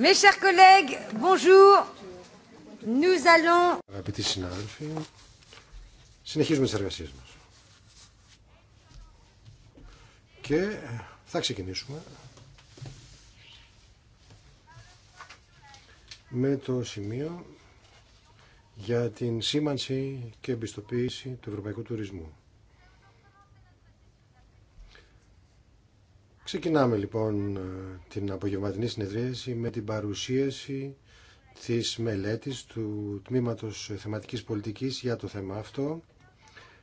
Mes chers collègues, bonjour. Nous allons... Αγαπητοί συνάδελφοι, συνεχίζουμε τις εργασίες μας. Και ε, θα ξεκινήσουμε με το σημείο για την σήμανση και εμπιστοποίηση του ευρωπαϊκού τουρισμού. Ξεκινάμε λοιπόν ε, την απογευματινή συνεδρίαση με την παρουσίαση της μελέτης του Τμήματος Θεματικής Πολιτικής για το θέμα αυτό.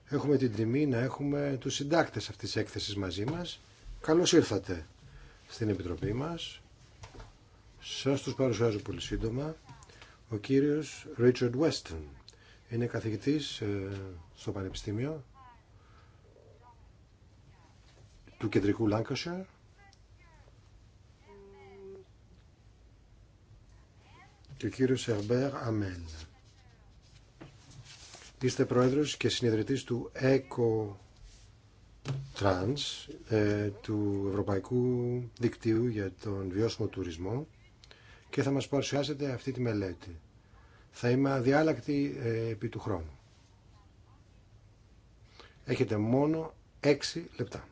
Έχουμε την τιμή να έχουμε τους συντάκτες αυτής της έκθεσης μαζί μας. Καλώς ήρθατε στην Επιτροπή μας. Σας τους παρουσιάζω πολύ σύντομα. Ο κύριος Richard Βέστον είναι καθηγητής ε, στο Πανεπιστήμιο του Κεντρικού Lancashire και ο κύριος Σερμπέρ Αμέν. Είστε πρόεδρος και συνειδητής του ΕΚΟ Trans ε, του Ευρωπαϊκού Δικτύου για τον Βιώσιμο Τουρισμό και θα μας παρουσιάσετε αυτή τη μελέτη. Θα είμαι αδιάλακτη ε, επί του χρόνου. Έχετε μόνο 6 λεπτά.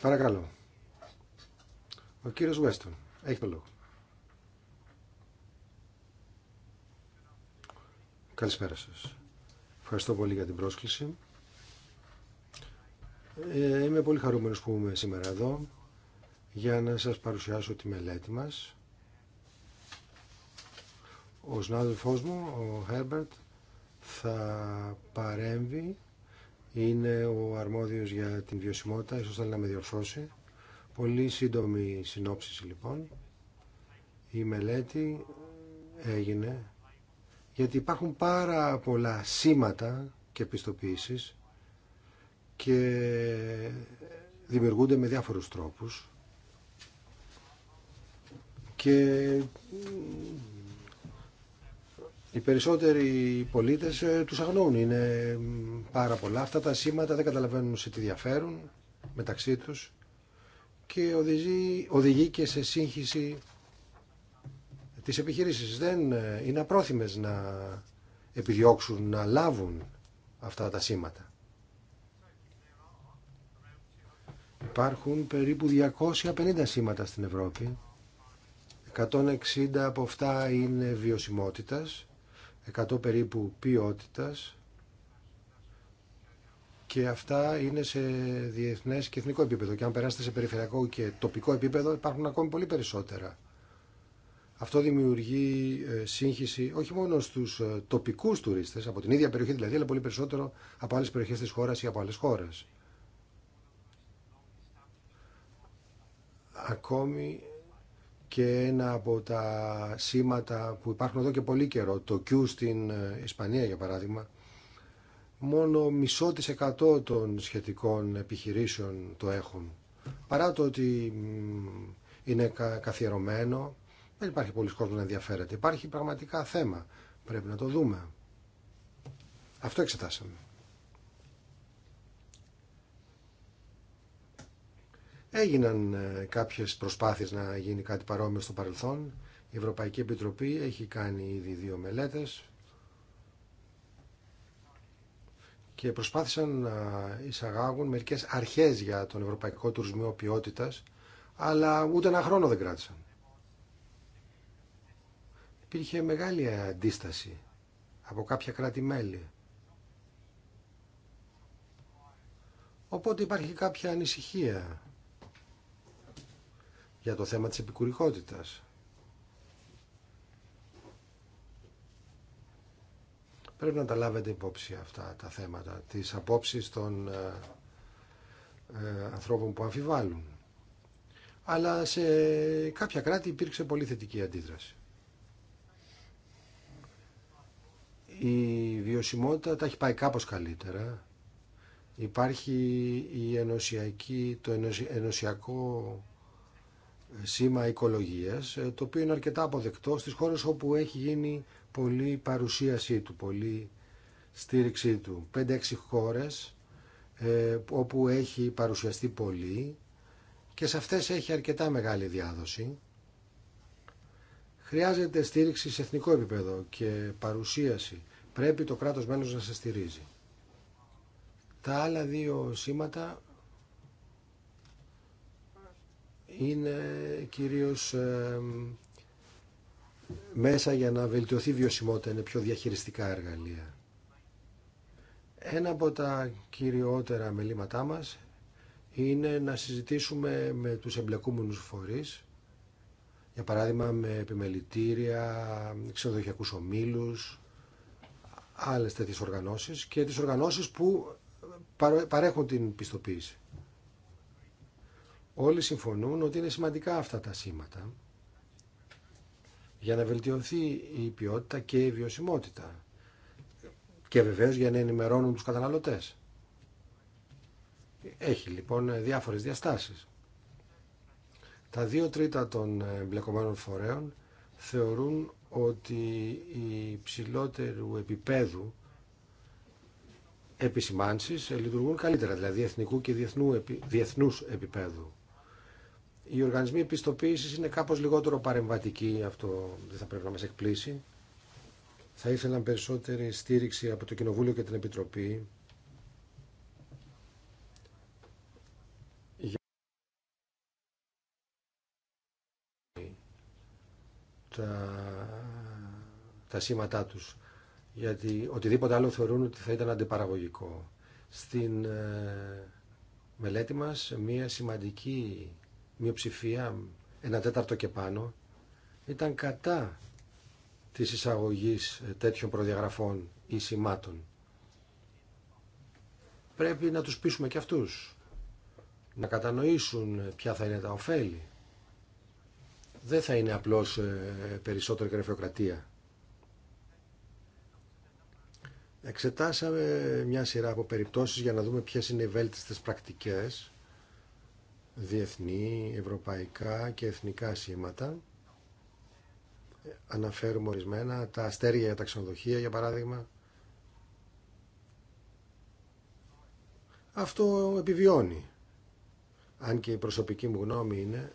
Παρακαλώ. Ο κύριος Βέστον έχει το λόγο. Καλησπέρα σας. Ευχαριστώ πολύ για την πρόσκληση. Ε, είμαι πολύ χαρούμενος που είμαι σήμερα εδώ για να σας παρουσιάσω τη μελέτη μας. Ο συνάδελφός μου, ο Herbert, θα παρέμβει. Είναι ο αρμόδιος για την βιωσιμότητα, ίσως θέλει να με διορθώσει. Πολύ σύντομη συνόψη λοιπόν. Η μελέτη έγινε γιατί υπάρχουν πάρα πολλά σήματα και πιστοποίησεις και δημιουργούνται με διάφορους τρόπους και οι περισσότεροι πολίτες ε, τους αγνοούν. Είναι πάρα πολλά. Αυτά τα σήματα δεν καταλαβαίνουν σε τι διαφέρουν μεταξύ τους και οδηγεί, οδηγεί και σε σύγχυση τις επιχειρήσεις. Δεν ε, είναι απρόθυμες να επιδιώξουν να λάβουν αυτά τα σήματα. Υπάρχουν περίπου 250 σήματα στην Ευρώπη. 160 από αυτά είναι βιωσιμότητας, 100 περίπου ποιότητας και αυτά είναι σε διεθνέ και εθνικό επίπεδο. Και αν περάσετε σε περιφερειακό και τοπικό επίπεδο, υπάρχουν ακόμη πολύ περισσότερα. Αυτό δημιουργεί ε, σύγχυση όχι μόνο στου ε, τοπικού τουρίστε, από την ίδια περιοχή δηλαδή, αλλά πολύ περισσότερο από άλλε περιοχέ τη χώρα ή από άλλε χώρε. Ακόμη και ένα από τα σήματα που υπάρχουν εδώ και πολύ καιρό, το Q στην ε, Ισπανία για παράδειγμα, μόνο μισό της εκατό των σχετικών επιχειρήσεων το έχουν. Παρά το ότι είναι καθιερωμένο, δεν υπάρχει πολλοί κόσμο να ενδιαφέρεται. Υπάρχει πραγματικά θέμα. Πρέπει να το δούμε. Αυτό εξετάσαμε. Έγιναν ε, κάποιες προσπάθειες να γίνει κάτι παρόμοιο στο παρελθόν. Η Ευρωπαϊκή Επιτροπή έχει κάνει ήδη δύο μελέτες και προσπάθησαν να εισαγάγουν μερικές αρχές για τον ευρωπαϊκό τουρισμό ποιότητα, αλλά ούτε ένα χρόνο δεν κράτησαν. Υπήρχε μεγάλη αντίσταση από κάποια κράτη-μέλη. Οπότε υπάρχει κάποια ανησυχία για το θέμα της επικουρικότητας. Πρέπει να τα λάβετε υπόψη αυτά τα θέματα, τις απόψεις των ε, ε, ανθρώπων που αμφιβάλλουν. Αλλά σε κάποια κράτη υπήρξε πολύ θετική αντίδραση. Η βιωσιμότητα τα έχει πάει κάπως καλύτερα. Υπάρχει η ενωσιακή, το ενωσιακό σήμα οικολογίας, ε, το οποίο είναι αρκετά αποδεκτό στις χώρες όπου έχει γίνει πολύ παρουσίασή του, πολύ στήριξή του. 5-6 χώρες ε, όπου έχει παρουσιαστεί πολύ και σε αυτές έχει αρκετά μεγάλη διάδοση. Χρειάζεται στήριξη σε εθνικό επίπεδο και παρουσίαση. Πρέπει το κράτος μέλος να σε στηρίζει. Τα άλλα δύο σήματα είναι κυρίως ε, μέσα για να βελτιωθεί η βιωσιμότητα είναι πιο διαχειριστικά εργαλεία. Ένα από τα κυριότερα μελήματά μας είναι να συζητήσουμε με τους εμπλεκούμενους φορείς, για παράδειγμα με επιμελητήρια, ξενοδοχειακούς ομίλους, άλλες τέτοιες οργανώσεις και τις οργανώσεις που παρέχουν την πιστοποίηση. Όλοι συμφωνούν ότι είναι σημαντικά αυτά τα σήματα για να βελτιωθεί η ποιότητα και η βιωσιμότητα και βεβαίως για να ενημερώνουν τους καταναλωτές. Έχει λοιπόν διάφορες διαστάσεις. Τα δύο τρίτα των ε, εμπλεκομένων φορέων θεωρούν ότι η ψηλότερου επίπεδου επισημάνσεις ε, λειτουργούν καλύτερα, δηλαδή εθνικού και διεθνού, διεθνούς επίπεδου. Οι οργανισμοί επιστοποίηση είναι κάπως λιγότερο παρεμβατικοί, αυτό δεν θα πρέπει να μα εκπλήσει. Θα ήθελαν περισσότερη στήριξη από το Κοινοβούλιο και την Επιτροπή τα, τα σήματά τους γιατί οτιδήποτε άλλο θεωρούν ότι θα ήταν αντιπαραγωγικό. Στην ε, μελέτη μας μία σημαντική ψηφία, ένα τέταρτο και πάνω, ήταν κατά της εισαγωγής ε, τέτοιων προδιαγραφών ή σημάτων. Πρέπει να τους πείσουμε και αυτούς, να κατανοήσουν ε, ποια θα είναι τα ωφέλη. Δεν θα είναι απλώς ε, περισσότερη γραφειοκρατία. Εξετάσαμε μια σειρά από περιπτώσεις για να δούμε ποιες είναι οι βέλτιστες πρακτικές διεθνή, ευρωπαϊκά και εθνικά σήματα. Αναφέρουμε ορισμένα τα αστέρια για τα ξενοδοχεία, για παράδειγμα. Αυτό επιβιώνει. Αν και η προσωπική μου γνώμη είναι,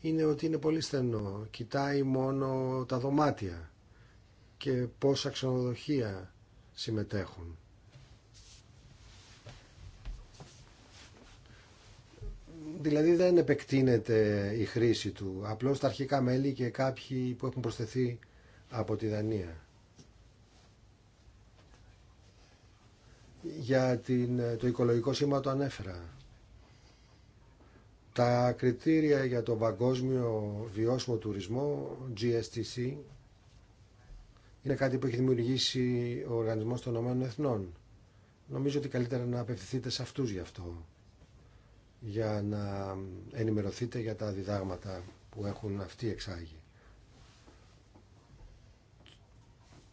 είναι ότι είναι πολύ στενό. Κοιτάει μόνο τα δωμάτια και πόσα ξενοδοχεία συμμετέχουν. Δηλαδή δεν επεκτείνεται η χρήση του, απλώς τα αρχικά μέλη και κάποιοι που έχουν προσθεθεί από τη Δανία. Για την, το οικολογικό σήμα το ανέφερα. Τα κριτήρια για τον παγκόσμιο βιώσιμο τουρισμό, GSTC, είναι κάτι που έχει δημιουργήσει ο Οργανισμός των Ηνωμένων Εθνών. Νομίζω ότι καλύτερα να απευθυνθείτε σε αυτούς γι' αυτό για να ενημερωθείτε για τα διδάγματα που έχουν αυτοί εξάγει.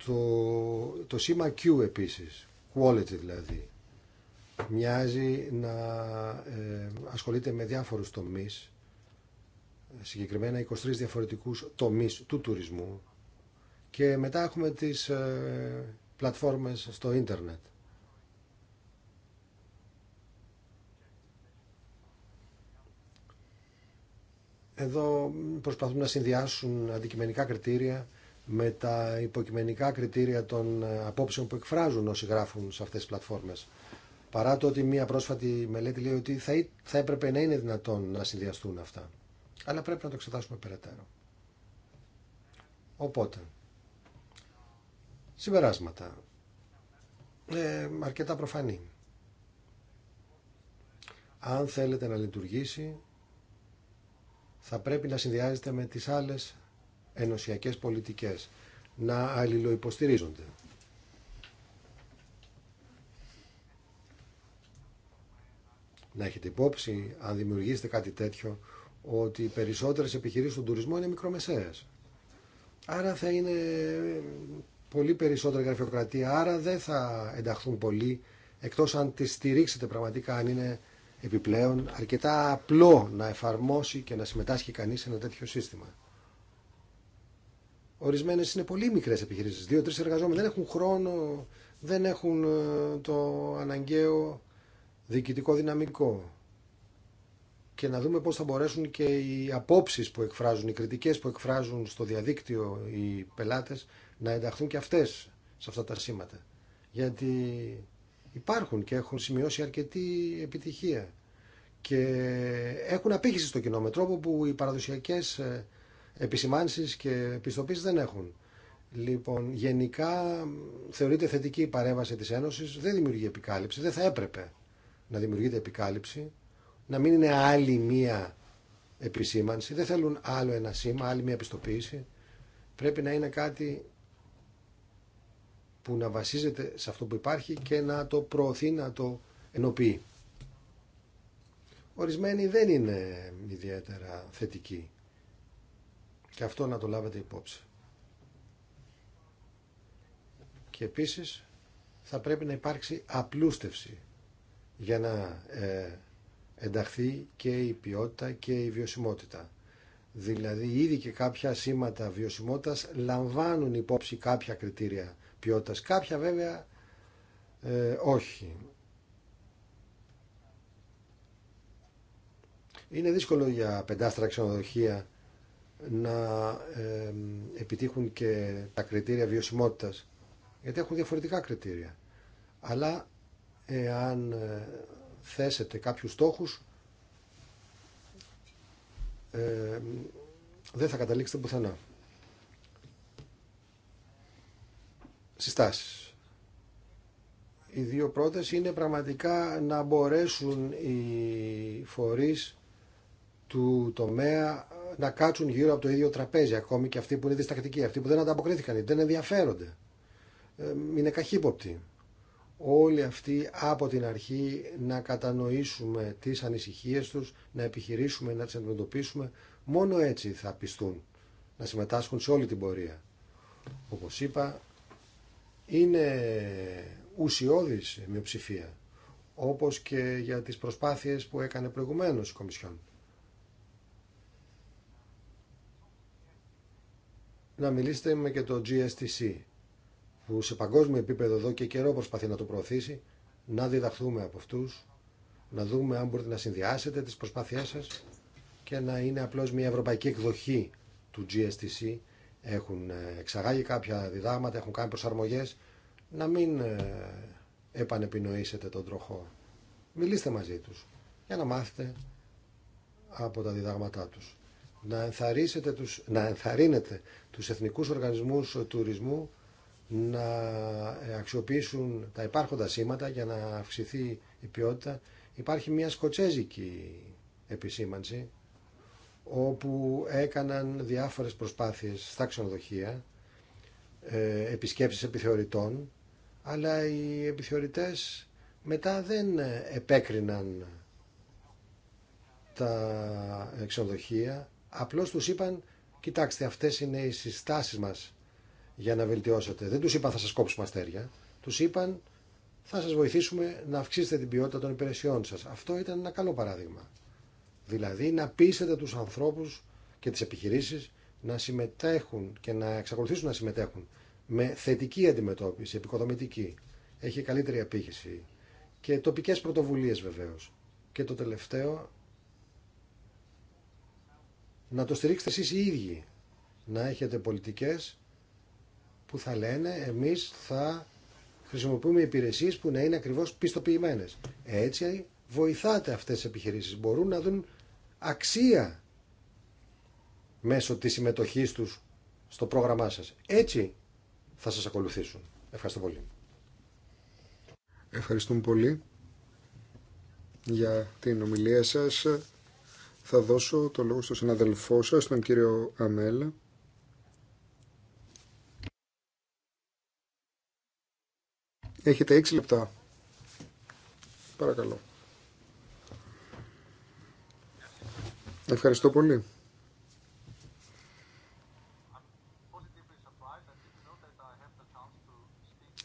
Το, το σήμα Q επίσης, quality δηλαδή, μοιάζει να ε, ασχολείται με διάφορους τομείς, συγκεκριμένα 23 διαφορετικούς τομείς του τουρισμού και μετά έχουμε τις ε, πλατφόρμες στο ίντερνετ Εδώ προσπαθούν να συνδυάσουν αντικειμενικά κριτήρια με τα υποκειμενικά κριτήρια των ε, απόψεων που εκφράζουν όσοι γράφουν σε αυτές τις πλατφόρμες. Παρά το ότι μία πρόσφατη μελέτη λέει ότι θα, έπρεπε να είναι δυνατόν να συνδυαστούν αυτά. Αλλά πρέπει να το εξετάσουμε περαιτέρω. Οπότε, συμπεράσματα. Ε, αρκετά προφανή. Αν θέλετε να λειτουργήσει, θα πρέπει να συνδυάζεται με τις άλλες ενωσιακές πολιτικές, να αλληλοϊποστηρίζονται. Να έχετε υπόψη, αν δημιουργήσετε κάτι τέτοιο, ότι οι περισσότερες επιχειρήσεις του τουρισμού είναι μικρομεσαίες. Άρα θα είναι πολύ περισσότερη γραφειοκρατία, άρα δεν θα ενταχθούν πολύ εκτός αν τις στηρίξετε πραγματικά, αν είναι επιπλέον αρκετά απλό να εφαρμόσει και να συμμετάσχει κανείς σε ένα τέτοιο σύστημα. Ορισμένες είναι πολύ μικρές επιχειρήσεις, δύο-τρεις εργαζόμενοι, δεν έχουν χρόνο, δεν έχουν ε, το αναγκαίο διοικητικό δυναμικό. Και να δούμε πώς θα μπορέσουν και οι απόψεις που εκφράζουν, οι κριτικές που εκφράζουν στο διαδίκτυο οι πελάτες να ενταχθούν και αυτές σε αυτά τα σήματα. Γιατί υπάρχουν και έχουν σημειώσει αρκετή επιτυχία και έχουν απήχηση στο κοινό με τρόπο που οι παραδοσιακές ε, επισημάνσεις και πιστοποίησεις δεν έχουν. Λοιπόν, γενικά θεωρείται θετική η παρέμβαση της Ένωσης, δεν δημιουργεί επικάλυψη, δεν θα έπρεπε να δημιουργείται επικάλυψη, να μην είναι άλλη μία επισήμανση, δεν θέλουν άλλο ένα σήμα, άλλη μία επιστοποίηση. Πρέπει να είναι κάτι που να βασίζεται σε αυτό που υπάρχει και να το προωθεί, να το ενοποιεί. Ορισμένοι δεν είναι ιδιαίτερα θετικοί. Και αυτό να το λάβετε υπόψη. Και επίσης θα πρέπει να υπάρξει απλούστευση για να ε, ενταχθεί και η ποιότητα και η βιωσιμότητα. Δηλαδή ήδη και κάποια σήματα βιωσιμότητας λαμβάνουν υπόψη κάποια κριτήρια ποιότητας. Κάποια βέβαια ε, όχι. Είναι δύσκολο για πεντάστρα ξενοδοχεία να επιτύχουν και τα κριτήρια βιωσιμότητας γιατί έχουν διαφορετικά κριτήρια. Αλλά εάν ε, θέσετε κάποιους στόχους ε, δεν θα καταλήξετε πουθενά. Συστάσεις. Οι δύο πρώτες είναι πραγματικά να μπορέσουν οι φορείς του τομέα να κάτσουν γύρω από το ίδιο τραπέζι, ακόμη και αυτοί που είναι διστακτικοί, αυτοί που δεν ανταποκρίθηκαν, δεν ενδιαφέρονται, ε, είναι καχύποπτοι όλοι αυτοί από την αρχή να κατανοήσουμε τις ανησυχίες τους, να επιχειρήσουμε να τις αντιμετωπίσουμε. Μόνο έτσι θα πιστούν να συμμετάσχουν σε όλη την πορεία. Όπως είπα, είναι ουσιώδης η μειοψηφία, όπως και για τις προσπάθειες που έκανε προηγουμένως η Κομισιόν. Να μιλήσετε με και το GSTC, που σε παγκόσμιο επίπεδο εδώ και καιρό προσπαθεί να το προωθήσει, να διδαχθούμε από αυτούς, να δούμε αν μπορείτε να συνδυάσετε τις προσπάθειές σας και να είναι απλώς μια ευρωπαϊκή εκδοχή του GSTC. Έχουν ε, εξαγάγει κάποια διδάγματα, έχουν κάνει προσαρμογές. Να μην ε, επανεπινοήσετε τον τροχό. Μιλήστε μαζί τους για να μάθετε από τα διδάγματά του, Να, να ενθαρρύνετε τους εθνικούς οργανισμούς τουρισμού να ε, αξιοποιήσουν τα υπάρχοντα σήματα για να αυξηθεί η ποιότητα. Υπάρχει μια σκοτσέζικη επισήμανση όπου έκαναν διάφορες προσπάθειες στα ξενοδοχεία, ε, επισκέψεις επιθεωρητών, αλλά οι επιθεωρητές μετά δεν επέκριναν τα ε, ξενοδοχεία, απλώς τους είπαν, κοιτάξτε αυτές είναι οι συστάσεις μας για να βελτιώσετε. Δεν τους είπαν θα σας κόψουμε αστέρια. Τους είπαν θα σας βοηθήσουμε να αυξήσετε την ποιότητα των υπηρεσιών σας. Αυτό ήταν ένα καλό παράδειγμα. Δηλαδή να πείσετε τους ανθρώπους και τις επιχειρήσεις να συμμετέχουν και να εξακολουθήσουν να συμμετέχουν με θετική αντιμετώπιση, επικοδομητική. Έχει καλύτερη απήχηση και τοπικέ πρωτοβουλίε βεβαίω. Και το τελευταίο, να το στηρίξετε εσείς οι ίδιοι. Να έχετε πολιτικές που θα λένε εμείς θα χρησιμοποιούμε υπηρεσίες που να είναι ακριβώς πιστοποιημένες. Έτσι βοηθάτε αυτές τις επιχειρήσεις. Μπορούν να δουν αξία μέσω της συμμετοχής τους στο πρόγραμμά σας. Έτσι θα σας ακολουθήσουν. Ευχαριστώ πολύ. Ευχαριστούμε πολύ για την ομιλία σας. Θα δώσω το λόγο στον συναδελφό σας, τον κύριο Αμέλα. Έχετε 6 λεπτά. Παρακαλώ. Ευχαριστώ πολύ.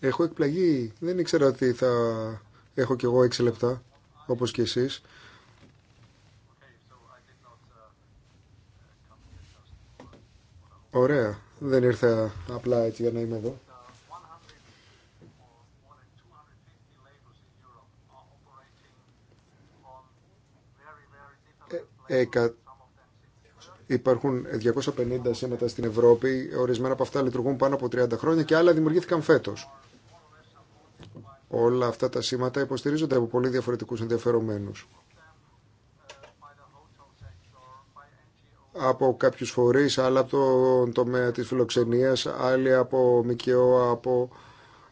Έχω εκπλαγεί. Δεν ήξερα ότι θα έχω κι εγώ 6 λεπτά, όπως και εσείς. Ωραία. Δεν ήρθα απλά έτσι για να είμαι εδώ. Υπάρχουν 250 σήματα στην Ευρώπη, ορισμένα από αυτά λειτουργούν πάνω από 30 χρόνια και άλλα δημιουργήθηκαν φέτος. Όλα αυτά τα σήματα υποστηρίζονται από πολύ διαφορετικούς ενδιαφερομένους. από κάποιους φορείς, άλλα από τον τομέα της φιλοξενίας, άλλοι από ΜΚΟ, από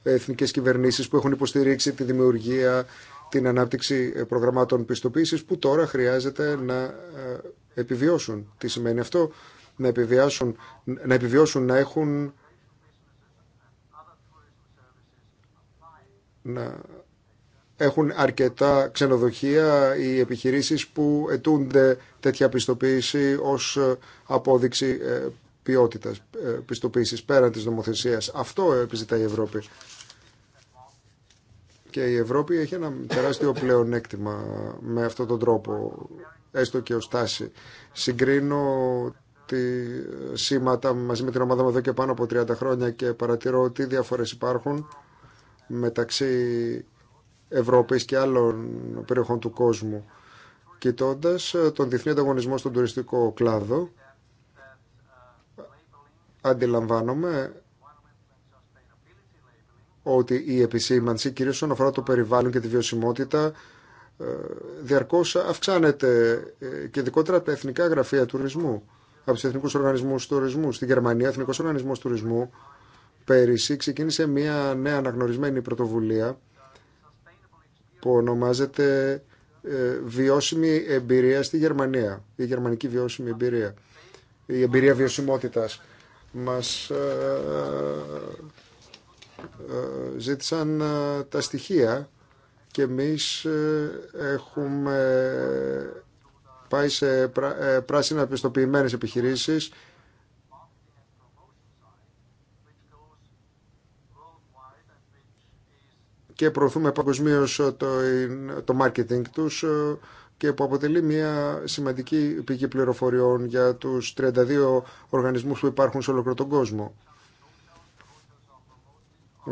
εθνικές κυβερνήσεις που έχουν υποστηρίξει τη δημιουργία την ανάπτυξη ε, προγραμμάτων πιστοποίηση που τώρα χρειάζεται να ε, επιβιώσουν. Τι σημαίνει αυτό, να επιβιώσουν, να, επιβιώσουν, να έχουν να έχουν αρκετά ξενοδοχεία οι επιχειρήσεις που ετούνται τέτοια πιστοποίηση ως ε, απόδειξη ποιότητας πιστοποίησης πέραν της νομοθεσίας. Αυτό επιζητάει η Ευρώπη. Και η Ευρώπη έχει ένα τεράστιο πλεονέκτημα με αυτόν τον τρόπο, έστω και ω τάση. Συγκρίνω τη σήματα μαζί με την ομάδα μου εδώ και πάνω από 30 χρόνια και παρατηρώ τι διαφορές υπάρχουν μεταξύ Ευρώπης και άλλων περιοχών του κόσμου. κοιτώντα ε, τον διεθνή ανταγωνισμό στον τουριστικό κλάδο, αντιλαμβάνομαι ότι η επισήμανση, κυρίως όσον αφορά το περιβάλλον και τη βιωσιμότητα, ε, διαρκώς αυξάνεται ε, και ειδικότερα τα εθνικά γραφεία τουρισμού, από τους εθνικούς οργανισμούς τουρισμού. Στην Γερμανία, ο Εθνικός Οργανισμός Τουρισμού πέρυσι ξεκίνησε μια νέα αναγνωρισμένη πρωτοβουλία που ονομάζεται ε, βιώσιμη εμπειρία στη Γερμανία, η γερμανική βιώσιμη εμπειρία, η εμπειρία βιωσιμότητας. Μας ε, ζήτησαν ε, τα στοιχεία και εμείς ε, έχουμε πάει σε πράσινα πιστοποιημένες επιχειρήσεις και προωθούμε παγκοσμίω το, το marketing τους και που αποτελεί μια σημαντική πηγή πληροφοριών για τους 32 οργανισμούς που υπάρχουν σε ολόκληρο τον κόσμο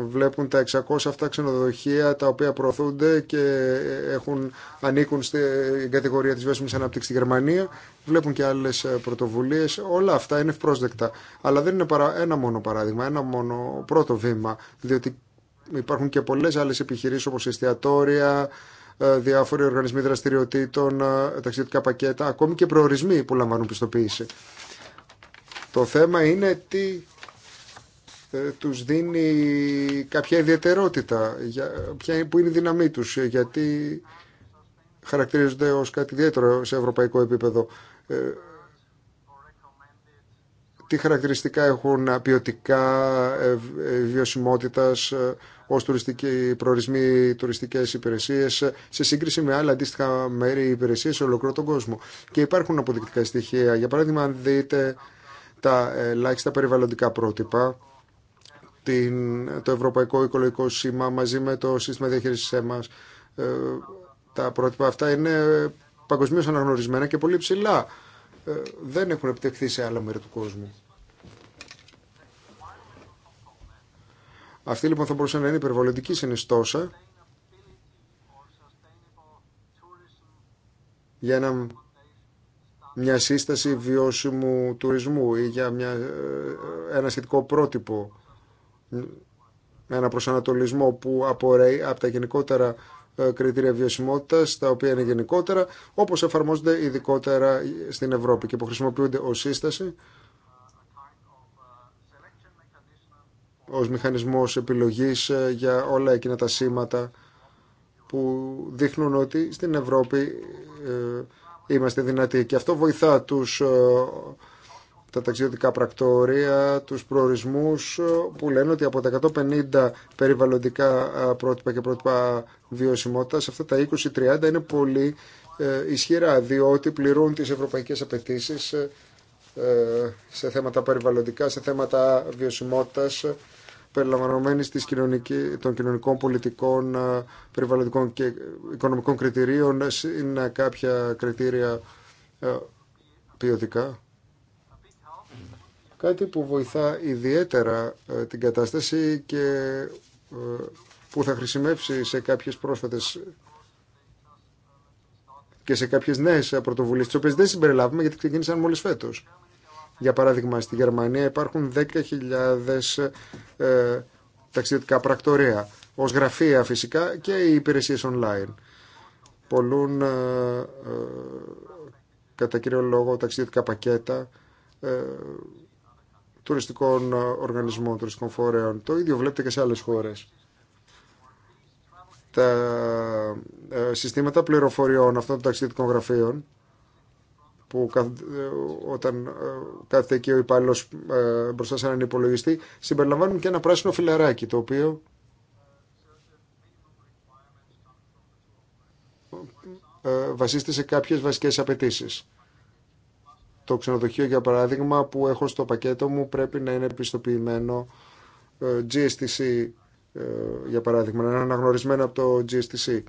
βλέπουν τα 600 αυτά ξενοδοχεία τα οποία προωθούνται και έχουν, ανήκουν στην κατηγορία της βέσμης ανάπτυξης στη Γερμανία. Βλέπουν και άλλες ε, πρωτοβουλίες. Όλα αυτά είναι ευπρόσδεκτα. Αλλά δεν είναι παρά ένα μόνο παράδειγμα, ένα μόνο πρώτο βήμα. Διότι υπάρχουν και πολλές άλλες επιχειρήσεις όπως εστιατόρια, ε, διάφοροι οργανισμοί δραστηριοτήτων, ε, ταξιδιωτικά πακέτα, ακόμη και προορισμοί που λαμβάνουν πιστοποίηση. Το θέμα είναι τι ε, τους δίνει κάποια ιδιαιτερότητα, για, ποια, που είναι η δύναμή τους, ε, γιατί χαρακτηρίζονται ως κάτι ιδιαίτερο σε ευρωπαϊκό επίπεδο. Ε, τι χαρακτηριστικά έχουν ποιοτικά βιωσιμότητας ως προορισμοί, τουριστικές υπηρεσίες σε σύγκριση με άλλα αντίστοιχα μέρη υπηρεσίες σε ολοκληρώ τον κόσμο. Και υπάρχουν αποδεικτικά στοιχεία. Για παράδειγμα, αν δείτε τα ελάχιστα περιβαλλοντικά πρότυπα το Ευρωπαϊκό Οικολογικό Σήμα μαζί με το σύστημα διαχείρισης ΣΕΜΑΣ. Ε, τα πρότυπα αυτά είναι παγκοσμίω αναγνωρισμένα και πολύ ψηλά. Ε, δεν έχουν επιτευχθεί σε άλλα μέρη του κόσμου. Αυτή λοιπόν θα μπορούσε να είναι υπερβολητική συνιστόσα για μια σύσταση βιώσιμου τουρισμού ή για μια, ε, ένα σχετικό πρότυπο ε, ένα προσανατολισμό που απορρέει από τα γενικότερα ε, κριτήρια βιωσιμότητα, τα οποία είναι γενικότερα, όπω εφαρμόζονται ειδικότερα στην Ευρώπη και που χρησιμοποιούνται ω σύσταση, ω μηχανισμό επιλογή ε, για όλα εκείνα τα σήματα που δείχνουν ότι στην Ευρώπη είμαστε δυνατοί. Και αυτό βοηθά τους τα ταξιδιωτικά πρακτορία, τους προορισμούς ε, που λένε ότι από τα 150 περιβαλλοντικά ε, πρότυπα και πρότυπα βιωσιμότητας αυτά τα 20-30 είναι πολύ ε, ισχυρά διότι πληρούν τις ευρωπαϊκές απαιτήσει σε θέματα περιβαλλοντικά, σε θέματα βιωσιμότητας περιλαμβανομένης της κοινωνική, των κοινωνικών, πολιτικών, περιβαλλοντικών και οικονομικών κριτηρίων είναι κάποια κριτήρια ποιοτικά Κάτι που βοηθά ιδιαίτερα ε, την κατάσταση και ε, που θα χρησιμεύσει σε κάποιες πρόσφατες και σε κάποιες νέες πρωτοβουλίε, τις οποίε δεν συμπεριλάβουμε γιατί ξεκίνησαν μόλις φέτος. Για παράδειγμα, στη Γερμανία υπάρχουν 10.000 ε, ταξιδιωτικά πρακτορία, ω γραφεία φυσικά και οι υπηρεσίε online. Πολλούν κατά κύριο λόγο ταξιδιωτικά πακέτα τουριστικών ε, οργανισμών, τουριστικών φορέων. Το ίδιο βλέπετε και σε άλλες χώρες. Τα ε, συστήματα πληροφοριών αυτών των ταξιδιωτικών γραφείων που ε, όταν κάθεται εκεί ο υπάλληλο μπροστά σε έναν υπολογιστή, συμπεριλαμβάνουν και ένα πράσινο φιλαράκι, το οποίο βασίζεται σε κάποιες βασικές απαιτήσεις. Το ξενοδοχείο, για παράδειγμα, που έχω στο πακέτο μου πρέπει να είναι επιστοποιημένο ε, GSTC, ε, για παράδειγμα, να είναι αναγνωρισμένο από το GSTC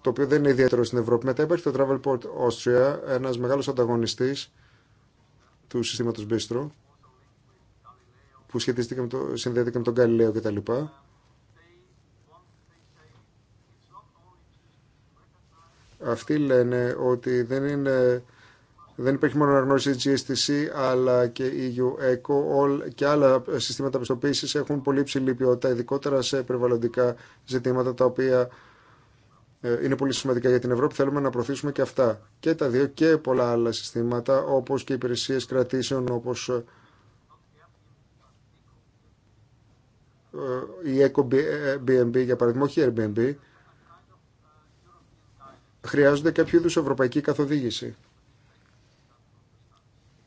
το οποίο δεν είναι ιδιαίτερο στην Ευρώπη. Μετά υπάρχει το Travelport Austria, ένας μεγάλος ανταγωνιστής του συστήματος Bistro, που σχετίστηκε με το, συνδέεται με τον Galileo κτλ. Αυτοί λένε ότι δεν, είναι, δεν υπάρχει μόνο αναγνώριση GSTC αλλά και EU ECO και άλλα συστήματα πιστοποίησης έχουν πολύ ψηλή ποιότητα ειδικότερα σε περιβαλλοντικά ζητήματα τα οποία ε, είναι πολύ σημαντικά για την Ευρώπη. Θέλουμε να προωθήσουμε και αυτά. Και τα δύο και πολλά άλλα συστήματα όπως και υπηρεσίες κρατήσεων όπως ε, ε, η ECO BNB για παράδειγμα, όχι Airbnb χρειάζονται κάποιο είδου ευρωπαϊκή καθοδήγηση.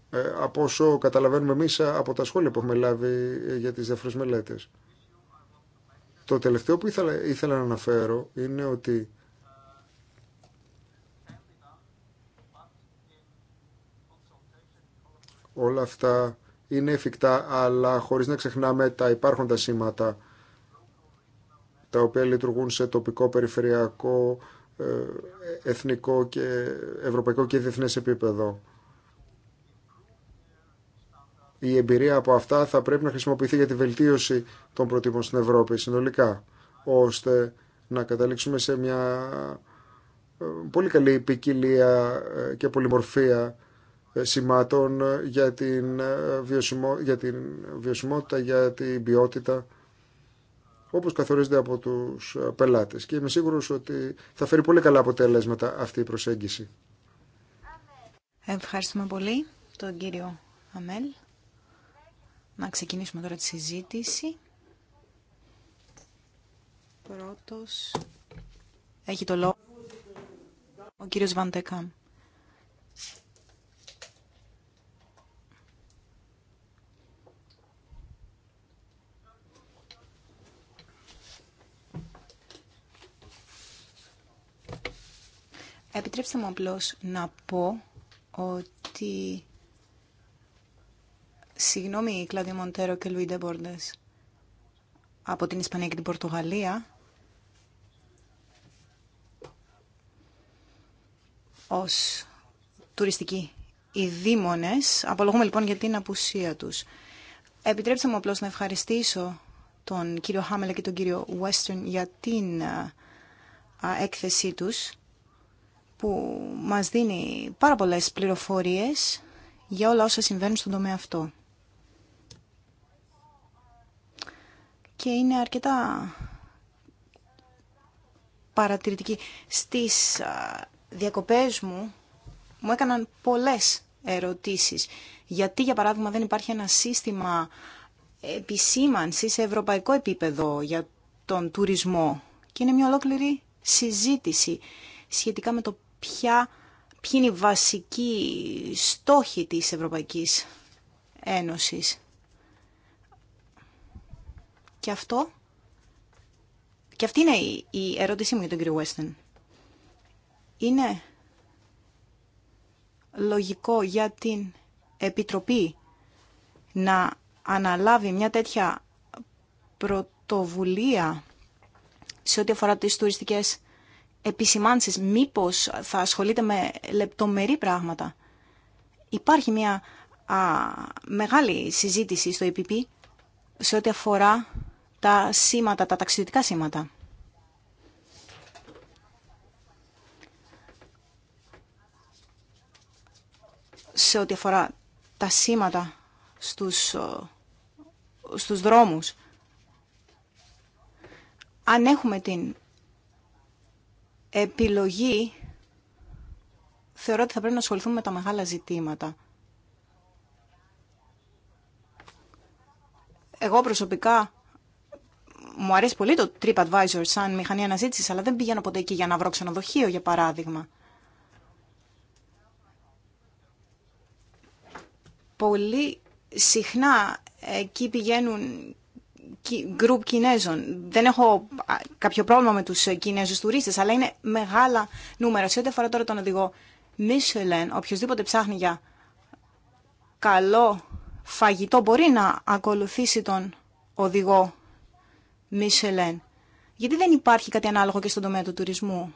Ε, από όσο καταλαβαίνουμε εμεί από τα σχόλια που έχουμε λάβει ε, για τις διάφορε μελέτε. Το τελευταίο που ήθελα, ήθελα να αναφέρω είναι ότι όλα αυτά είναι εφικτά, αλλά χωρίς να ξεχνάμε τα υπάρχοντα σήματα, τα οποία λειτουργούν σε τοπικό, περιφερειακό, ε, εθνικό και ευρωπαϊκό και διεθνές επίπεδο. Η εμπειρία από αυτά θα πρέπει να χρησιμοποιηθεί για τη βελτίωση των προτύπων στην Ευρώπη συνολικά, ώστε να καταλήξουμε σε μια ε, πολύ καλή ποικιλία ε, και πολυμορφία σημάτων για την, βιωσιμότητα, για την ποιότητα όπως καθορίζεται από τους ε, πελάτες. Και είμαι σίγουρος ότι θα φέρει πολύ καλά αποτελέσματα αυτή η προσέγγιση. Ευχαριστούμε πολύ τον κύριο Αμέλ. Να ξεκινήσουμε τώρα τη συζήτηση. Πρώτος έχει το λόγο ο κύριος Βαντεκάμ. Επιτρέψτε μου απλώς να πω ότι... Συγγνώμη, Κλάδιο Μοντέρο και Λουίντε Μπόρντες. Από την Ισπανία και την Πορτογαλία. Ως τουριστικοί οι δήμονες. Απολογούμε λοιπόν για την απουσία τους. Επιτρέψτε μου απλώς να ευχαριστήσω τον κύριο Χάμελα και τον κύριο Βέστερν για την έκθεσή τους που μας δίνει πάρα πολλές πληροφορίες για όλα όσα συμβαίνουν στον τομέα αυτό. Και είναι αρκετά παρατηρητική. Στις διακοπές μου μου έκαναν πολλές ερωτήσεις. Γιατί, για παράδειγμα, δεν υπάρχει ένα σύστημα επισήμανσης σε ευρωπαϊκό επίπεδο για τον τουρισμό. Και είναι μια ολόκληρη συζήτηση σχετικά με το ποια, ποιοι είναι η βασική στόχοι της Ευρωπαϊκής Ένωσης. Και αυτό... Και αυτή είναι η ερώτησή μου για τον κύριο Βέστεν. Είναι λογικό για την Επιτροπή να αναλάβει μια τέτοια πρωτοβουλία σε ό,τι αφορά τις τουριστικές επισημάνσεις μήπως θα ασχολείται με λεπτομερή πράγματα. Υπάρχει μια μεγάλη συζήτηση στο ΕΠΠ σε ό,τι αφορά τα σήματα, τα ταξιδιωτικά σήματα. Σε ό,τι αφορά τα σήματα στους, στους δρόμους. Αν έχουμε την επιλογή θεωρώ ότι θα πρέπει να ασχοληθούμε με τα μεγάλα ζητήματα. Εγώ προσωπικά μου αρέσει πολύ το TripAdvisor σαν μηχανή αναζήτησης, αλλά δεν πηγαίνω ποτέ εκεί για να βρω ξενοδοχείο, για παράδειγμα. Πολύ συχνά εκεί πηγαίνουν γκρουπ Κινέζων. Δεν έχω κάποιο πρόβλημα με τους ε, Κινέζους τουρίστες, αλλά είναι μεγάλα νούμερα. Σε ό,τι αφορά τώρα τον οδηγό Michelin, οποιοδήποτε ψάχνει για καλό φαγητό μπορεί να ακολουθήσει τον οδηγό Michelin. Γιατί δεν υπάρχει κάτι ανάλογο και στον τομέα του τουρισμού.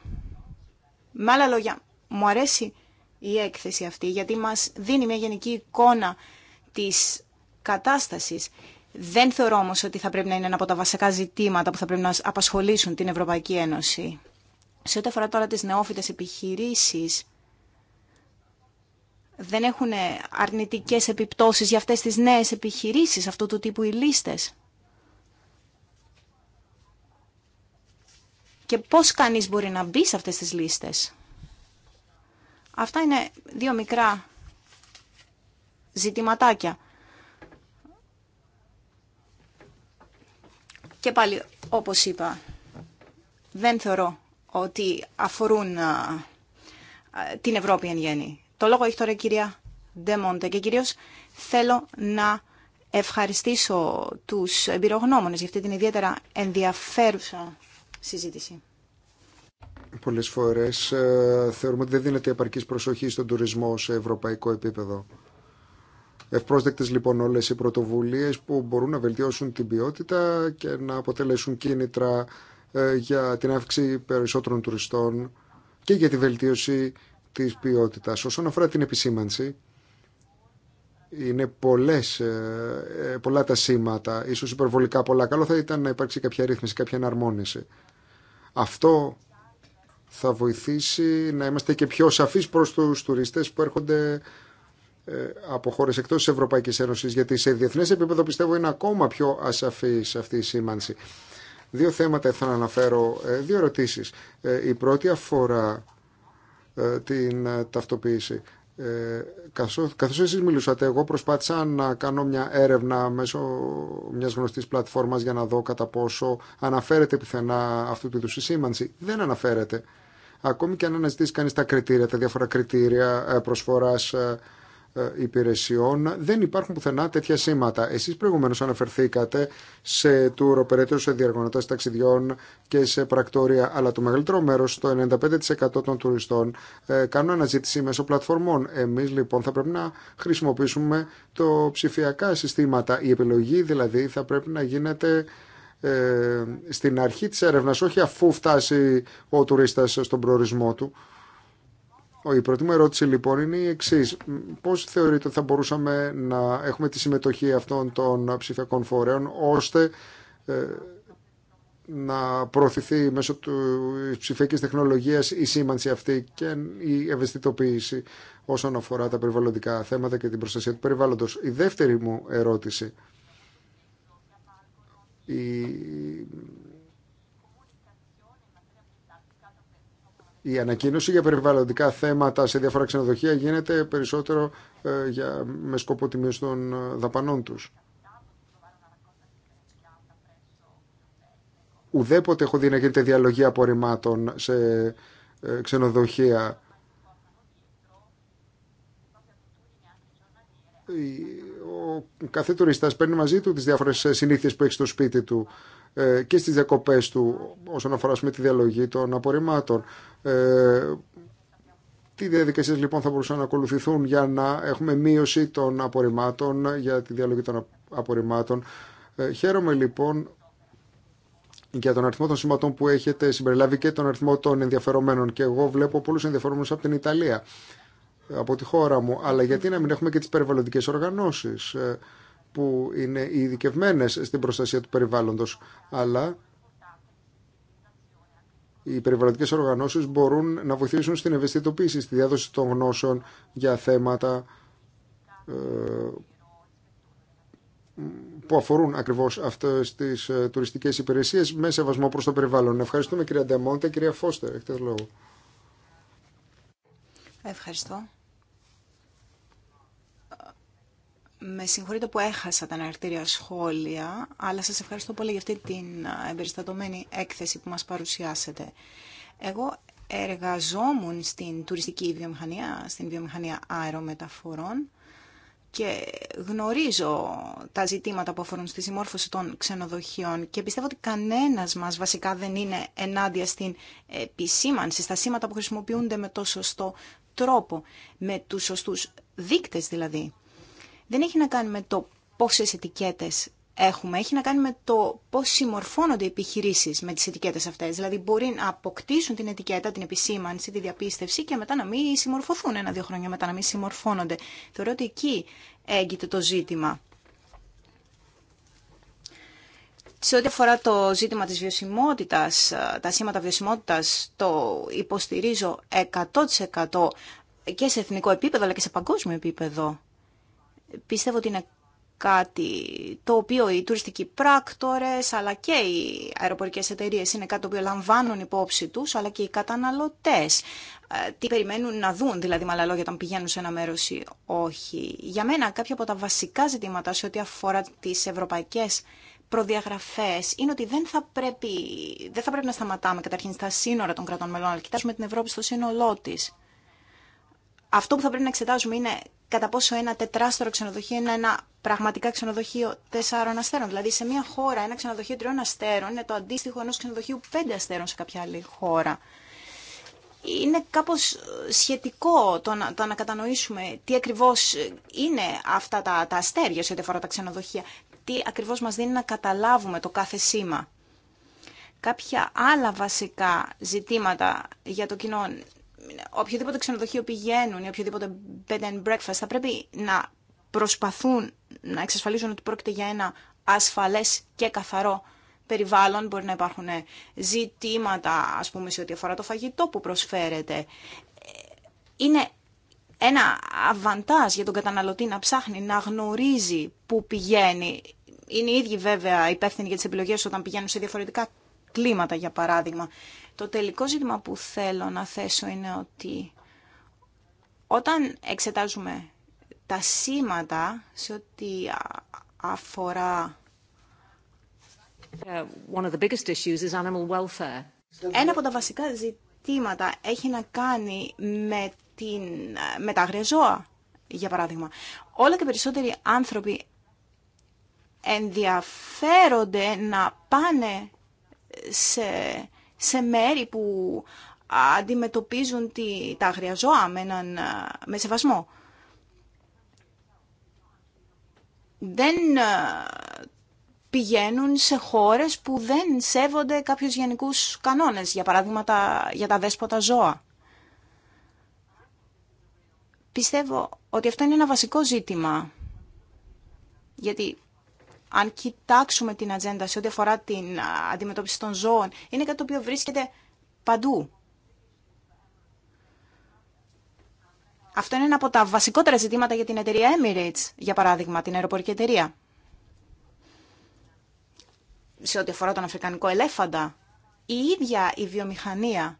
Με άλλα λόγια, μου αρέσει η έκθεση αυτή γιατί μας δίνει μια γενική εικόνα της κατάστασης δεν θεωρώ όμως ότι θα πρέπει να είναι ένα από τα βασικά ζητήματα που θα πρέπει να απασχολήσουν την Ευρωπαϊκή Ένωση. Σε ό,τι αφορά τώρα τις νεόφυτες επιχειρήσεις, δεν έχουν αρνητικές επιπτώσεις για αυτές τις νέες επιχειρήσεις, αυτού του τύπου οι λίστες. Και πώς κανείς μπορεί να μπει σε αυτές τις λίστες. Αυτά είναι δύο μικρά ζητηματάκια Και πάλι, όπως είπα, δεν θεωρώ ότι αφορούν την Ευρώπη εν γέννη. Το λόγο έχει τώρα η κυρία Ντεμόντε και κυρίως θέλω να ευχαριστήσω τους εμπειρογνώμονες για αυτή την ιδιαίτερα ενδιαφέρουσα συζήτηση. Πολλές φορές ε, θεωρούμε ότι δεν δίνεται επαρκής προσοχή στον τουρισμό σε ευρωπαϊκό επίπεδο. Ευπρόσδεκτες λοιπόν όλες οι πρωτοβουλίες που μπορούν να βελτιώσουν την ποιότητα και να αποτελέσουν κίνητρα ε, για την αύξηση περισσότερων τουριστών και για τη βελτίωση της ποιότητας. Όσον αφορά την επισήμανση, είναι πολλές, ε, ε, πολλά τα σήματα, ίσως υπερβολικά πολλά. Καλό θα ήταν να υπάρξει κάποια ρύθμιση, κάποια εναρμόνιση. Αυτό θα βοηθήσει να είμαστε και πιο σαφείς προς τους τουριστές που έρχονται ε, από χώρες εκτός τη Ευρωπαϊκής Ένωσης γιατί σε διεθνές επίπεδο πιστεύω είναι ακόμα πιο ασαφής αυτή η σήμανση. Δύο θέματα ήθελα να αναφέρω, ε, δύο ερωτήσεις. Ε, η πρώτη αφορά την ταυτοποίηση. Καθώς εσείς μιλούσατε, εγώ προσπάθησα να κάνω μια έρευνα μέσω μιας γνωστής πλατφόρμας για να δω κατά πόσο αναφέρεται πιθανά αυτού του είδους η σήμανση. Δεν αναφέρεται. Ακόμη και αν αναζητήσει κανείς τα κριτήρια, τα διάφορα κριτήρια προσφοράς ε, υπηρεσιών δεν υπάρχουν πουθενά τέτοια σήματα. Εσείς προηγουμένως αναφερθήκατε σε τουροπερέτες, σε διαργωνωτές ταξιδιών και σε πρακτόρια, αλλά το μεγαλύτερο μέρος, το 95% των τουριστών ε, κάνουν αναζήτηση μέσω πλατφορμών. Εμείς λοιπόν θα πρέπει να χρησιμοποιήσουμε το ψηφιακά συστήματα. Η επιλογή δηλαδή θα πρέπει να γίνεται ε, στην αρχή της έρευνας, όχι αφού φτάσει ο τουρίστας στον προορισμό του. Η πρώτη μου ερώτηση λοιπόν είναι η εξή. Πώ θεωρείτε ότι θα μπορούσαμε να έχουμε τη συμμετοχή αυτών των ψηφιακών φορέων ώστε ε, να προωθηθεί μέσω τη ψηφιακή τεχνολογία η σήμανση αυτή και η ευαισθητοποίηση όσον αφορά τα περιβαλλοντικά θέματα και την προστασία του περιβάλλοντος. Η δεύτερη μου ερώτηση. η ανακοίνωση για περιβαλλοντικά θέματα σε διάφορα ξενοδοχεία γίνεται περισσότερο ε, για, με σκοπό τιμή των ε, δαπανών τους. Ουδέποτε έχω δει να γίνεται διαλογή απορριμμάτων σε ε, ξενοδοχεία. Ο κάθε τουρίστας παίρνει μαζί του τις διάφορες συνήθειες που έχει στο σπίτι του. Ε, και στις διακοπέ του όσον αφορά τη διαλογή των απορριμμάτων. Ε, τι διαδικασίες λοιπόν θα μπορούσαν να ακολουθηθούν για να έχουμε μείωση των απορριμμάτων, για τη διαλογή των απορριμμάτων. Ε, χαίρομαι λοιπόν για τον αριθμό των σημαντών που έχετε συμπεριλάβει και τον αριθμό των ενδιαφερομένων και εγώ βλέπω πολλούς ενδιαφερομένους από την Ιταλία από τη χώρα μου, αλλά γιατί να μην έχουμε και τις περιβαλλοντικές οργανώσεις που είναι ειδικευμένε στην προστασία του περιβάλλοντος, αλλά οι περιβαλλοντικές οργανώσεις μπορούν να βοηθήσουν στην ευαισθητοποίηση, στη διάδοση των γνώσεων για θέματα ε, που αφορούν ακριβώς αυτές τις ε, τουριστικές υπηρεσίες με σεβασμό προς το περιβάλλον. Ευχαριστούμε κυρία Ντεμόντε, κυρία Φώστερ, έχετε λόγο. Ευχαριστώ. Με συγχωρείτε που έχασα τα αναρτήρια σχόλια, αλλά σας ευχαριστώ πολύ για αυτή την εμπεριστατωμένη έκθεση που μας παρουσιάσετε. Εγώ εργαζόμουν στην τουριστική βιομηχανία, στην βιομηχανία αερομεταφορών και γνωρίζω τα ζητήματα που αφορούν στη συμμόρφωση των ξενοδοχείων και πιστεύω ότι κανένας μας βασικά δεν είναι ενάντια στην επισήμανση, στα σήματα που χρησιμοποιούνται με το σωστό τρόπο, με τους σωστούς δείκτες δηλαδή δεν έχει να κάνει με το πόσες ετικέτες έχουμε, έχει να κάνει με το πώς συμμορφώνονται οι επιχειρήσεις με τις ετικέτες αυτές. Δηλαδή μπορεί να αποκτήσουν την ετικέτα, την επισήμανση, τη διαπίστευση και μετά να μην συμμορφωθούν ένα-δύο χρόνια, μετά να μην συμμορφώνονται. Θεωρώ ότι εκεί έγκυται το ζήτημα. Σε ό,τι αφορά το ζήτημα της βιωσιμότητας, τα σήματα βιωσιμότητας, το υποστηρίζω 100% και σε εθνικό επίπεδο αλλά και σε παγκόσμιο επίπεδο. Πιστεύω ότι είναι κάτι το οποίο οι τουριστικοί πράκτορες αλλά και οι αεροπορικές εταιρείες είναι κάτι το οποίο λαμβάνουν υπόψη τους αλλά και οι καταναλωτές ε, τι περιμένουν να δουν δηλαδή με άλλα λόγια όταν πηγαίνουν σε ένα μέρος ή όχι. Για μένα κάποια από τα βασικά ζητήματα σε ό,τι αφορά τις ευρωπαϊκές προδιαγραφές είναι ότι δεν θα πρέπει, δεν θα πρέπει να σταματάμε καταρχήν στα σύνορα των κρατών μελών αλλά κοιτάζουμε την Ευρώπη στο σύνολό τη. Αυτό που θα πρέπει να εξετάζουμε είναι κατά πόσο ένα τετράστορο ξενοδοχείο είναι ένα πραγματικά ξενοδοχείο τεσσάρων αστέρων. Δηλαδή σε μια χώρα ένα ξενοδοχείο τριών αστέρων είναι το αντίστοιχο ενός ξενοδοχείου πέντε αστέρων σε κάποια άλλη χώρα. Είναι κάπως σχετικό το να, να κατανοήσουμε τι ακριβώς είναι αυτά τα, τα αστέρια σε ό,τι αφορά τα ξενοδοχεία. Τι ακριβώς μας δίνει να καταλάβουμε το κάθε σήμα. Κάποια άλλα βασικά ζητήματα για το κοινό οποιοδήποτε ξενοδοχείο πηγαίνουν ή οποιοδήποτε bed and breakfast θα πρέπει να προσπαθούν να εξασφαλίζουν ότι πρόκειται για ένα ασφαλές και καθαρό περιβάλλον. Μπορεί να υπάρχουν ζητήματα, ας πούμε, σε ό,τι αφορά το φαγητό που προσφέρεται. Είναι ένα αβαντάζ για τον καταναλωτή να ψάχνει, να γνωρίζει πού πηγαίνει. Είναι οι ίδιοι βέβαια υπεύθυνοι για τις επιλογές όταν πηγαίνουν σε διαφορετικά κλίματα, για παράδειγμα. Το τελικό ζήτημα που θέλω να θέσω είναι ότι όταν εξετάζουμε τα σήματα σε ό,τι αφορά ε, One of the biggest Ένα από τα βασικά ζητήματα έχει να κάνει με, την, ε, με τα άγρια για παράδειγμα. Όλα και περισσότεροι άνθρωποι ενδιαφέρονται να πάνε σε σε μέρη που αντιμετωπίζουν τη, τα άγρια ζώα με, έναν, με σεβασμό. Δεν ε, πηγαίνουν σε χώρες που δεν σέβονται κάποιους γενικούς κανόνες, για παράδειγμα τα, για τα δέσποτα ζώα. Πιστεύω ότι αυτό είναι ένα βασικό ζήτημα, γιατί αν κοιτάξουμε την ατζέντα σε ό,τι αφορά την αντιμετώπιση των ζώων, είναι κάτι το οποίο βρίσκεται παντού. Αυτό είναι ένα από τα βασικότερα ζητήματα για την εταιρεία Emirates, για παράδειγμα, την αεροπορική εταιρεία. Σε ό,τι αφορά τον Αφρικανικό ελέφαντα, η ίδια η βιομηχανία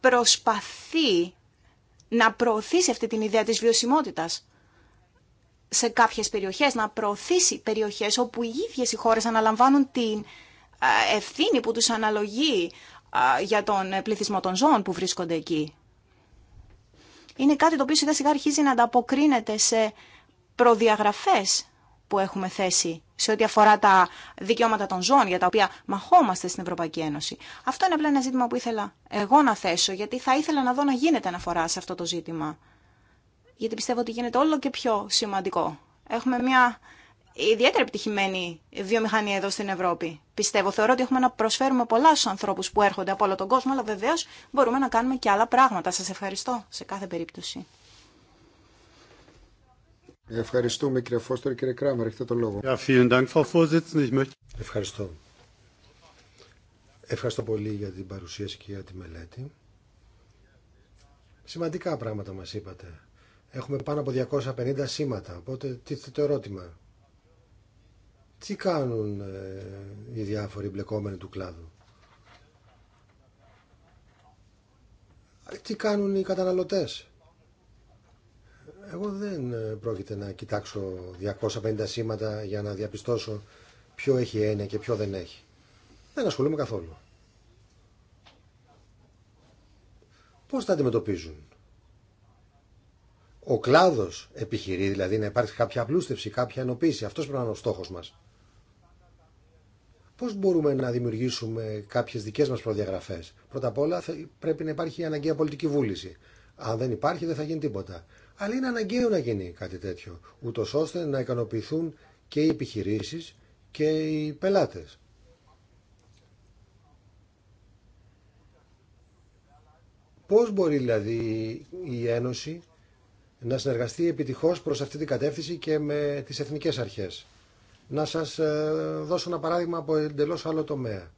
προσπαθεί να προωθήσει αυτή την ιδέα της βιωσιμότητας σε κάποιες περιοχές, να προωθήσει περιοχές όπου οι ίδιες οι χώρες αναλαμβάνουν την ευθύνη που τους αναλογεί για τον ε, πληθυσμό των ζώων που βρίσκονται εκεί. Είναι κάτι το οποίο σιγά σιγά αρχίζει να ανταποκρίνεται σε προδιαγραφές που έχουμε θέσει σε ό,τι αφορά τα δικαιώματα των ζώων για τα οποία μαχόμαστε στην Ευρωπαϊκή Ένωση. Αυτό είναι απλά ένα ζήτημα που ήθελα εγώ να θέσω, γιατί θα ήθελα να δω να γίνεται αναφορά σε αυτό το ζήτημα γιατί πιστεύω ότι γίνεται όλο και πιο σημαντικό. Έχουμε μια ιδιαίτερα επιτυχημένη βιομηχανία εδώ στην Ευρώπη. Πιστεύω, θεωρώ ότι έχουμε να προσφέρουμε πολλά στου ανθρώπου που έρχονται από όλο τον κόσμο, αλλά βεβαίω μπορούμε να κάνουμε και άλλα πράγματα. Σα ευχαριστώ σε κάθε περίπτωση. Ευχαριστούμε κύριε Φώστερ. Κύριε Κράμερ, έχετε το λόγο. Ευχαριστώ. Ευχαριστώ πολύ για την παρουσίαση και για τη μελέτη. Σημαντικά πράγματα μας είπατε Έχουμε πάνω από 250 σήματα, οπότε τίθεται το ερώτημα. Τι κάνουν ε, οι διάφοροι μπλεκόμενοι του κλάδου. Ε, τι κάνουν οι καταναλωτές. Εγώ δεν ε, πρόκειται να κοιτάξω 250 σήματα για να διαπιστώσω ποιο έχει έννοια και ποιο δεν έχει. Δεν ασχολούμαι καθόλου. Πώς τα αντιμετωπίζουν ο κλάδο επιχειρεί, δηλαδή να υπάρξει κάποια απλούστευση, κάποια ενοποίηση. Αυτό πρέπει να είναι ο στόχο μα. Πώ μπορούμε να δημιουργήσουμε κάποιε δικέ μα προδιαγραφέ. Πρώτα απ' όλα πρέπει να υπάρχει η αναγκαία πολιτική βούληση. Αν δεν υπάρχει, δεν θα γίνει τίποτα. Αλλά είναι αναγκαίο να γίνει κάτι τέτοιο, ούτω ώστε να ικανοποιηθούν και οι επιχειρήσει και οι πελάτε. Πώς μπορεί δηλαδή η Ένωση να συνεργαστεί επιτυχώς προς αυτή την κατεύθυνση και με τις εθνικές αρχές. Να σας ε, δώσω ένα παράδειγμα από εντελώς άλλο τομέα.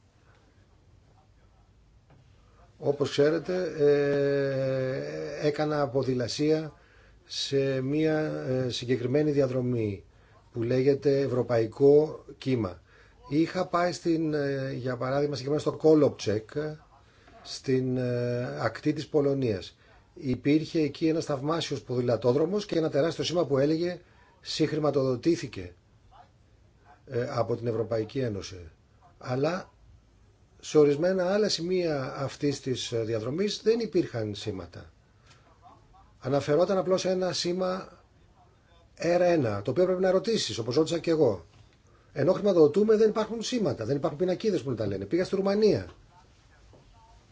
Όπως ξέρετε, ε, έκανα αποδηλασία σε μια ε, συγκεκριμένη διαδρομή που λέγεται Ευρωπαϊκό Κύμα. Είχα πάει, στην, για παράδειγμα, συγκεκριμένα στο Κόλοπτσεκ, στην ακτή της Πολωνίας υπήρχε εκεί ένας θαυμάσιος ποδηλατόδρομος και ένα τεράστιο σήμα που έλεγε συγχρηματοδοτήθηκε ε, από την Ευρωπαϊκή Ένωση. Αλλά σε ορισμένα άλλα σημεία αυτής της ε, διαδρομής δεν υπήρχαν σήματα. Αναφερόταν απλώς ένα σήμα R1, το οποίο πρέπει να ρωτήσεις, όπως ρώτησα και εγώ. Ενώ χρηματοδοτούμε δεν υπάρχουν σήματα, δεν υπάρχουν πινακίδες που να τα λένε. Πήγα στη Ρουμανία,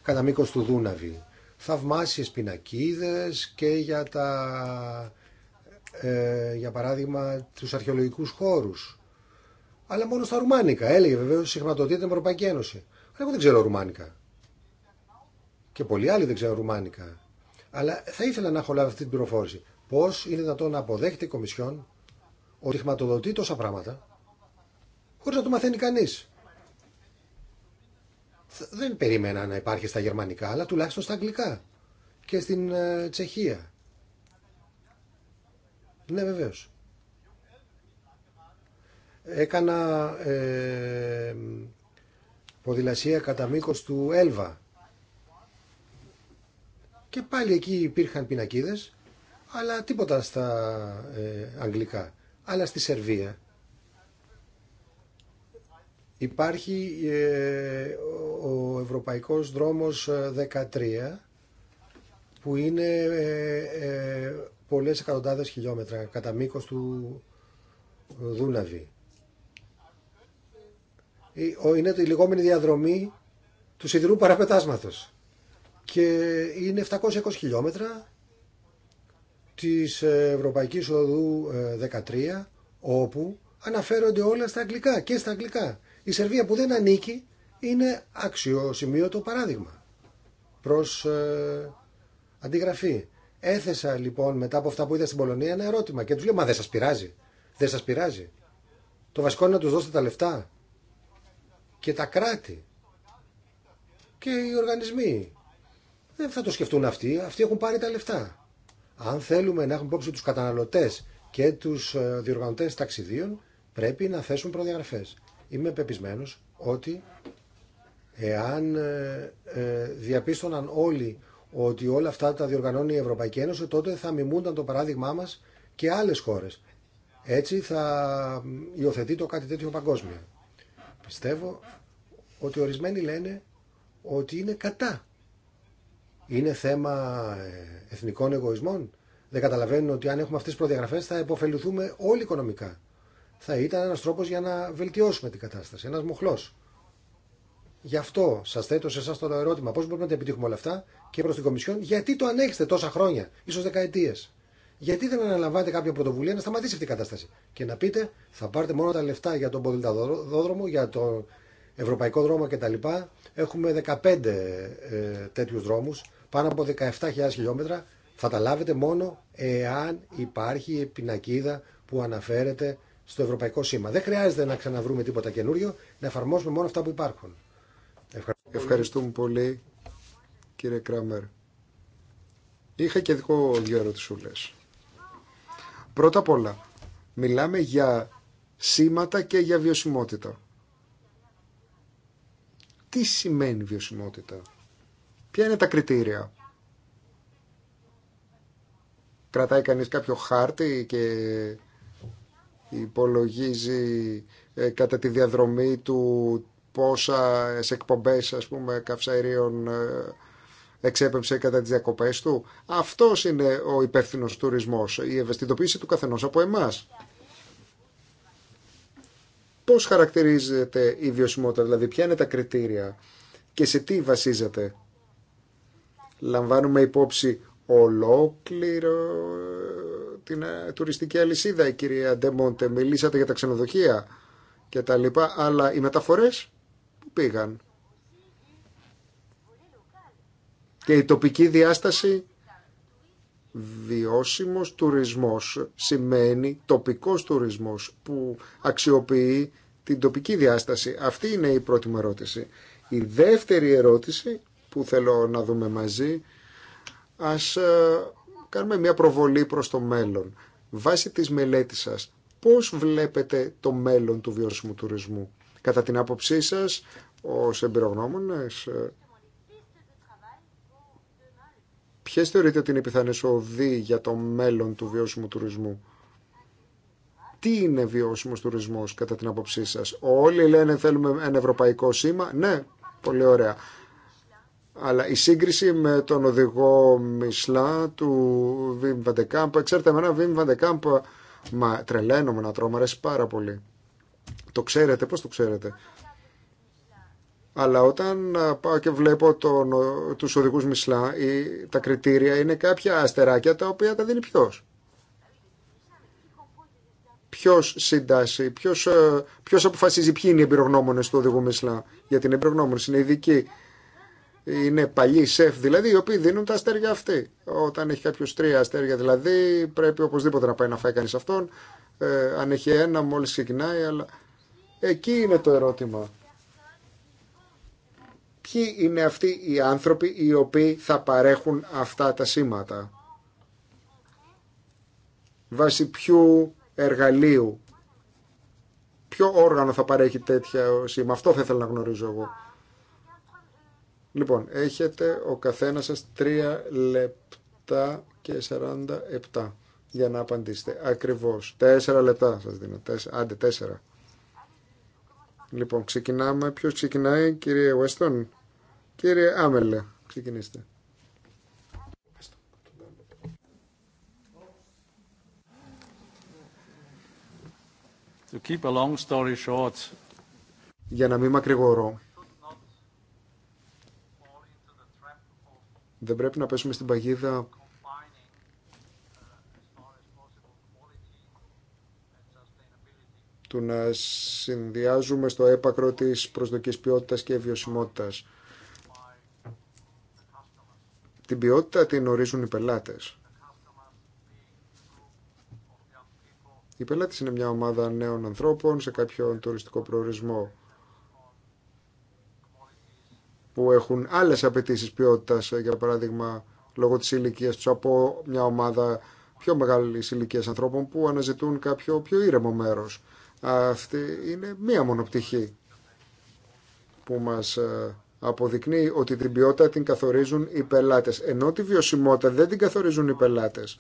κατά μήκο του Δούναβη θαυμάσιες πινακίδες και για τα ε, για παράδειγμα τους αρχαιολογικούς χώρους αλλά μόνο στα ρουμάνικα έλεγε βεβαίως συγχρηματοδοτεί την Ευρωπαϊκή Ένωση αλλά εγώ δεν ξέρω ρουμάνικα και πολλοί άλλοι δεν ξέρουν ρουμάνικα αλλά θα ήθελα να έχω λάβει αυτή την πληροφόρηση πως είναι δυνατόν να αποδέχεται η Κομισιόν ότι χρηματοδοτεί τόσα πράγματα χωρίς να το μαθαίνει κανείς δεν περίμενα να υπάρχει στα γερμανικά, αλλά τουλάχιστον στα αγγλικά και στην ε, Τσεχία. Ναι, βεβαίως. Έκανα ε, ποδηλασία κατά μήκο του Έλβα. Και πάλι εκεί υπήρχαν πινακίδες, αλλά τίποτα στα ε, αγγλικά. Αλλά στη Σερβία Υπάρχει ε, ο Ευρωπαϊκός Δρόμος 13 ε, που είναι ε, πολλές εκατοντάδες χιλιόμετρα κατά μήκος του Δούναβη. Είναι η λιγόμενη διαδρομή του σιδηρού παραπετάσματος και είναι 720 χιλιόμετρα της Ευρωπαϊκής Οδού 13 όπου αναφέρονται όλα στα αγγλικά και στα αγγλικά η Σερβία που δεν ανήκει είναι αξιοσημείωτο παράδειγμα προς ε, αντιγραφή. Έθεσα λοιπόν μετά από αυτά που είδα στην Πολωνία ένα ερώτημα και τους λέω μα δεν σας πειράζει, δεν σας πειράζει. Το βασικό είναι να τους δώσετε τα λεφτά και τα κράτη και οι οργανισμοί. Δεν θα το σκεφτούν αυτοί, αυτοί έχουν πάρει τα λεφτά. Αν θέλουμε να έχουμε υπόψη τους καταναλωτές και τους ε, διοργανωτές ταξιδίων πρέπει να θέσουν προδιαγραφές. Είμαι πεπισμένος ότι εάν ε, ε, διαπίστωναν όλοι ότι όλα αυτά τα διοργανώνει η Ευρωπαϊκή Ένωση, τότε θα μιμούνταν το παράδειγμά μας και άλλες χώρες. Έτσι θα υιοθετεί το κάτι τέτοιο παγκόσμια. Πιστεύω ότι ορισμένοι λένε ότι είναι κατά. Είναι θέμα ε, εθνικών εγωισμών. Δεν καταλαβαίνουν ότι αν έχουμε αυτές τις προδιαγραφές θα υποφεληθούμε όλοι οικονομικά θα ήταν ένας τρόπος για να βελτιώσουμε την κατάσταση, ένας μοχλός. Γι' αυτό σα θέτω σε εσά το ερώτημα πώ μπορούμε να τα επιτύχουμε όλα αυτά και προ την Κομισιόν, γιατί το ανέχετε τόσα χρόνια, ίσω δεκαετίε. Γιατί δεν αναλαμβάνετε κάποια πρωτοβουλία να σταματήσει αυτή η κατάσταση και να πείτε θα πάρετε μόνο τα λεφτά για τον ποδηλατόδρομο, για τον ευρωπαϊκό δρόμο κτλ. Έχουμε 15 ε, τέτοιου δρόμου, πάνω από 17.000 χιλιόμετρα. Θα τα λάβετε μόνο εάν υπάρχει πινακίδα που αναφέρεται στο ευρωπαϊκό σήμα. Δεν χρειάζεται να ξαναβρούμε τίποτα καινούριο, να εφαρμόσουμε μόνο αυτά που υπάρχουν. Ευχαριστούμε, πολύ, κύριε Κράμερ. Είχα και δικό δύο ερωτησούλες. Πρώτα απ' όλα, μιλάμε για σήματα και για βιωσιμότητα. Τι σημαίνει βιωσιμότητα? Ποια είναι τα κριτήρια? Κρατάει κανείς κάποιο χάρτη και υπολογίζει ε, κατά τη διαδρομή του πόσα εκπομπέ εκπομπές ας πούμε καυσαερίων ε, εξέπεψε κατά τις διακοπές του. Αυτός είναι ο υπεύθυνο τουρισμός, η ευαισθητοποίηση του καθενός από εμάς. Πώς χαρακτηρίζεται η βιωσιμότητα, δηλαδή ποια είναι τα κριτήρια και σε τι βασίζεται. Λαμβάνουμε υπόψη ολόκληρο την ε, τουριστική αλυσίδα, η κυρία Ντεμόντε. Μιλήσατε για τα ξενοδοχεία και τα λοιπά, αλλά οι μεταφορές που πήγαν. Και η τοπική διάσταση βιώσιμος τουρισμός σημαίνει τοπικός τουρισμός που αξιοποιεί την τοπική διάσταση. Αυτή είναι η πρώτη μου ερώτηση. Η δεύτερη ερώτηση που θέλω να δούμε μαζί ας ε, κάνουμε μια προβολή προς το μέλλον. Βάσει της μελέτης σας, πώς βλέπετε το μέλλον του βιώσιμου τουρισμού. Κατά την άποψή σας, ως εμπειρογνώμονες, ε, Ποιε θεωρείτε ότι είναι οι πιθανές οδοί για το μέλλον του βιώσιμου τουρισμού. Τι είναι βιώσιμος τουρισμός κατά την άποψή σας. Όλοι λένε θέλουμε ένα ευρωπαϊκό σήμα. Ναι, πολύ ωραία. Αλλά η σύγκριση με τον οδηγό Μισλά του Βιμ Βαντεκάμπ, ξέρετε εμένα Βιμ Βαντεκάμπ, μα τρελαίνομαι να τρώω, μου αρέσει πάρα πολύ. Το ξέρετε, πώς το ξέρετε. Αλλά όταν πάω και βλέπω τον, τους οδηγούς Μισλά, η, τα κριτήρια είναι κάποια αστεράκια τα οποία τα δίνει ποιο. Ποιο συντάσσει, ποιο ε, ποιος αποφασίζει ποιοι είναι οι εμπειρογνώμονε του οδηγού Μισλά. Γιατί είναι εμπειρογνώμονε, είναι ειδικοί είναι παλιοί σεφ δηλαδή οι οποίοι δίνουν τα αστέρια αυτοί. Όταν έχει κάποιο τρία αστέρια δηλαδή πρέπει οπωσδήποτε να πάει να φάει κανεί αυτόν. Ε, αν έχει ένα μόλις ξεκινάει αλλά εκεί είναι το ερώτημα. Ποιοι είναι αυτοί οι άνθρωποι οι οποίοι θα παρέχουν αυτά τα σήματα. Βάσει ποιου εργαλείου, ποιο όργανο θα παρέχει τέτοια σήμα. Αυτό θα ήθελα να γνωρίζω εγώ. Λοιπόν, έχετε ο καθένας σας 3 λεπτά και 47 για να απαντήσετε. Ακριβώς. 4 λεπτά σας δίνω. άντε 4. Λοιπόν, ξεκινάμε. Ποιος ξεκινάει, κύριε Weston. Κύριε Άμελε, ξεκινήστε. To keep a story short. Για να μην μακρηγορώ. Δεν πρέπει να πέσουμε στην παγίδα του να συνδυάζουμε στο έπακρο της προσδοκής ποιότητας και βιωσιμότητας. Την ποιότητα την ορίζουν οι πελάτες. Οι πελάτες είναι μια ομάδα νέων ανθρώπων σε κάποιον τουριστικό προορισμό που έχουν άλλες απαιτήσει ποιότητας, ε, για παράδειγμα λόγω της ηλικία τους από μια ομάδα πιο μεγάλη ηλικία ανθρώπων που αναζητούν κάποιο πιο ήρεμο μέρος. Αυτή είναι μία μονοπτυχή που μας ε, αποδεικνύει ότι την ποιότητα την καθορίζουν οι πελάτες, ενώ τη βιωσιμότητα δεν την καθορίζουν οι πελάτες.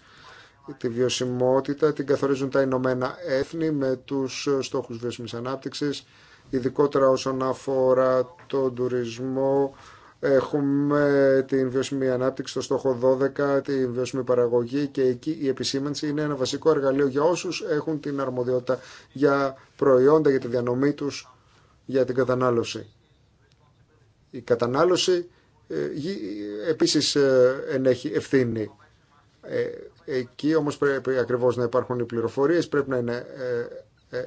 Τη βιωσιμότητα την καθορίζουν τα Ηνωμένα Έθνη με τους ε, στόχους βιώσιμης ανάπτυξης ειδικότερα όσον αφορά τον τουρισμό. Έχουμε την βιώσιμη ανάπτυξη στο στόχο 12, την βιώσιμη παραγωγή και εκεί η επισήμανση είναι ένα βασικό εργαλείο για όσους έχουν την αρμοδιότητα για προϊόντα, για τη διανομή τους, για την κατανάλωση. Η κατανάλωση ε, επίσης ε, ενέχει ευθύνη. Ε, εκεί όμως πρέπει ακριβώς να υπάρχουν οι πληροφορίες, πρέπει να είναι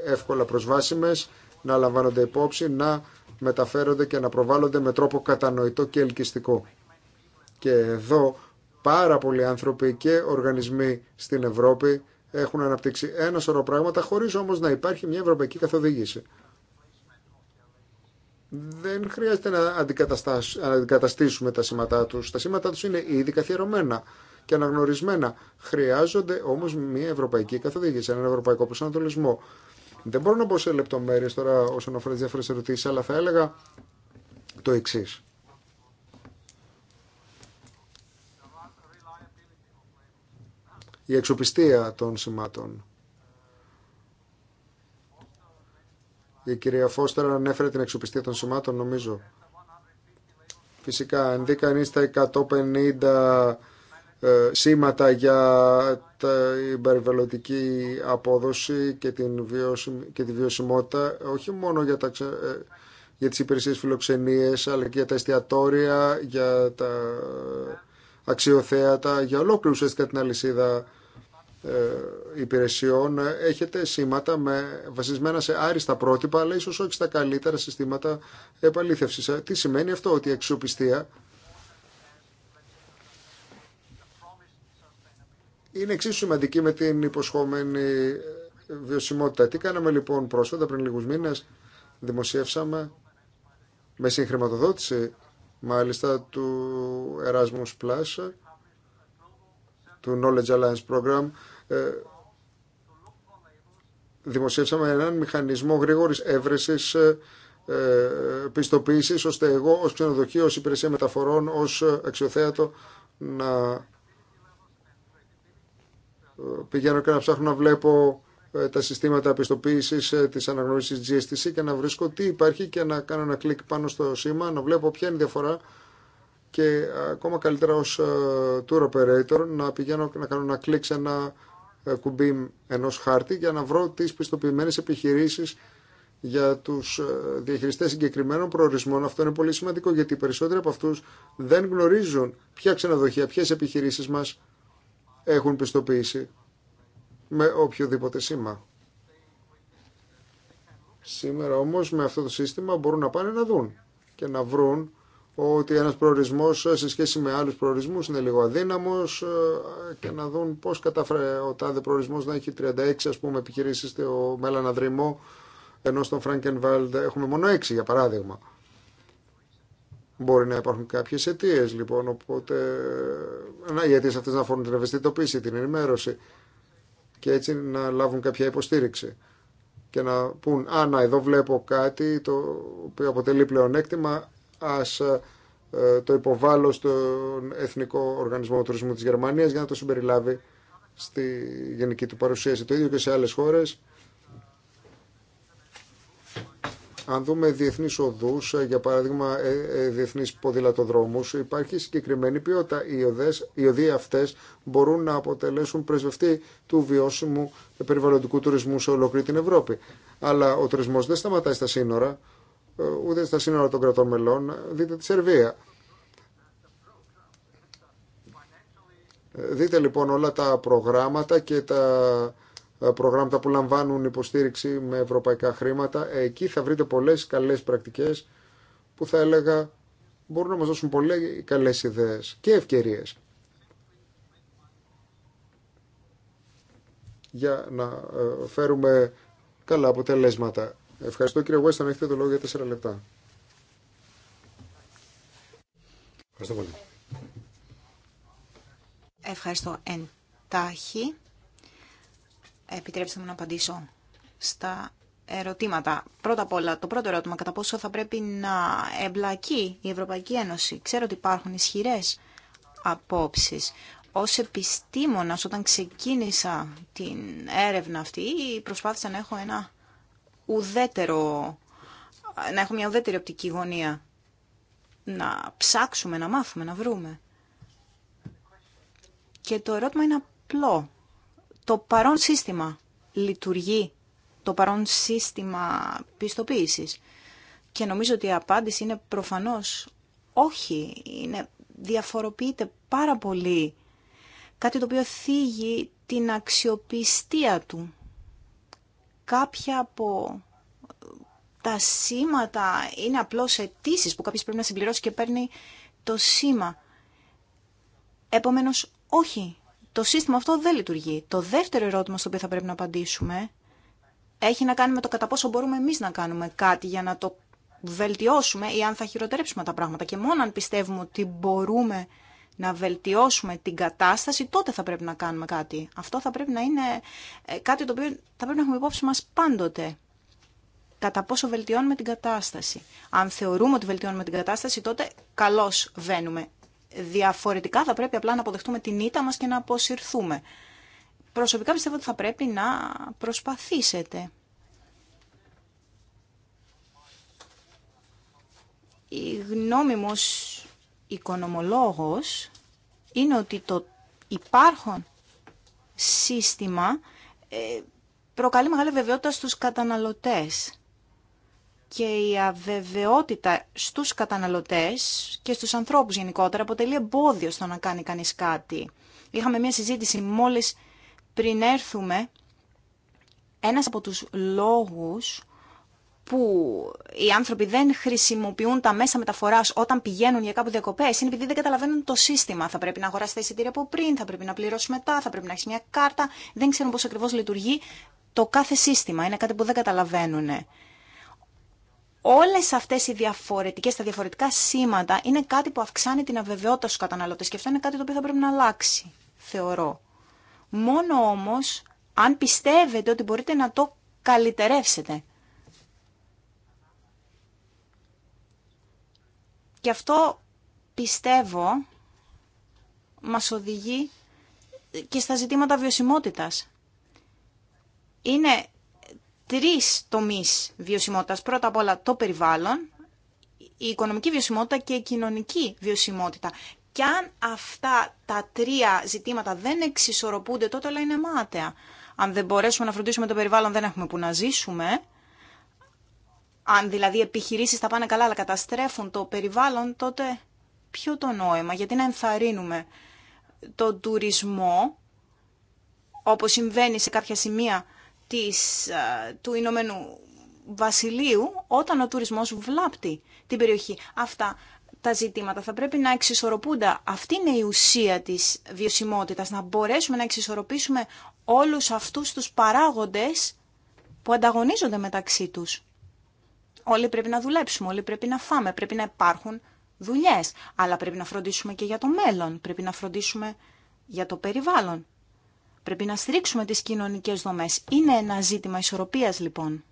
εύκολα προσβάσιμες να λαμβάνονται υπόψη, να μεταφέρονται και να προβάλλονται με τρόπο κατανοητό και ελκυστικό. Και εδώ πάρα πολλοί άνθρωποι και οργανισμοί στην Ευρώπη έχουν αναπτύξει ένα σωρό πράγματα χωρίς όμως να υπάρχει μια ευρωπαϊκή καθοδήγηση. Δεν χρειάζεται να, αντικαταστήσουμε τα σήματά τους. Τα σήματά τους είναι ήδη καθιερωμένα και αναγνωρισμένα. Χρειάζονται όμως μια ευρωπαϊκή καθοδήγηση, έναν ευρωπαϊκό προσανατολισμό. Δεν μπορώ να μπω σε λεπτομέρειε τώρα όσον αφορά τι διάφορε ερωτήσει, αλλά θα έλεγα το εξή. Η εξοπιστία των σημάτων. Η κυρία Φώστερα ανέφερε την εξοπιστία των σημάτων, νομίζω. Φυσικά, αν δει τα 150 ε, σήματα για την περιβαλλοντική απόδοση και, την και τη βιωσιμότητα όχι μόνο για, τα, ε, για τις υπηρεσίες φιλοξενίες αλλά και για τα εστιατόρια, για τα αξιοθέατα, για ολόκληρη ουσιαστικά την αλυσίδα ε, υπηρεσιών έχετε σήματα με, βασισμένα σε άριστα πρότυπα αλλά ίσως όχι στα καλύτερα συστήματα επαλήθευσης. Τι σημαίνει αυτό ότι η αξιοπιστία είναι εξίσου σημαντική με την υποσχόμενη ε, βιωσιμότητα. Τι κάναμε λοιπόν πρόσφατα πριν λίγους μήνες, δημοσιεύσαμε με συγχρηματοδότηση μάλιστα του Erasmus Plus, του Knowledge Alliance Program, ε, δημοσιεύσαμε έναν μηχανισμό γρήγορης έβρεσης ε, πιστοποίησης, ώστε εγώ ως ξενοδοχείο, ως υπηρεσία μεταφορών, ως αξιοθέατο να πηγαίνω και να ψάχνω να βλέπω ε, τα συστήματα πιστοποίησης ε, της αναγνώρισης GSTC και να βρίσκω τι υπάρχει και να κάνω ένα κλικ πάνω στο σήμα, να βλέπω ποια είναι η διαφορά και ακόμα καλύτερα ως ε, tour operator να πηγαίνω να κάνω ένα κλικ σε ένα κουμπί ενός χάρτη για να βρω τις πιστοποιημένες επιχειρήσεις για τους διαχειριστές συγκεκριμένων προορισμών. Αυτό είναι πολύ σημαντικό γιατί οι περισσότεροι από αυτούς δεν γνωρίζουν ποια ξενοδοχεία, ποιες επιχειρήσεις μας έχουν πιστοποίηση με οποιοδήποτε σήμα. Σήμερα όμως με αυτό το σύστημα μπορούν να πάνε να δουν και να βρουν ότι ένας προορισμός σε σχέση με άλλους προορισμούς είναι λίγο αδύναμος ε, και να δουν πώς κατάφερε ο τάδε προορισμός να έχει 36 ας πούμε επιχειρήσεις στο δρυμό ενώ στον Φραγκενβάλντ έχουμε μόνο 6 για παράδειγμα. Μπορεί να υπάρχουν κάποιες αιτίε λοιπόν, οπότε να, οι αιτίες αυτές να αφορούν την ευαισθητοποίηση, την ενημέρωση και έτσι να λάβουν κάποια υποστήριξη και να πούν «Α, να, εδώ βλέπω κάτι το οποίο αποτελεί πλεονέκτημα, ας ε, το υποβάλλω στον Εθνικό Οργανισμό Τουρισμού της Γερμανίας για να το συμπεριλάβει στη γενική του παρουσίαση». Το ίδιο και σε άλλες χώρες Αν δούμε διεθνεί οδού, ε, για παράδειγμα ε, ε, διεθνείς ποδηλατοδρόμους, υπάρχει συγκεκριμένη ποιότητα. Οι, οδές, οι οδοί αυτές μπορούν να αποτελέσουν πρεσβευτή του βιώσιμου περιβαλλοντικού τουρισμού σε ολόκληρη την Ευρώπη. Αλλά ο τουρισμό δεν σταματάει στα σύνορα, ούτε στα σύνορα των κρατών μελών. Δείτε τη Σερβία. Δείτε λοιπόν όλα τα προγράμματα και τα ε, προγράμματα που λαμβάνουν υποστήριξη με ευρωπαϊκά χρήματα. Ε, εκεί θα βρείτε πολλές καλές πρακτικές που θα έλεγα μπορούν να μας δώσουν πολλές καλές ιδέες και ευκαιρίες για να ε, φέρουμε καλά αποτελέσματα. Ευχαριστώ κύριε Βουέστα. Να έχετε το λόγο για τέσσερα λεπτά. Ευχαριστώ πολύ. Ευχαριστώ εντάχει. Επιτρέψτε μου να απαντήσω στα ερωτήματα. Πρώτα απ' όλα, το πρώτο ερώτημα, κατά πόσο θα πρέπει να εμπλακεί η Ευρωπαϊκή Ένωση. Ξέρω ότι υπάρχουν ισχυρές απόψεις. Ως επιστήμονας, όταν ξεκίνησα την έρευνα αυτή, προσπάθησα να έχω ένα ουδέτερο, να έχω μια ουδέτερη οπτική γωνία. Να ψάξουμε, να μάθουμε, να βρούμε. Και το ερώτημα είναι απλό το παρόν σύστημα λειτουργεί, το παρόν σύστημα πιστοποίησης. Και νομίζω ότι η απάντηση είναι προφανώς όχι, είναι, διαφοροποιείται πάρα πολύ. Κάτι το οποίο θίγει την αξιοπιστία του. Κάποια από τα σήματα είναι απλώς αιτήσει που κάποιος πρέπει να συμπληρώσει και παίρνει το σήμα. Επομένως, όχι, το σύστημα αυτό δεν λειτουργεί. Το δεύτερο ερώτημα στο οποίο θα πρέπει να απαντήσουμε έχει να κάνει με το κατά πόσο μπορούμε εμεί να κάνουμε κάτι για να το βελτιώσουμε ή αν θα χειροτερέψουμε τα πράγματα. Και μόνο αν πιστεύουμε ότι μπορούμε να βελτιώσουμε την κατάσταση, τότε θα πρέπει να κάνουμε κάτι. Αυτό θα πρέπει να είναι ε, κάτι το οποίο θα πρέπει να έχουμε υπόψη μα πάντοτε. Κατά πόσο βελτιώνουμε την κατάσταση. Αν θεωρούμε ότι βελτιώνουμε την κατάσταση, τότε καλώ βαίνουμε. Διαφορετικά θα πρέπει απλά να αποδεχτούμε την ήττα μας και να αποσυρθούμε. Προσωπικά πιστεύω ότι θα πρέπει να προσπαθήσετε. Η γνώμη μου ως οικονομολόγος είναι ότι το υπάρχον σύστημα ε, προκαλεί μεγάλη βεβαιότητα στους καταναλωτές και η αβεβαιότητα στους καταναλωτές και στους ανθρώπους γενικότερα αποτελεί εμπόδιο στο να κάνει κανείς κάτι. Είχαμε μια συζήτηση μόλις πριν έρθουμε. Ένας από τους λόγους που οι άνθρωποι δεν χρησιμοποιούν τα μέσα μεταφοράς όταν πηγαίνουν για κάπου διακοπέ είναι επειδή δεν καταλαβαίνουν το σύστημα. Θα πρέπει να αγοράσει τα εισιτήρια από πριν, θα πρέπει να πληρώσει μετά, θα πρέπει να έχει μια κάρτα. Δεν ξέρουν πώς ακριβώς λειτουργεί το κάθε σύστημα. Είναι κάτι που δεν καταλαβαίνουν όλες αυτές οι διαφορετικές, τα διαφορετικά σήματα είναι κάτι που αυξάνει την αβεβαιότητα στους καταναλωτές και αυτό είναι κάτι το οποίο θα πρέπει να αλλάξει, θεωρώ. Μόνο όμως αν πιστεύετε ότι μπορείτε να το καλυτερεύσετε. Και αυτό πιστεύω μας οδηγεί και στα ζητήματα βιωσιμότητας. Είναι τρεις τομείς βιωσιμότητας. Πρώτα απ' όλα το περιβάλλον, η οικονομική βιωσιμότητα και η κοινωνική βιωσιμότητα. Και αν αυτά τα τρία ζητήματα δεν εξισορροπούνται, τότε όλα είναι μάταια. Αν δεν μπορέσουμε να φροντίσουμε το περιβάλλον, δεν έχουμε που να ζήσουμε. Αν δηλαδή επιχειρήσεις τα πάνε καλά, αλλά καταστρέφουν το περιβάλλον, τότε ποιο το νόημα, γιατί να ενθαρρύνουμε τον τουρισμό, όπως συμβαίνει σε κάποια σημεία της, ε, του Ηνωμένου Βασιλείου όταν ο τουρισμός βλάπτει την περιοχή. Αυτά τα ζητήματα θα πρέπει να εξισορροπούνται. Αυτή είναι η ουσία της βιωσιμότητας, να μπορέσουμε να εξισορροπήσουμε όλους αυτούς τους παράγοντες που ανταγωνίζονται μεταξύ τους. Όλοι πρέπει να δουλέψουμε, όλοι πρέπει να φάμε, πρέπει να υπάρχουν δουλειές, αλλά πρέπει να φροντίσουμε και για το μέλλον, πρέπει να φροντίσουμε για το περιβάλλον. Πρέπει να στηρίξουμε τις κοινωνικές δομές. Είναι ένα ζήτημα ισορροπίας λοιπόν.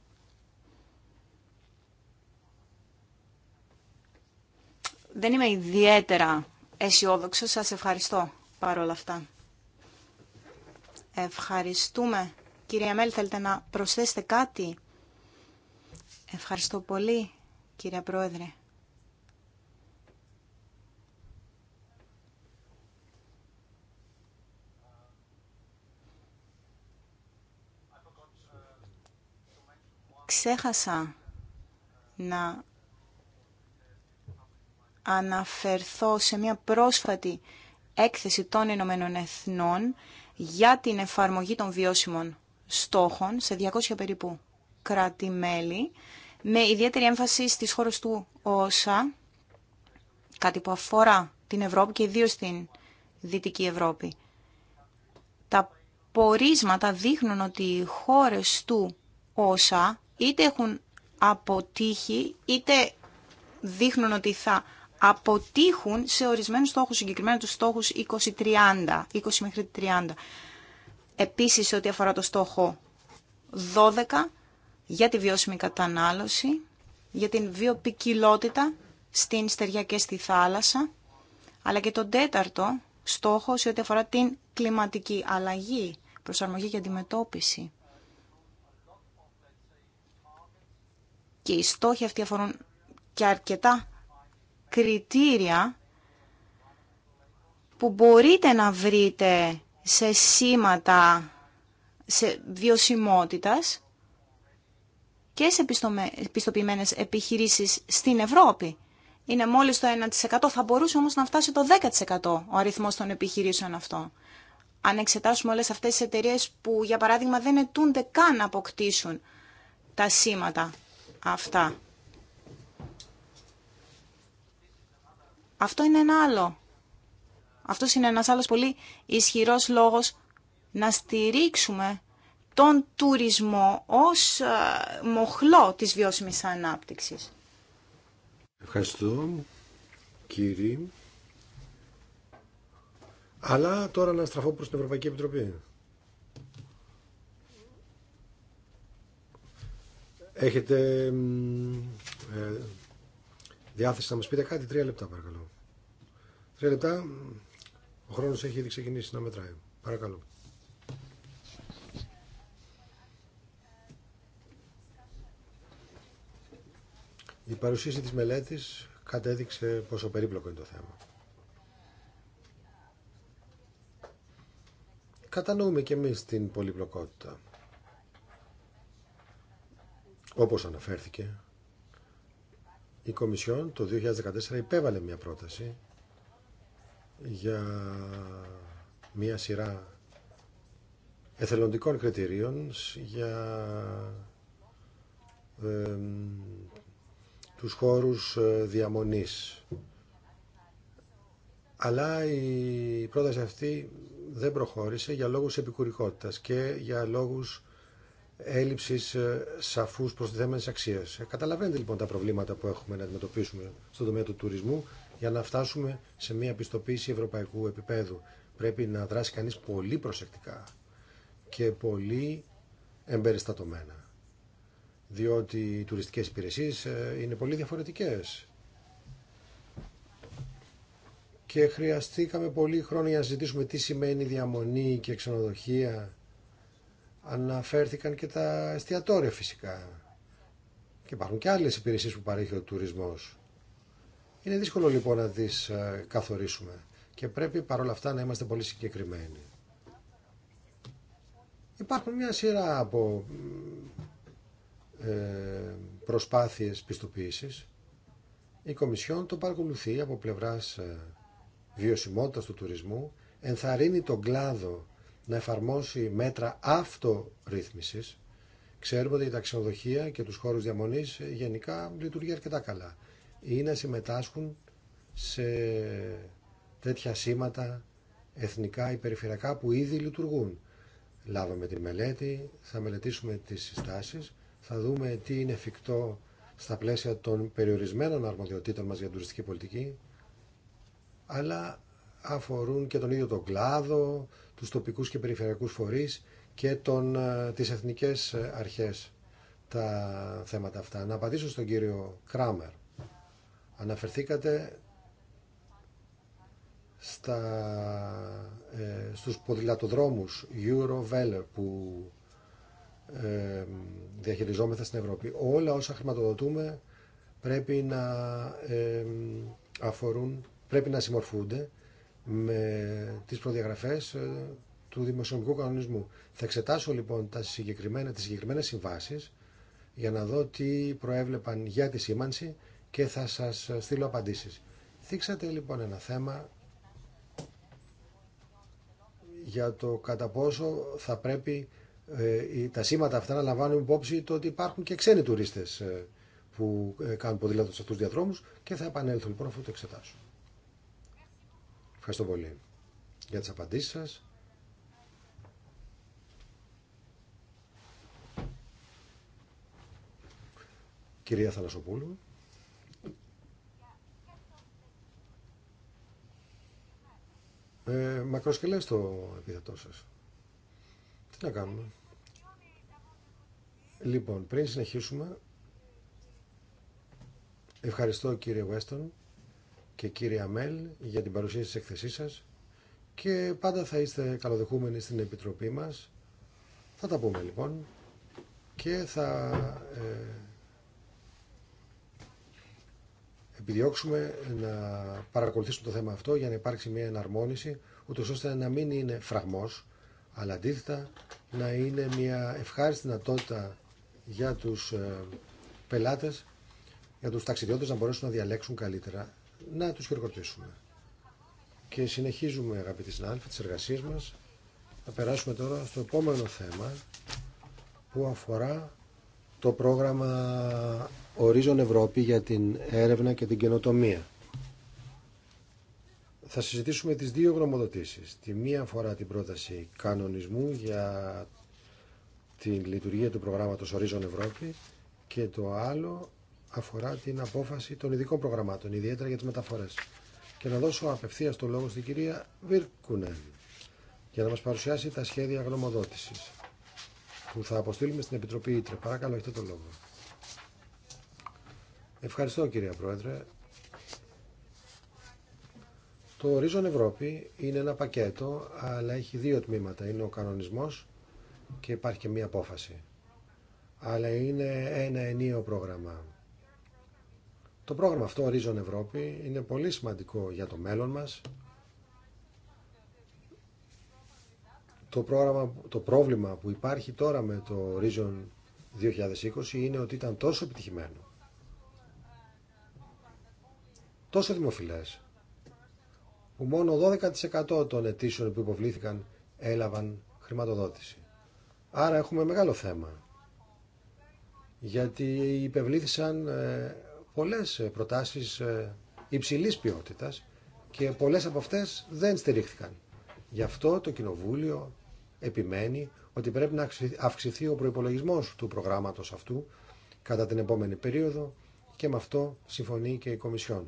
Δεν είμαι ιδιαίτερα αισιόδοξο. Σας ευχαριστώ παρόλα αυτά. Ευχαριστούμε. Κυρία Μέλ, θέλετε να προσθέσετε κάτι. Ευχαριστώ πολύ, κυρία Πρόεδρε. Ξέχασα να αναφερθώ σε μια πρόσφατη έκθεση των Ηνωμένων Εθνών για την εφαρμογή των βιώσιμων στόχων σε 200 περίπου κράτη-μέλη, με ιδιαίτερη έμφαση στις χώρες του ΩΣΑ, κάτι που αφορά την Ευρώπη και ιδίως την Δυτική Ευρώπη. Τα πορίσματα δείχνουν ότι οι χώρες του ΩΣΑ είτε έχουν αποτύχει, είτε δείχνουν ότι θα αποτύχουν σε ορισμένους στόχους, συγκεκριμένα τους στόχους 20-30, 20 μέχρι 30. Επίσης, ό,τι αφορά το στόχο 12, για τη βιώσιμη κατανάλωση, για την βιοπικιλότητα στην στεριά και στη θάλασσα, αλλά και τον τέταρτο στόχο σε ό,τι αφορά την κλιματική αλλαγή, προσαρμογή και αντιμετώπιση. και οι στόχοι αυτοί αφορούν και αρκετά κριτήρια που μπορείτε να βρείτε σε σήματα σε βιωσιμότητας και σε επιστοποιημένες επιχειρήσεις στην Ευρώπη. Είναι μόλις το 1%, θα μπορούσε όμως να φτάσει το 10% ο αριθμός των επιχειρήσεων αυτών. Αν εξετάσουμε όλες αυτές τις εταιρείες που για παράδειγμα δεν ετούνται καν να αποκτήσουν τα σήματα αυτά. Αυτό είναι ένα άλλο. Αυτός είναι ένας άλλος πολύ ισχυρός λόγος να στηρίξουμε τον τουρισμό ως ε, μοχλό της βιώσιμης ανάπτυξης. Ευχαριστώ κύριε. Αλλά τώρα να στραφώ προς την Ευρωπαϊκή Επιτροπή. Έχετε ε, διάθεση να μας πείτε κάτι. Τρία λεπτά παρακαλώ. Τρία λεπτά. Ο χρόνος έχει ήδη ξεκινήσει να μετράει. Παρακαλώ. Η παρουσίαση της μελέτης κατέδειξε πόσο περίπλοκο είναι το θέμα. Κατανοούμε και εμείς την πολυπλοκότητα. Όπως αναφέρθηκε, η Κομισιόν το 2014 υπέβαλε μια πρόταση για μια σειρά εθελοντικών κριτηρίων για ε, τους χώρους ε, διαμονής. Αλλά η πρόταση αυτή δεν προχώρησε για λόγους επικουρικότητας και για λόγους έλλειψης ε, σαφούς προστιθέμενη αξία. Ε, καταλαβαίνετε λοιπόν τα προβλήματα που έχουμε να αντιμετωπίσουμε στον τομέα του τουρισμού για να φτάσουμε σε μια πιστοποίηση ευρωπαϊκού επίπεδου. Πρέπει να δράσει κανεί πολύ προσεκτικά και πολύ εμπεριστατωμένα. Διότι οι τουριστικές υπηρεσίες ε, είναι πολύ διαφορετικέ. Και χρειαστήκαμε πολύ χρόνο για να ζητήσουμε τι σημαίνει διαμονή και ξενοδοχεία Αναφέρθηκαν και τα εστιατόρια φυσικά. Και υπάρχουν και άλλες υπηρεσίες που παρέχει ο τουρισμός. Είναι δύσκολο λοιπόν να τις ε, καθορίσουμε. Και πρέπει παρόλα αυτά να είμαστε πολύ συγκεκριμένοι. Υπάρχουν μια σειρά από ε, προσπάθειες πιστοποίησης. Η Κομισιόν το παρακολουθεί από πλευράς ε, βιωσιμότητας του τουρισμού, ενθαρρύνει τον κλάδο να εφαρμόσει μέτρα αυτορύθμισης. Ξέρουμε ότι τα ξενοδοχεία και τους χώρους διαμονής ε, γενικά λειτουργεί αρκετά καλά. Ή να συμμετάσχουν σε τέτοια σήματα εθνικά ή περιφερειακά που ήδη λειτουργούν. Λάβαμε τη μελέτη, θα μελετήσουμε τις συστάσεις, θα δούμε τι είναι εφικτό στα πλαίσια των περιορισμένων αρμοδιοτήτων μας για τουριστική πολιτική, αλλά αφορούν και τον ίδιο τον κλάδο, τους τοπικούς και περιφερειακούς φορείς και τον, ε, τις εθνικές ε, αρχές τα θέματα αυτά. Να απαντήσω στον κύριο Κράμερ. Αναφερθήκατε στα, ε, στους ποδηλατοδρόμους Eurovelo που ε, διαχειριζόμεθα στην Ευρώπη. Όλα όσα χρηματοδοτούμε πρέπει να ε, αφορούν, πρέπει να συμμορφούνται με τις προδιαγραφές ε, του δημοσιονομικού κανονισμού. Θα εξετάσω λοιπόν τα συγκεκριμένα, τις συγκεκριμένες συμβάσεις για να δω τι προέβλεπαν για τη σήμανση και θα σας ε, στείλω απαντήσεις. Θίξατε λοιπόν ένα θέμα για το κατά πόσο θα πρέπει ε, τα σήματα αυτά να λαμβάνουν υπόψη το ότι υπάρχουν και ξένοι τουρίστες που κάνουν ποδήλατο σε αυτούς τους διαδρόμους και θα επανέλθω λοιπόν αφού το εξετάσω. Ευχαριστώ πολύ για τις απαντήσεις σας. Κυρία Θαλασσοπούλου. Ε, μακροσκελές το επίθετό σας. Τι να κάνουμε. Λοιπόν, πριν συνεχίσουμε, ευχαριστώ κύριε Βέστον και κύριε Αμέλ για την παρουσίαση της εκθεσής σας και πάντα θα είστε καλοδεχούμενοι στην Επιτροπή μας. Θα τα πούμε λοιπόν και θα ε, επιδιώξουμε να παρακολουθήσουμε το θέμα αυτό για να υπάρξει μια εναρμόνιση ούτως ώστε να μην είναι φραγμός αλλά αντίθετα να είναι μια ευχάριστη δυνατότητα για τους ε, πελάτες, για τους ταξιδιώτες να μπορέσουν να διαλέξουν καλύτερα να τους χειροκροτήσουμε. Και συνεχίζουμε αγαπητοί συνάδελφοι τις εργασίες μας. Θα περάσουμε τώρα στο επόμενο θέμα που αφορά το πρόγραμμα Ορίζον Ευρώπη για την έρευνα και την καινοτομία. Θα συζητήσουμε τις δύο γνωμοδοτήσεις. Τη μία αφορά την πρόταση κανονισμού για την λειτουργία του προγράμματος Ορίζον Ευρώπη και το άλλο αφορά την απόφαση των ειδικών προγραμμάτων, ιδιαίτερα για τις μεταφορές. Και να δώσω απευθεία το λόγο στην κυρία Βίρκουνεν για να μας παρουσιάσει τα σχέδια γνωμοδότηση που θα αποστείλουμε στην Επιτροπή Ήτρε. Παρακαλώ, έχετε το λόγο. Ευχαριστώ κυρία Πρόεδρε. Το Horizon Ευρώπη είναι ένα πακέτο, αλλά έχει δύο τμήματα. Είναι ο κανονισμός και υπάρχει και μία απόφαση. Αλλά είναι ένα ενίο πρόγραμμα. Το πρόγραμμα αυτό, Horizon Ευρώπη, είναι πολύ σημαντικό για το μέλλον μας. Το, πρόγραμμα, το πρόβλημα που υπάρχει τώρα με το Horizon 2020 είναι ότι ήταν τόσο επιτυχημένο, τόσο δημοφιλές, που μόνο 12% των αιτήσεων που υποβλήθηκαν έλαβαν χρηματοδότηση. Άρα έχουμε μεγάλο θέμα, γιατί υπευλήθησαν ε, πολλές ε, προτάσεις ε, υψηλής ποιότητας και πολλές από αυτές δεν στηρίχθηκαν. Γι' αυτό το Κοινοβούλιο επιμένει ότι πρέπει να αυξηθεί ο προϋπολογισμός του προγράμματος αυτού κατά την επόμενη περίοδο και με αυτό συμφωνεί και η Κομισιόν.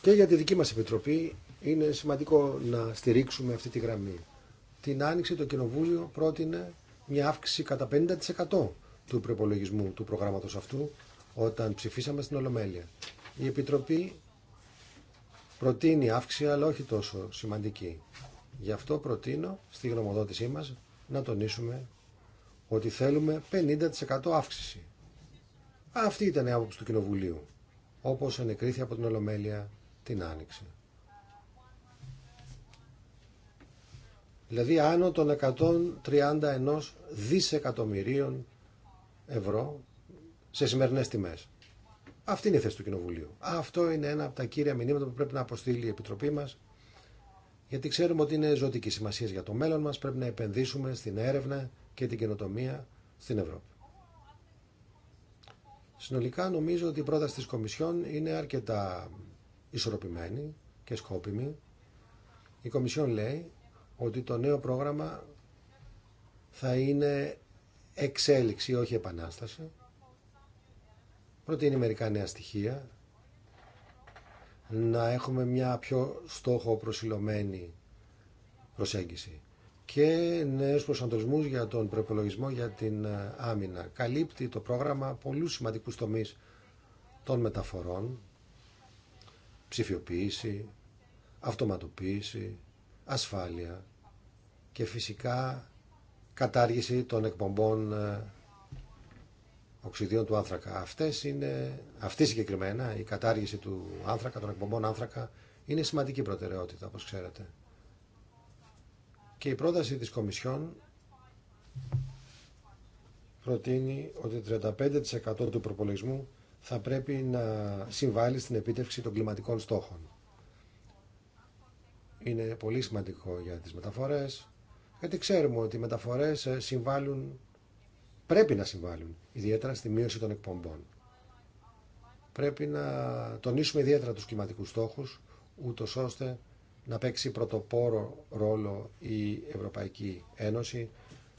Και για τη δική μας Επιτροπή είναι σημαντικό να στηρίξουμε αυτή τη γραμμή. Την άνοιξη το Κοινοβούλιο πρότεινε μια αύξηση κατά 50% του προπολογισμού του προγράμματος αυτού όταν ψηφίσαμε στην Ολομέλεια. Η Επιτροπή προτείνει αύξηση αλλά όχι τόσο σημαντική. Γι' αυτό προτείνω στη γνωμοδότησή μας να τονίσουμε ότι θέλουμε 50% αύξηση. Αυτή ήταν η άποψη του Κοινοβουλίου, όπως ενεκρίθη από την Ολομέλεια την Άνοιξη. Δηλαδή άνω των 131 δισεκατομμυρίων ευρώ σε σημερινέ τιμέ. Αυτή είναι η θέση του Κοινοβουλίου. Αυτό είναι ένα από τα κύρια μηνύματα που πρέπει να αποστείλει η Επιτροπή μα, γιατί ξέρουμε ότι είναι ζωτική σημασία για το μέλλον μα. Πρέπει να επενδύσουμε στην έρευνα και την καινοτομία στην Ευρώπη. Συνολικά νομίζω ότι η πρόταση της Κομισιόν είναι αρκετά ισορροπημένη και σκόπιμη. Η Κομισιόν λέει ότι το νέο πρόγραμμα θα είναι εξέλιξη, όχι επανάσταση προτείνει μερικά νέα στοιχεία, να έχουμε μια πιο στόχο προσιλωμένη προσέγγιση και νέους προσανατολισμούς για τον προπολογισμό για την ε, άμυνα. Καλύπτει το πρόγραμμα πολλούς σημαντικούς τομείς των μεταφορών, ψηφιοποίηση, αυτοματοποίηση, ασφάλεια και φυσικά κατάργηση των εκπομπών ε, οξυδίων του άνθρακα. Αυτές είναι, αυτή συγκεκριμένα η κατάργηση του άνθρακα, των εκπομπών άνθρακα, είναι σημαντική προτεραιότητα, όπως ξέρετε. Και η πρόταση της Κομισιόν προτείνει ότι 35% του προπολογισμού θα πρέπει να συμβάλλει στην επίτευξη των κλιματικών στόχων. Είναι πολύ σημαντικό για τις μεταφορές, γιατί ξέρουμε ότι οι μεταφορές ε, συμβάλλουν πρέπει να συμβάλλουν, ιδιαίτερα στη μείωση των εκπομπών. Πρέπει να τονίσουμε ιδιαίτερα τους κλιματικούς στόχους, ούτω ώστε να παίξει πρωτοπόρο ρόλο η Ευρωπαϊκή Ένωση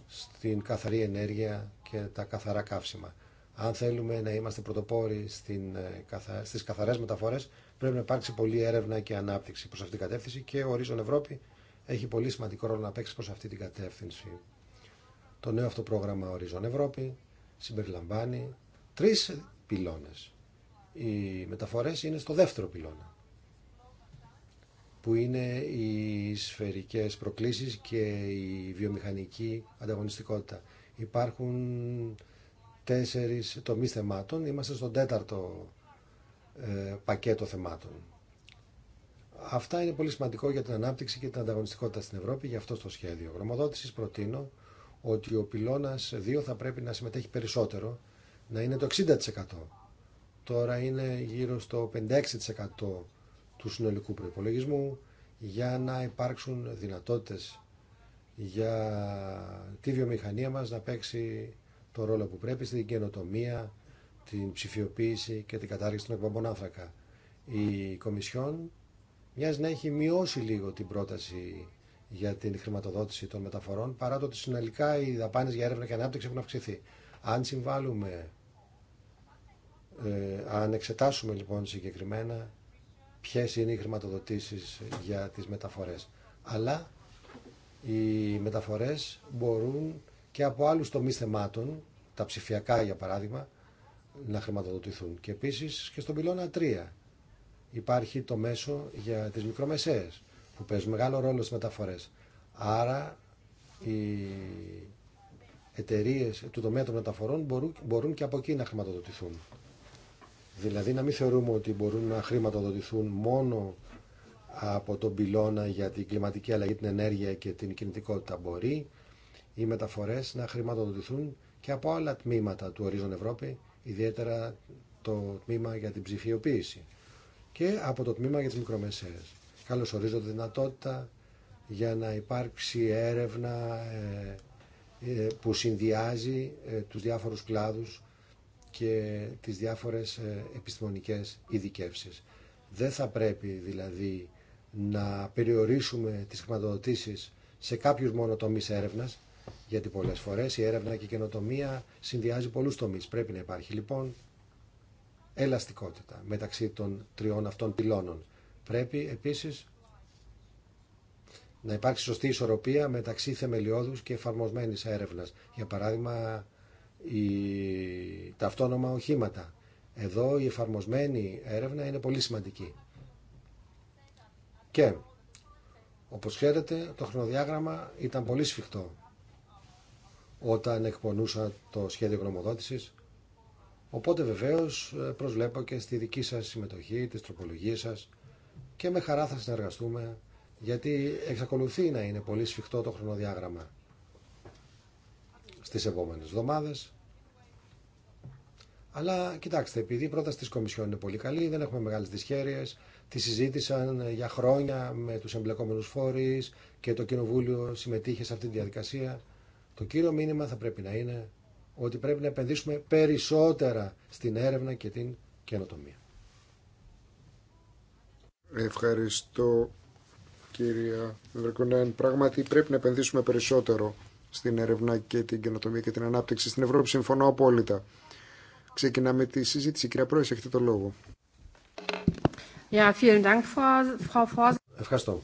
στην καθαρή ενέργεια και τα καθαρά καύσιμα. Αν θέλουμε να είμαστε πρωτοπόροι ε, στις καθαρές μεταφορές, πρέπει να υπάρξει πολλή έρευνα και ανάπτυξη προς αυτήν την κατεύθυνση και ο Ορίζον Ευρώπη έχει πολύ σημαντικό ρόλο να παίξει προς αυτή την κατεύθυνση. Το νέο αυτό πρόγραμμα Ορίζον Ευρώπη συμπεριλαμβάνει τρεις πυλώνες. Οι μεταφορές είναι στο δεύτερο πυλώνα που είναι οι σφαιρικές προκλήσεις και η βιομηχανική ανταγωνιστικότητα. Υπάρχουν τέσσερις τομείς θεμάτων, είμαστε στον τέταρτο ε, πακέτο θεμάτων. Αυτά είναι πολύ σημαντικό για την ανάπτυξη και την ανταγωνιστικότητα στην Ευρώπη, γι' αυτό στο σχέδιο γρομοδότησης προτείνω ότι ο πυλώνας 2 θα πρέπει να συμμετέχει περισσότερο, να είναι το 60%. Τώρα είναι γύρω στο 56% του συνολικού προϋπολογισμού για να υπάρξουν δυνατότητες για τη βιομηχανία μας να παίξει το ρόλο που πρέπει στην καινοτομία, την ψηφιοποίηση και την κατάργηση των εκπομπών άνθρακα. Η Κομισιόν μοιάζει να έχει μειώσει λίγο την πρόταση για την χρηματοδότηση των μεταφορών, παρά το ότι συνολικά οι δαπάνε για έρευνα και ανάπτυξη έχουν αυξηθεί. Αν συμβάλλουμε, ε, αν εξετάσουμε λοιπόν συγκεκριμένα ποιε είναι οι χρηματοδοτήσεις για τις μεταφορές. Αλλά οι μεταφορές μπορούν και από άλλους τομεί θεμάτων, τα ψηφιακά για παράδειγμα, να χρηματοδοτηθούν. Και επίση και στον πυλώνα 3 υπάρχει το μέσο για τι μικρομεσαίες που παίζουν μεγάλο ρόλο στις μεταφορές. Άρα οι εταιρείε του τομέα των μεταφορών μπορούν, μπορούν και από εκεί να χρηματοδοτηθούν. Δηλαδή να μην θεωρούμε ότι μπορούν να χρηματοδοτηθούν μόνο από τον πυλώνα για την κλιματική αλλαγή, την ενέργεια και την κινητικότητα μπορεί οι μεταφορές να χρηματοδοτηθούν και από άλλα τμήματα του Ορίζον Ευρώπη, ιδιαίτερα το τμήμα για την ψηφιοποίηση και από το τμήμα για τις μικρομεσαίες καλωσορίζω τη δυνατότητα για να υπάρξει έρευνα ε, ε, που συνδυάζει ε, τους διάφορους κλάδους και τις διάφορες επιστημονικές ειδικεύσει. Δεν θα πρέπει δηλαδή να περιορίσουμε τις χρηματοδοτήσεις σε κάποιους μόνο τομείς έρευνας, γιατί πολλές φορές η έρευνα και η καινοτομία συνδυάζει πολλούς τομείς. Πρέπει να υπάρχει λοιπόν ελαστικότητα μεταξύ των τριών αυτών πυλώνων. Πρέπει επίσης να υπάρξει σωστή ισορροπία μεταξύ θεμελιώδους και εφαρμοσμένης έρευνας. Για παράδειγμα, η... τα αυτόνομα οχήματα. Εδώ η εφαρμοσμένη έρευνα είναι πολύ σημαντική. Και, όπως ξέρετε, το χρονοδιάγραμμα ήταν πολύ σφιχτό όταν εκπονούσα το σχέδιο γνωμοδότησης. Οπότε βεβαίως προσβλέπω και στη δική σας συμμετοχή, τις τροπολογίες σας και με χαρά θα συνεργαστούμε γιατί εξακολουθεί να είναι πολύ σφιχτό το χρονοδιάγραμμα στις επόμενες εβδομάδες. Αλλά κοιτάξτε, επειδή η πρόταση της Κομισιόν είναι πολύ καλή, δεν έχουμε μεγάλες δυσχέρειες, τη συζήτησαν για χρόνια με τους εμπλεκόμενους φορείς και το Κοινοβούλιο συμμετείχε σε αυτή τη διαδικασία. Το κύριο μήνυμα θα πρέπει να είναι ότι πρέπει να επενδύσουμε περισσότερα στην έρευνα και την καινοτομία. Ευχαριστώ κυρία Βρεκονέν. Πράγματι πρέπει να επενδύσουμε περισσότερο στην έρευνα και την καινοτομία και την ανάπτυξη στην Ευρώπη. Συμφωνώ απόλυτα. Ξεκινάμε τη συζήτηση. Κυρία Πρόεδρε, έχετε το λόγο. Ευχαριστώ.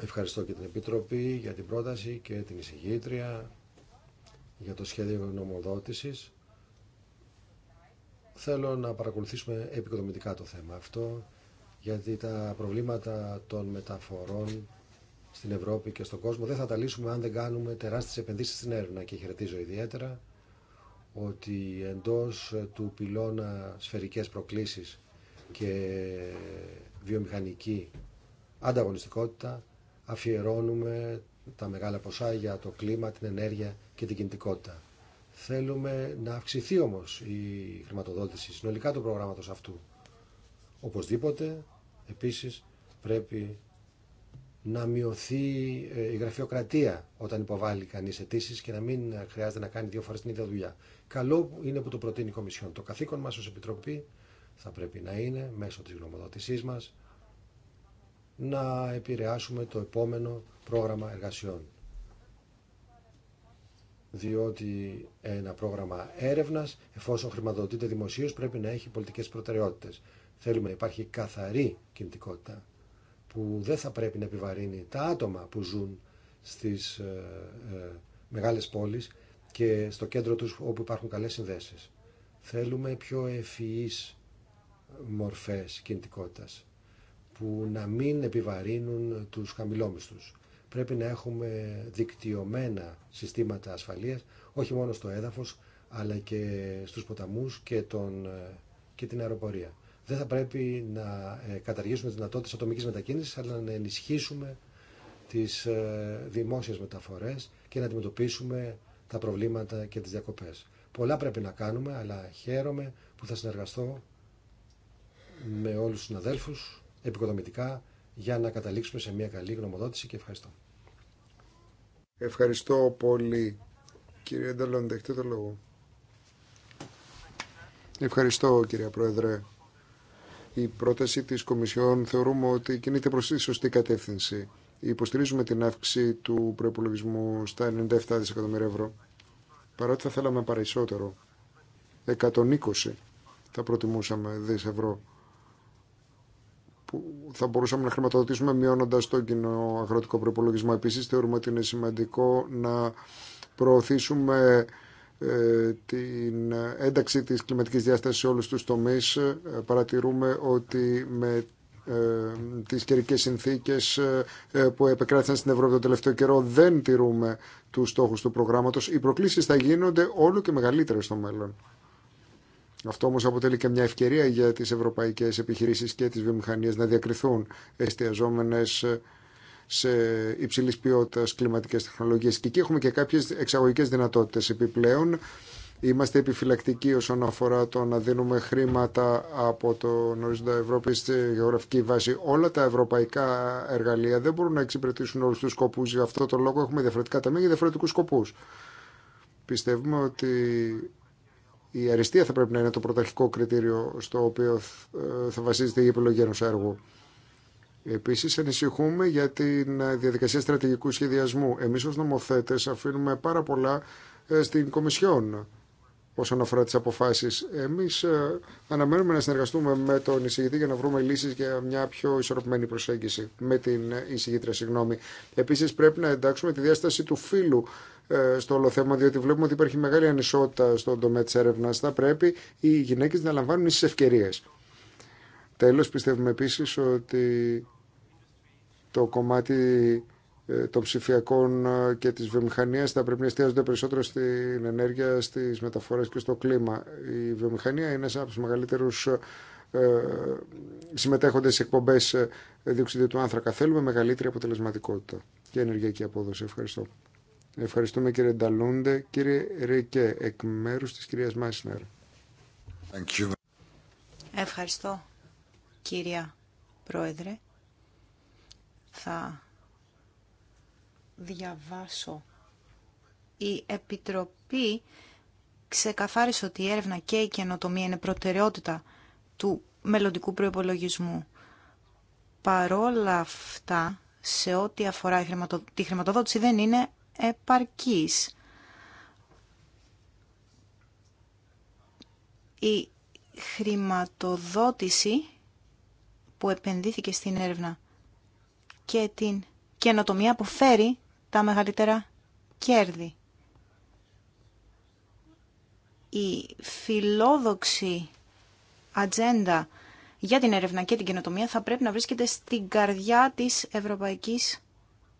Ευχαριστώ και την Επιτροπή για την πρόταση και την εισηγήτρια για το σχέδιο νομοδότησης. Θέλω να παρακολουθήσουμε επικοδομητικά το θέμα αυτό, γιατί τα προβλήματα των μεταφορών στην Ευρώπη και στον κόσμο δεν θα τα λύσουμε αν δεν κάνουμε τεράστιες επενδύσεις στην έρευνα και χαιρετίζω ιδιαίτερα ότι εντός του πυλώνα σφαιρικές προκλήσεις και βιομηχανική ανταγωνιστικότητα αφιερώνουμε τα μεγάλα ποσά για το κλίμα, την ενέργεια και την κινητικότητα. Θέλουμε να αυξηθεί όμως η χρηματοδότηση συνολικά του προγράμματος αυτού. Οπωσδήποτε, επίσης, πρέπει να μειωθεί ε, η γραφειοκρατία όταν υποβάλλει κανεί αιτήσει και να μην χρειάζεται να κάνει δύο φορέ την ίδια δουλειά. Καλό είναι που το προτείνει η Κομισιόν. Το καθήκον μα ω Επιτροπή θα πρέπει να είναι μέσω τη γνωμοδότησή μα να επηρεάσουμε το επόμενο πρόγραμμα εργασιών διότι ένα πρόγραμμα έρευνας, εφόσον χρηματοδοτείται δημοσίως, πρέπει να έχει πολιτικές προτεραιότητες. Θέλουμε να υπάρχει καθαρή κινητικότητα που δεν θα πρέπει να επιβαρύνει τα άτομα που ζουν στις ε, ε, μεγάλες πόλεις και στο κέντρο τους όπου υπάρχουν καλές συνδέσεις. Θέλουμε πιο ευφυείς μορφές κινητικότητας που να μην επιβαρύνουν τους χαμηλόμισθους. Πρέπει να έχουμε δικτυωμένα συστήματα ασφαλείας, όχι μόνο στο έδαφος, αλλά και στους ποταμούς και, τον, ε, και την αεροπορία. Δεν θα πρέπει να ε, καταργήσουμε δυνατότητες ατομικής μετακίνησης, αλλά να ενισχύσουμε τις ε, δημόσιες μεταφορές και να αντιμετωπίσουμε τα προβλήματα και τις διακοπές. Πολλά πρέπει να κάνουμε, αλλά χαίρομαι που θα συνεργαστώ με όλους τους συναδέλφους επικοδομητικά για να καταλήξουμε σε μια καλή γνωμοδότηση και ευχαριστώ. Ευχαριστώ πολύ. Κύριε Νταλόν, δεχτεί το λόγο. Ευχαριστώ κύριε Πρόεδρε. Η πρόταση της Κομισιόν θεωρούμε ότι κινείται προς τη σωστή κατεύθυνση. Υποστηρίζουμε την αύξηση του προπολογισμού στα 97 δισεκατομμύρια ευρώ. Παρότι θα θέλαμε παραϊσότερο, 120 θα προτιμούσαμε δις που θα μπορούσαμε να χρηματοδοτήσουμε μειώνοντα το κοινό αγροτικό προπολογισμό. Επίση, θεωρούμε ότι είναι σημαντικό να προωθήσουμε ε, την ένταξη της κλιματικής διάστασης σε όλους τους τομείς. Ε, παρατηρούμε ότι με ε, τις καιρικές συνθήκες που επεκράθησαν στην Ευρώπη το τελευταίο καιρό δεν τηρούμε τους στόχους του προγράμματος. Οι προκλήσεις θα γίνονται όλο και μεγαλύτερες στο μέλλον. Αυτό όμω αποτελεί και μια ευκαιρία για τι ευρωπαϊκέ επιχειρήσει και τι βιομηχανίε να διακριθούν εστιαζόμενε σε υψηλή ποιότητα κλιματικέ τεχνολογίε. Και εκεί έχουμε και κάποιε εξαγωγικέ δυνατότητε επιπλέον. Είμαστε επιφυλακτικοί όσον αφορά το να δίνουμε χρήματα από το ορίζοντα Ευρώπη στη γεωγραφική βάση. Όλα τα ευρωπαϊκά εργαλεία δεν μπορούν να εξυπηρετήσουν όλου του σκοπού. Γι' αυτό το λόγο έχουμε διαφορετικά ταμεία για διαφορετικού σκοπού. Πιστεύουμε ότι η αριστεία θα πρέπει να είναι το πρωταρχικό κριτήριο στο οποίο θα ε, βασίζεται η επιλογή ενός έργου. Επίσης ανησυχούμε για τη ε, διαδικασία στρατηγικού σχεδιασμού. Εμείς ως νομοθέτες αφήνουμε πάρα πολλά ε, στην Κομισιόν όσον αφορά τις αποφάσεις. Εμείς ε, αναμένουμε να συνεργαστούμε με τον εισηγητή για να βρούμε λύσεις για μια πιο ισορροπημένη προσέγγιση με την εισηγήτρια, συγγνώμη. Επίσης πρέπει να εντάξουμε τη διάσταση του φύλου ε, στο όλο θέμα, διότι βλέπουμε ότι υπάρχει μεγάλη ανισότητα στον τομέα τη έρευνα. Θα πρέπει οι γυναίκε να λαμβάνουν ίσε ευκαιρίες. Τέλο, πιστεύουμε επίση ότι το κομμάτι ε, των ψηφιακών ε, και της βιομηχανίας θα πρέπει να εστιάζονται περισσότερο στην ενέργεια, στις μεταφορές και στο κλίμα. Η βιομηχανία είναι ένας από τους μεγαλύτερους ε, συμμετέχοντες σε εκπομπές διοξιδίου του άνθρακα. Θέλουμε μεγαλύτερη αποτελεσματικότητα και ενεργειακή απόδοση. Ευχαριστώ. Ευχαριστούμε κύριε Νταλούντε. Κύριε Ρίκε, εκ μέρους της κυρίας Μάισνερ. Ευχαριστώ κύρια Πρόεδρε. Θα διαβάσω. Η Επιτροπή ξεκαθάρισε ότι η έρευνα και η καινοτομία είναι προτεραιότητα του μελλοντικού προϋπολογισμού. Παρόλα αυτά, σε ό,τι αφορά τη χρηματοδότηση δεν είναι επαρκής. Η χρηματοδότηση που επενδύθηκε στην έρευνα και την καινοτομία φέρει τα μεγαλύτερα κέρδη. Η φιλόδοξη ατζέντα για την έρευνα και την καινοτομία θα πρέπει να βρίσκεται στην καρδιά της ευρωπαϊκής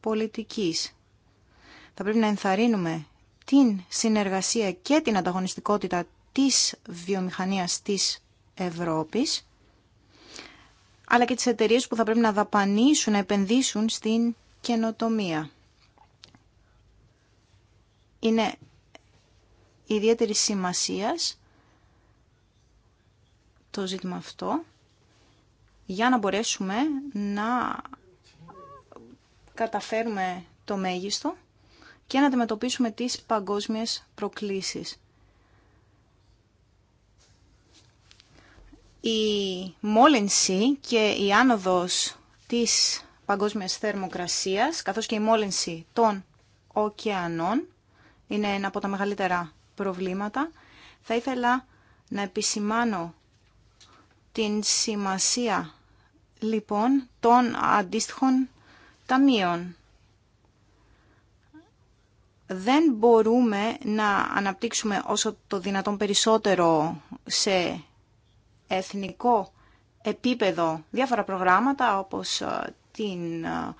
πολιτικής. Θα πρέπει να ενθαρρύνουμε την συνεργασία και την ανταγωνιστικότητα της βιομηχανίας της Ευρώπης, αλλά και τις εταιρείες που θα πρέπει να δαπανίσουν, να επενδύσουν στην καινοτομία είναι ιδιαίτερη σημασίας το ζήτημα αυτό για να μπορέσουμε να καταφέρουμε το μέγιστο και να αντιμετωπίσουμε τις παγκόσμιες προκλήσεις. Η μόλυνση και η άνοδος της παγκόσμιας θερμοκρασίας, καθώς και η μόλυνση των ωκεανών, είναι ένα από τα μεγαλύτερα προβλήματα. Θα ήθελα να επισημάνω την σημασία λοιπόν των αντίστοιχων ταμείων. Δεν μπορούμε να αναπτύξουμε όσο το δυνατόν περισσότερο σε εθνικό επίπεδο διάφορα προγράμματα όπως ε, την ε,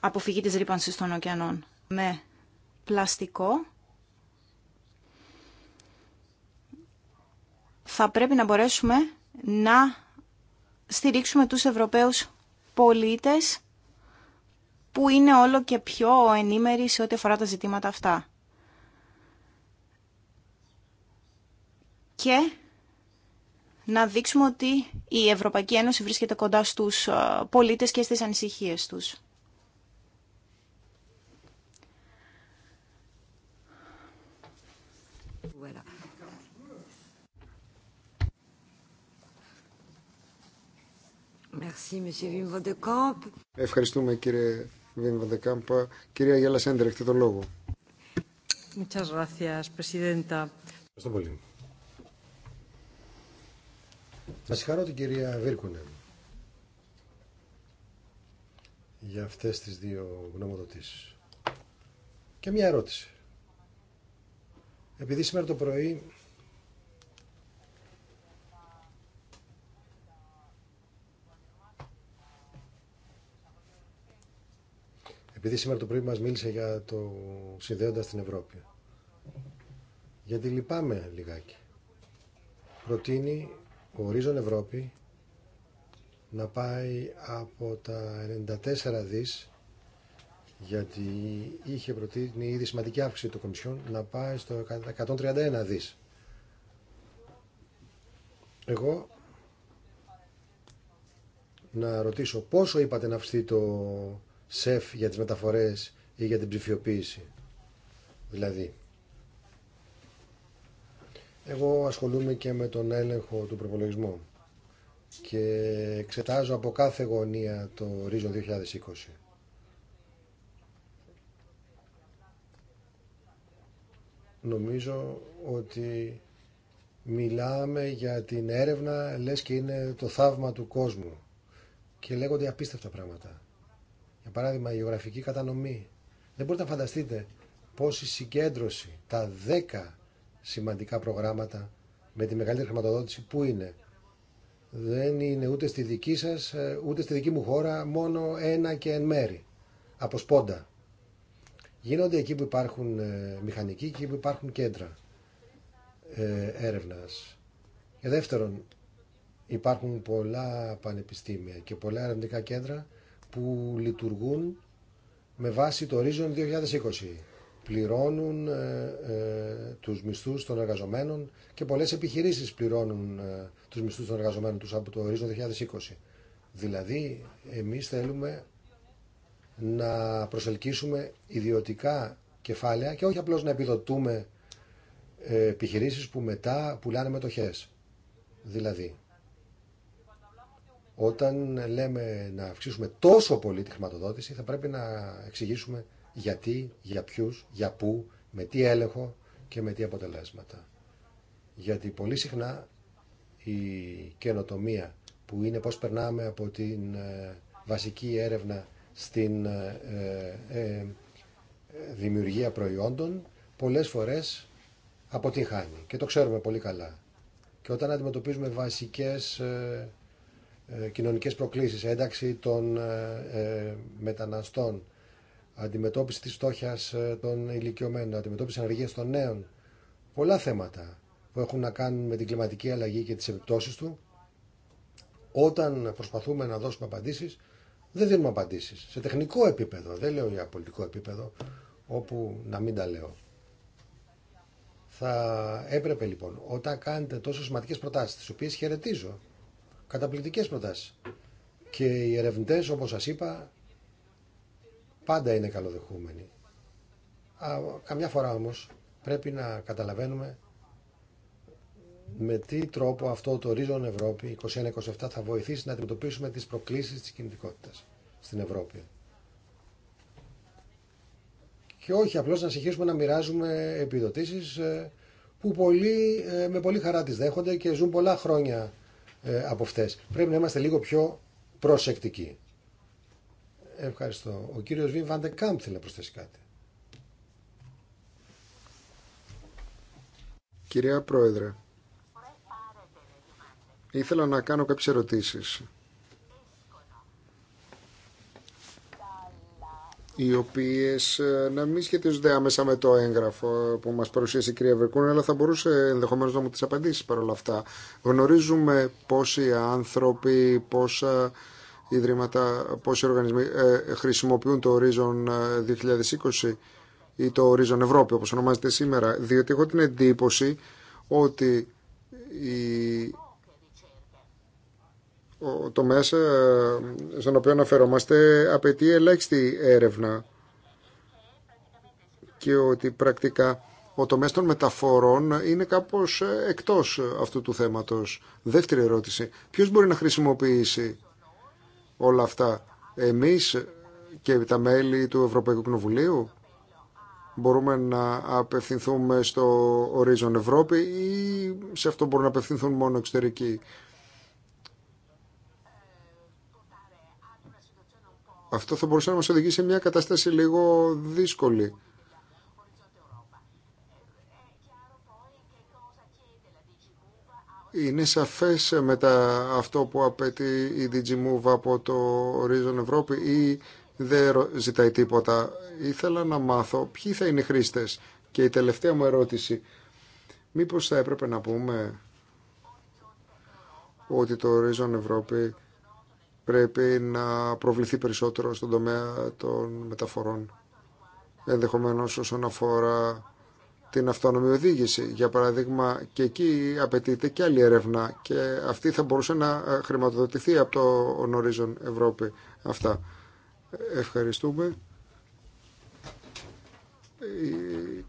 αποφυγή της ρήπανσης των ωκεανών με πλαστικό θα πρέπει να μπορέσουμε να στηρίξουμε τους Ευρωπαίους πολίτες που είναι όλο και πιο ενήμεροι σε ό,τι αφορά τα ζητήματα αυτά. Και να δείξουμε ότι η Ευρωπαϊκή Ένωση βρίσκεται κοντά στους ε, πολίτες και στις ανησυχίες τους. Ευχαριστούμε κύριε Βίμ Βαντεκάμπα. Κυρία Γιάλα Σέντερ, έχετε τον λόγο. Ευχαριστώ πολύ. Να συγχαρώ την κυρία Βίρκουνεν για αυτές τις δύο γνωμοδοτήσεις. Και μια ερώτηση. Επειδή σήμερα το πρωί επειδή σήμερα το πρωί μας μίλησε για το συνδέοντα στην Ευρώπη. Γιατί λυπάμαι λιγάκι. Προτείνει ο ορίζον Ευρώπη να πάει από τα 94 δις γιατί είχε προτείνει ήδη σημαντική αύξηση του Κομισιόν, να πάει στο 131 δις. Εγώ να ρωτήσω πόσο είπατε να αυξηθεί το ΣΕΦ για τις μεταφορές ή για την ψηφιοποίηση. Δηλαδή, εγώ ασχολούμαι και με τον έλεγχο του προπολογισμού και εξετάζω από κάθε γωνία το ρίζο 2020. Νομίζω ότι μιλάμε για την έρευνα, λες και είναι το θαύμα του κόσμου και λέγονται απίστευτα πράγματα. Για παράδειγμα, η γεωγραφική κατανομή. Δεν μπορείτε να φανταστείτε πώς η συγκέντρωση, τα 10 σημαντικά προγράμματα με τη μεγαλύτερη χρηματοδότηση που είναι. Δεν είναι ούτε στη δική σα, ε, ούτε στη δική μου χώρα, μόνο ένα και εν μέρη, από σπόντα. Γίνονται εκεί που υπάρχουν ε, μηχανικοί και εκεί που υπάρχουν κέντρα ε, έρευνας. Και δεύτερον, υπάρχουν πολλά πανεπιστήμια και πολλά ερευνητικά κέντρα που λειτουργούν με βάση το Horizon 2020. Πληρώνουν ε, ε, τους μισθούς των εργαζομένων και πολλές επιχειρήσεις πληρώνουν ε, τους μισθούς των εργαζομένων τους από το Horizon 2020. Δηλαδή, εμείς θέλουμε να προσελκύσουμε ιδιωτικά κεφάλαια και όχι απλώς να επιδοτούμε ε, επιχειρήσεις που μετά πουλάνε μετοχές. Δηλαδή, όταν λέμε να αυξήσουμε τόσο πολύ τη χρηματοδότηση, θα πρέπει να εξηγήσουμε γιατί, για ποιου, για πού, με τι έλεγχο και με τι αποτελέσματα. Γιατί πολύ συχνά η καινοτομία που είναι πώς περνάμε από την ε, βασική έρευνα στην ε, ε, ε, δημιουργία προϊόντων, πολλές φορές αποτυγχάνει και το ξέρουμε πολύ καλά. Και όταν αντιμετωπίζουμε βασικές ε, κοινωνικές προκλήσεις, ένταξη των ε, ε, μεταναστών, αντιμετώπιση της φτώχειας των ηλικιωμένων, αντιμετώπιση ανεργίας των νέων. Πολλά θέματα που έχουν να κάνουν με την κλιματική αλλαγή και τις επιπτώσεις του. Όταν προσπαθούμε να δώσουμε απαντήσεις, δεν δίνουμε απαντήσεις. Σε τεχνικό επίπεδο, δεν λέω για πολιτικό επίπεδο, όπου να μην τα λέω. Θα έπρεπε λοιπόν, όταν κάνετε τόσο σημαντικές προτάσεις, τις οποίες χαιρετίζω, Καταπληκτικές προτάσεις. Και οι ερευνητές, όπως σας είπα, πάντα είναι καλοδεχούμενοι. Α, καμιά φορά όμως πρέπει να καταλαβαίνουμε με τι τρόπο αυτό το ορίζον Ευρώπη 21-27 θα βοηθήσει να αντιμετωπίσουμε τις προκλήσεις της κινητικότητας στην Ευρώπη. Και όχι απλώς να συνεχίσουμε να μοιράζουμε επιδοτήσεις ε, που ε, με πολύ χαρά τις δέχονται και ζουν πολλά χρόνια ε, από αυτές. Πρέπει να είμαστε λίγο πιο προσεκτικοί. Ευχαριστώ. Ο κύριος Βιν θέλει να προσθέσει κάτι. Κυρία Πρόεδρε, ήθελα να κάνω κάποιες ερωτήσεις. οι οποίε ε, να μην σχετίζονται άμεσα με το έγγραφο που μας παρουσίασε η κυρία Βερκούν, αλλά θα μπορούσε ενδεχομένω να μου τις απαντήσει παρόλα αυτά. Γνωρίζουμε πόσοι άνθρωποι, πόσα ιδρύματα, πόσοι οργανισμοί ε, χρησιμοποιούν το Horizon 2020 ε, ή το Horizon Ευρώπη όπως ονομάζεται σήμερα, διότι έχω την εντύπωση ότι η ο μέσο ε, στον οποίο αναφερόμαστε απαιτεί ελάχιστη έρευνα και ότι πρακτικά ο τομέας των μεταφορών είναι κάπως ε, εκτός αυτού του θέματος. Δεύτερη ερώτηση, ποιος μπορεί να χρησιμοποιήσει όλα αυτά, εμείς και τα μέλη του Ευρωπαϊκού Κοινοβουλίου, μπορούμε να απευθυνθούμε στο ορίζον Ευρώπη ή σε αυτό μπορούν να απευθυνθούν μόνο εξωτερικοί αυτό θα μπορούσε να μας οδηγήσει σε μια κατάσταση λίγο δύσκολη. Είναι σαφές μετά αυτό που απαιτεί η DigiMove από το Horizon Ευρώπη ή δεν ζητάει τίποτα. Ήθελα να μάθω ποιοι θα είναι οι χρήστες. Και η τελευταία μου ερώτηση. Μήπως θα έπρεπε να πούμε ότι το Horizon Ευρώπη πρέπει να προβληθεί περισσότερο στον τομέα των μεταφορών. Ενδεχομένως όσον αφορά την αυτόνομη οδήγηση. Για παραδείγμα, και εκεί απαιτείται και άλλη έρευνα και αυτή θα μπορούσε να χρηματοδοτηθεί από το Horizon Ευρώπη. Αυτά. Ευχαριστούμε.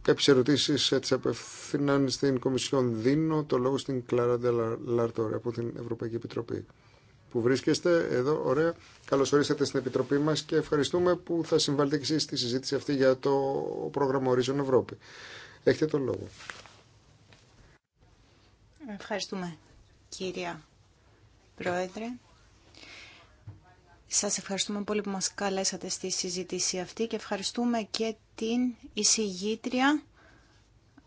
Κάποιες ερωτήσεις έτσι απευθύναν στην Κομισιόν. Δίνω το λόγο στην Κλάρα Ντελαρτόρ από την Ευρωπαϊκή Επιτροπή που βρίσκεστε εδώ. Ωραία. Καλώ ορίσατε στην Επιτροπή μα και ευχαριστούμε που θα συμβάλλετε και στη συζήτηση αυτή για το πρόγραμμα Horizon Ευρώπη. Έχετε τον λόγο. Ευχαριστούμε, κυρία Πρόεδρε. Σας ευχαριστούμε πολύ που μας καλέσατε στη συζήτηση αυτή και ευχαριστούμε και την εισηγήτρια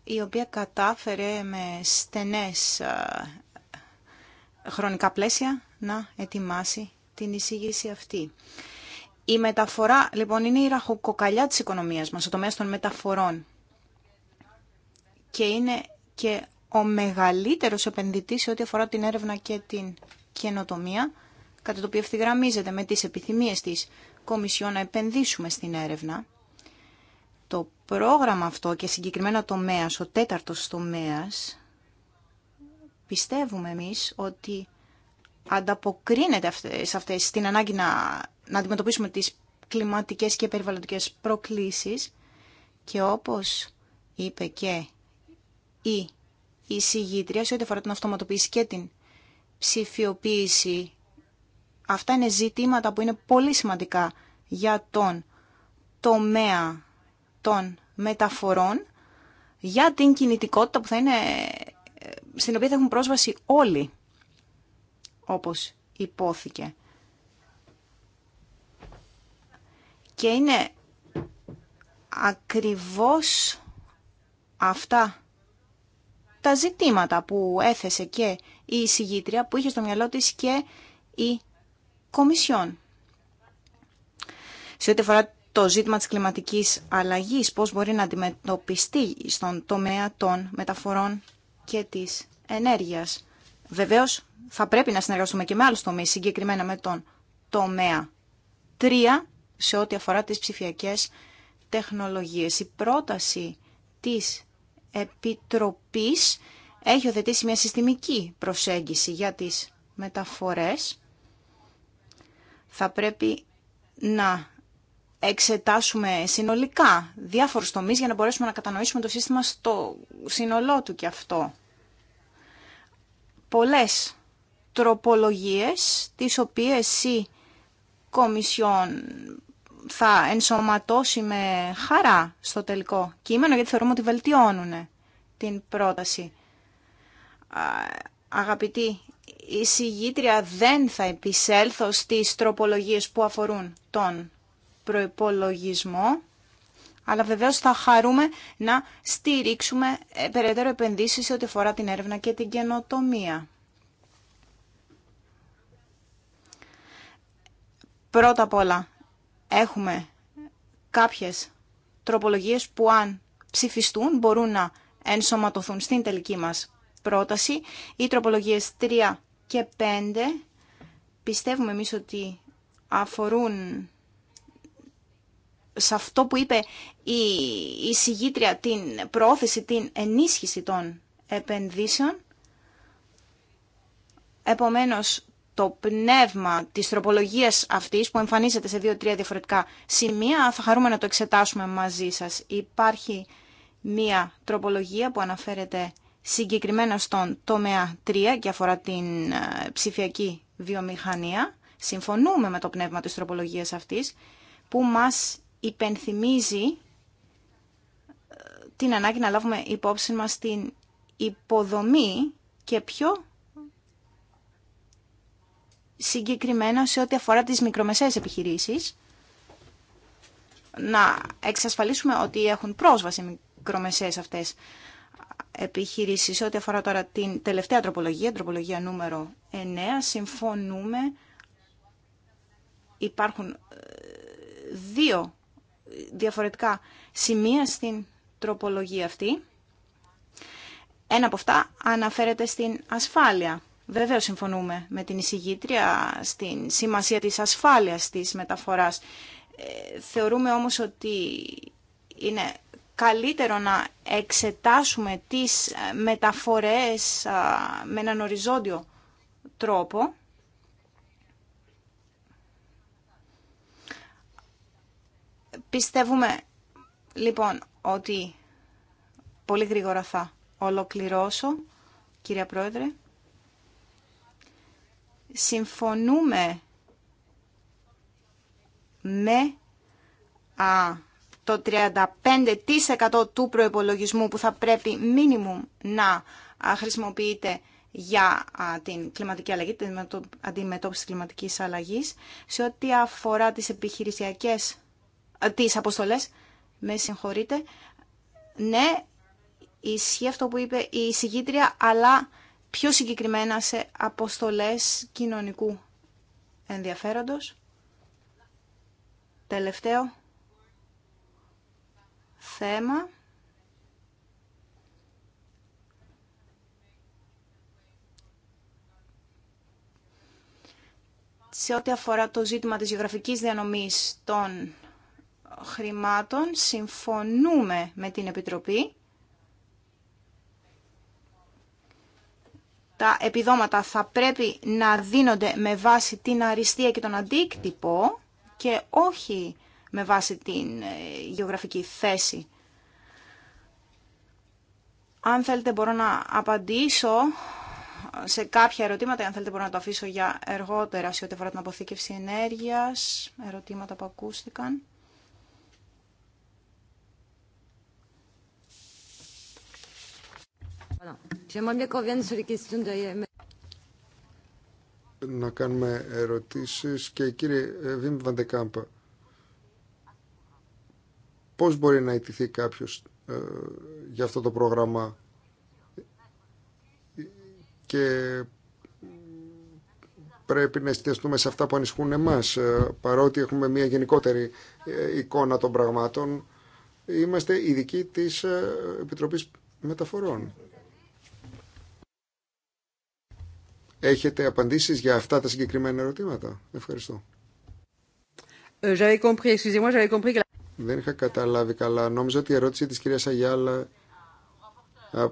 η οποία κατάφερε με στενές χρονικά πλαίσια να ετοιμάσει την εισήγηση αυτή. Η μεταφορά, λοιπόν, είναι η ραχοκοκαλιά της οικονομίας μας, ο τομέας των μεταφορών. Και είναι και ο μεγαλύτερος επενδυτής σε ό,τι αφορά την έρευνα και την καινοτομία, κατά το οποίο ευθυγραμμίζεται με τις επιθυμίες της Κομισιόν να επενδύσουμε στην έρευνα. Το πρόγραμμα αυτό και συγκεκριμένα τομέας, ο τέταρτος τομέας, Πιστεύουμε εμείς ότι ανταποκρίνεται σε αυτές την ανάγκη να, να αντιμετωπίσουμε τις κλιματικές και περιβαλλοντικές προκλήσεις και όπως είπε και η εισηγήτρια σε ό,τι αφορά την αυτοματοποίηση και την ψηφιοποίηση αυτά είναι ζητήματα που είναι πολύ σημαντικά για τον τομέα των μεταφορών για την κινητικότητα που θα είναι στην οποία θα έχουν πρόσβαση όλοι, όπως υπόθηκε. Και είναι ακριβώς αυτά τα ζητήματα που έθεσε και η εισηγήτρια που είχε στο μυαλό της και η Κομισιόν. Σε ό,τι αφορά το ζήτημα της κλιματικής αλλαγής, πώς μπορεί να αντιμετωπιστεί στον τομέα των μεταφορών και της ενέργειας. Βεβαίως θα πρέπει να συνεργαστούμε και με άλλους τομείς, συγκεκριμένα με τον τομέα 3 σε ό,τι αφορά τις ψηφιακές τεχνολογίες. Η πρόταση της Επιτροπής έχει οθετήσει μια συστημική προσέγγιση για τις μεταφορές. Θα πρέπει να εξετάσουμε συνολικά διάφορους τομείς για να μπορέσουμε να κατανοήσουμε το σύστημα στο σύνολό του και αυτό. Πολλές τροπολογίες τις οποίες η Κομισιόν θα ενσωματώσει με χαρά στο τελικό κείμενο γιατί θεωρούμε ότι βελτιώνουν την πρόταση. Αγαπητοί η συγγήτρια δεν θα επισέλθω στις τροπολογίες που αφορούν τον προϋπολογισμό, αλλά βεβαίως θα χαρούμε να στηρίξουμε ε, περαιτέρω επενδύσεις ό,τι αφορά την έρευνα και την καινοτομία. Πρώτα απ' όλα, έχουμε κάποιες τροπολογίες που αν ψηφιστούν μπορούν να ενσωματωθούν στην τελική μας πρόταση. Οι τροπολογίες 3 και 5 πιστεύουμε εμείς ότι αφορούν σε αυτό που είπε η, η την πρόθεση, την ενίσχυση των επενδύσεων. Επομένως, το πνεύμα της τροπολογίας αυτής που εμφανίζεται σε δύο-τρία διαφορετικά σημεία, θα χαρούμε να το εξετάσουμε μαζί σας. Υπάρχει μία τροπολογία που αναφέρεται συγκεκριμένα στον τομέα 3 και αφορά την ε, ψηφιακή βιομηχανία. Συμφωνούμε με το πνεύμα της τροπολογίας αυτής που μας υπενθυμίζει ε, την ανάγκη να λάβουμε υπόψη μας την υποδομή και πιο συγκεκριμένα σε ό,τι αφορά τις μικρομεσαίες επιχειρήσεις, να εξασφαλίσουμε ότι έχουν πρόσβαση μικρομεσαίες αυτές επιχειρήσεις. Σε ό,τι αφορά τώρα την τελευταία τροπολογία, τροπολογία νούμερο 9, συμφωνούμε, υπάρχουν ε, δύο διαφορετικά σημεία στην τροπολογία αυτή. Ένα από αυτά αναφέρεται στην ασφάλεια. Βεβαίω συμφωνούμε με την εισηγήτρια στην σημασία της ασφάλειας της μεταφοράς. Ε, θεωρούμε όμως ότι είναι καλύτερο να εξετάσουμε τις μεταφορές με έναν οριζόντιο τρόπο Πιστεύουμε λοιπόν ότι πολύ γρήγορα θα ολοκληρώσω, κυρία Πρόεδρε. Συμφωνούμε με α, το 35% του προϋπολογισμού που θα πρέπει μίνιμουμ να χρησιμοποιείται για την κλιματική αλλαγή, την αντιμετώπιση της κλιματικής αλλαγής, σε ό,τι αφορά τις επιχειρησιακές ε, τις αποστολές, με συγχωρείτε, ναι, ισχύει αυτό που είπε η συγκήτρια, αλλά πιο συγκεκριμένα σε αποστολές κοινωνικού ενδιαφέροντος. Τελευταίο θέμα. Σε ό,τι αφορά το ζήτημα της γεωγραφικής διανομής των χρημάτων συμφωνούμε με την Επιτροπή. Τα επιδόματα θα πρέπει να δίνονται με βάση την αριστεία και τον αντίκτυπο και όχι με βάση την ε, γεωγραφική θέση. Αν θέλετε μπορώ να απαντήσω σε κάποια ερωτήματα, αν θέλετε μπορώ να το αφήσω για εργότερα σε ό,τι αφορά την αποθήκευση ενέργειας, ερωτήματα που ακούστηκαν. Να κάνουμε ερωτήσεις και κύριε ε, Βίμ Βαντεκάμπα πώς μπορεί να ιτηθεί κάποιος ε, για αυτό το πρόγραμμα και πρέπει να εστιαστούμε σε αυτά που ανισχούν εμάς ε, παρότι έχουμε μια γενικότερη εικόνα των πραγμάτων είμαστε ειδικοί της Επιτροπής Μεταφορών Έχετε απαντήσεις για αυτά τα συγκεκριμένα ερωτήματα. Ευχαριστώ. Ε, Δεν είχα καταλάβει καλά. Νόμιζα ότι η ερώτηση της κυρίας Αγιάλα ε,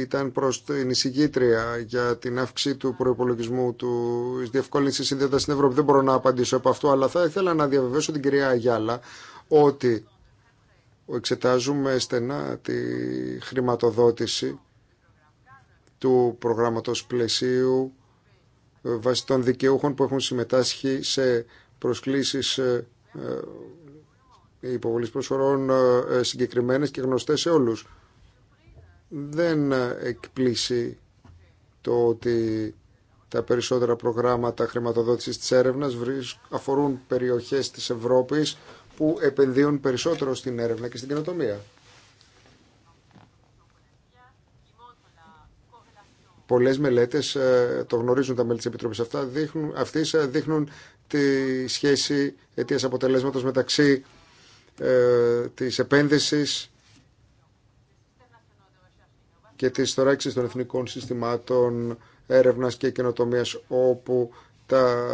ήταν προς την εισηγήτρια για την αύξηση του προϋπολογισμού του διευκόλυνση συνδέοντας στην Ευρώπη. Δεν μπορώ να απαντήσω από αυτό, αλλά θα ήθελα να διαβεβαιώσω την κυρία Αγιάλα ότι εξετάζουμε στενά τη χρηματοδότηση του προγράμματος πλαισίου ε, βάσει των δικαιούχων που έχουν συμμετάσχει σε προσκλήσεις ε, ε, υποβολής προσφορών συγκεκριμένες και γνωστές σε όλους. Δεν εκπλήσει το ότι τα περισσότερα προγράμματα χρηματοδότησης της έρευνας αφορούν περιοχές της Ευρώπης που επενδύουν περισσότερο στην έρευνα και στην καινοτομία. Πολλέ μελέτες, ε, το γνωρίζουν τα μέλη τη Επιτροπή αυτά, δείχνουν, αυτής ε, δείχνουν τη σχέση αιτία αποτελέσματος μεταξύ ε, της επένδυσης και της θωράξη των εθνικών συστημάτων έρευνα και καινοτομία, όπου τα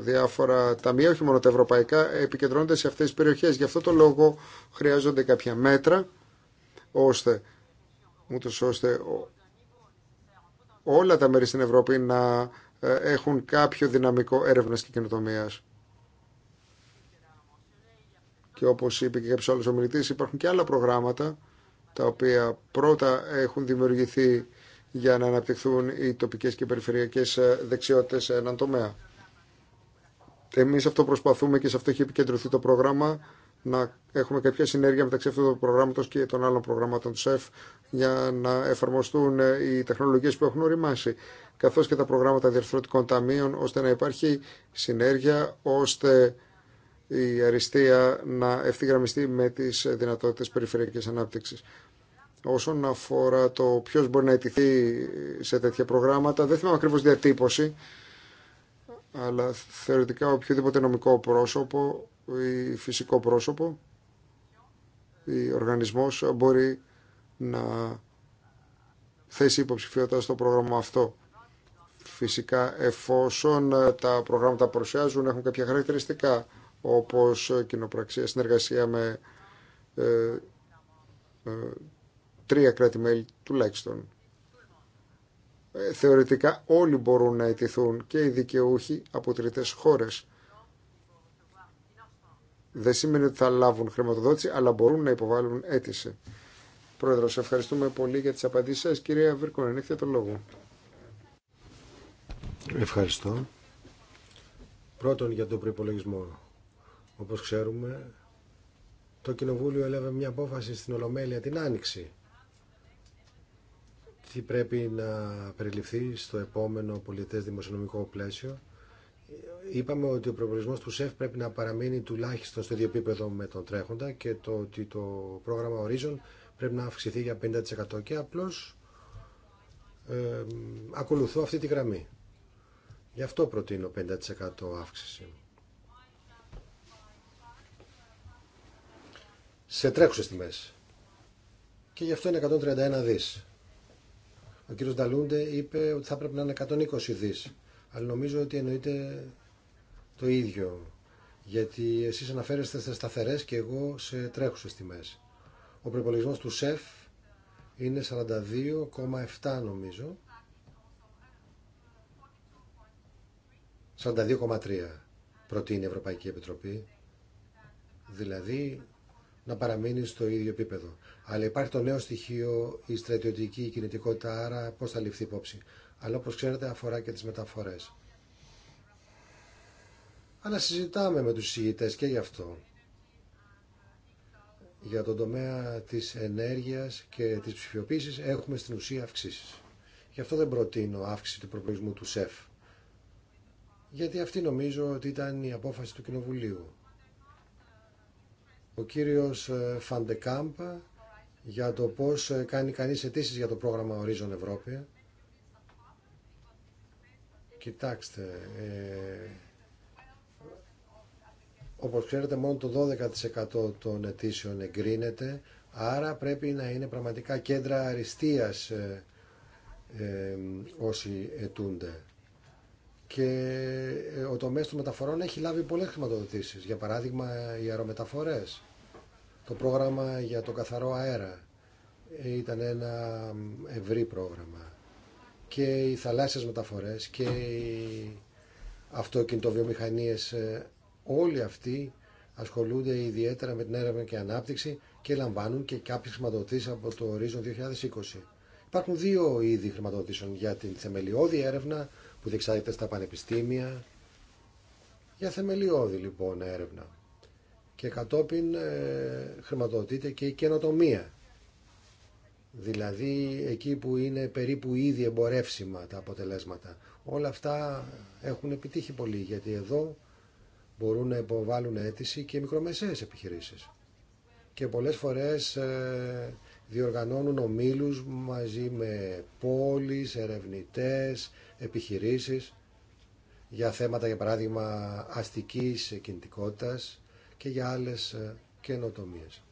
διάφορα ταμεία, όχι μόνο τα ευρωπαϊκά, επικεντρώνονται σε αυτές τις περιοχές. Γι' αυτό το λόγο χρειάζονται κάποια μέτρα, ώστε, ούτως ώστε όλα τα μέρη στην Ευρώπη να ε, έχουν κάποιο δυναμικό έρευνα και καινοτομία. Και όπως είπε και κάποιος άλλος ομιλητής, υπάρχουν και άλλα προγράμματα τα οποία πρώτα έχουν δημιουργηθεί για να αναπτυχθούν οι τοπικές και περιφερειακές ε, δεξιότητες σε έναν τομέα. Εμεί αυτό προσπαθούμε και σε αυτό έχει επικεντρωθεί το πρόγραμμα να έχουμε κάποια συνέργεια μεταξύ αυτού του προγράμματος και των άλλων προγραμμάτων του ΣΕΦ για να εφαρμοστούν ε, οι τεχνολογίες που έχουν οριμάσει, καθώς και τα προγράμματα διαρθρωτικών ταμείων, ώστε να υπάρχει συνέργεια, ώστε η αριστεία να ευθυγραμμιστεί με τις δυνατότητες περιφερειακής ανάπτυξης. Όσον αφορά το ποιο μπορεί να ετηθεί σε τέτοια προγράμματα, δεν θυμάμαι ακριβώ διατύπωση, αλλά θεωρητικά οποιοδήποτε νομικό πρόσωπο ή φυσικό πρόσωπο ή οργανισμός μπορεί να θέσει υποψηφιότητα στο πρόγραμμα αυτό. Φυσικά εφόσον ε, τα προγράμματα παρουσιάζουν έχουν κάποια χαρακτηριστικά όπως κοινοπραξία, συνεργασία με ε, ε, τρία κράτη-μέλη τουλάχιστον. Ε, θεωρητικά όλοι μπορούν να αιτηθούν και οι δικαιούχοι από τρίτες χώρες δεν σημαίνει ότι θα λάβουν χρηματοδότηση, αλλά μπορούν να υποβάλουν αίτηση. Πρόεδρο, σε ευχαριστούμε πολύ για τις απαντήσεις σα. Κυρία Βίρκονεν, έχετε το λόγο. Ευχαριστώ. Πρώτον για τον προπολογισμό. Όπως ξέρουμε, το Κοινοβούλιο έλαβε μια απόφαση στην Ολομέλεια την Άνοιξη. Τι πρέπει να περιληφθεί στο επόμενο πολιτές δημοσιονομικό πλαίσιο Είπαμε ότι ο προπολογισμό του ΣΕΦ πρέπει να παραμείνει τουλάχιστον στο ίδιο επίπεδο με τον τρέχοντα και το ότι το πρόγραμμα Horizon πρέπει να αυξηθεί για 50% και απλώς ε, ακολουθώ αυτή τη γραμμή. Γι' αυτό προτείνω 50% αύξηση. Σε τρέχουσες τιμές. Και γι' αυτό είναι 131 δις. Ο κύριος Νταλούντε είπε ότι θα πρέπει να είναι 120 δις αλλά νομίζω ότι εννοείται το ίδιο. Γιατί εσείς αναφέρεστε σε σταθερές και εγώ σε τρέχουσες τιμές. Ο προπολογισμό του ΣΕΦ είναι 42,7 νομίζω. 42,3 προτείνει η Ευρωπαϊκή Επιτροπή. Δηλαδή να παραμείνει στο ίδιο επίπεδο. Αλλά υπάρχει το νέο στοιχείο, η στρατιωτική κινητικότητα, άρα πώς θα ληφθεί υπόψη αλλά όπως ξέρετε αφορά και τις μεταφορές. Αλλά συζητάμε με τους συγητές και γι' αυτό. Για τον τομέα της ενέργειας και της ψηφιοποίησης έχουμε στην ουσία αυξήσει. Γι' αυτό δεν προτείνω αύξηση του προπολογισμού του ΣΕΦ. Γιατί αυτή νομίζω ότι ήταν η απόφαση του Κοινοβουλίου. Ο κύριος ε, Φαντεκάμπα για το πώς ε, κάνει κανείς αιτήσει για το πρόγραμμα Horizon Ευρώπη Κοιτάξτε, ε, όπως ξέρετε μόνο το 12% των αιτήσεων εγκρίνεται, άρα πρέπει να είναι πραγματικά κέντρα αριστείας ε, ε, όσοι αιτούνται. Και ε, ο τομέας των μεταφορών έχει λάβει πολλές χρηματοδοτήσεις, για παράδειγμα οι αερομεταφορές, το πρόγραμμα για το καθαρό αέρα ήταν ένα ευρύ πρόγραμμα και οι θαλάσσιες μεταφορές και οι αυτοκινητοβιομηχανίες ε, όλοι αυτοί ασχολούνται ιδιαίτερα με την έρευνα και ανάπτυξη και λαμβάνουν και κάποιες χρηματοδοτήσεις από το ορίζον 2020. Υπάρχουν δύο είδη χρηματοδοτήσεων για την θεμελιώδη έρευνα που διεξάγεται στα πανεπιστήμια, για θεμελιώδη λοιπόν έρευνα. Και κατόπιν ε, χρηματοδοτείται και η καινοτομία δηλαδή εκεί που είναι περίπου ήδη εμπορεύσιμα τα αποτελέσματα. Όλα αυτά έχουν επιτύχει πολύ, γιατί εδώ μπορούν να υποβάλουν αίτηση και μικρομεσαίες επιχειρήσεις. Και πολλές φορές ε, διοργανώνουν ομίλους μαζί με πόλεις, ερευνητές, επιχειρήσεις για θέματα, για παράδειγμα, αστικής κινητικότητας και για άλλες ε, καινοτομίες.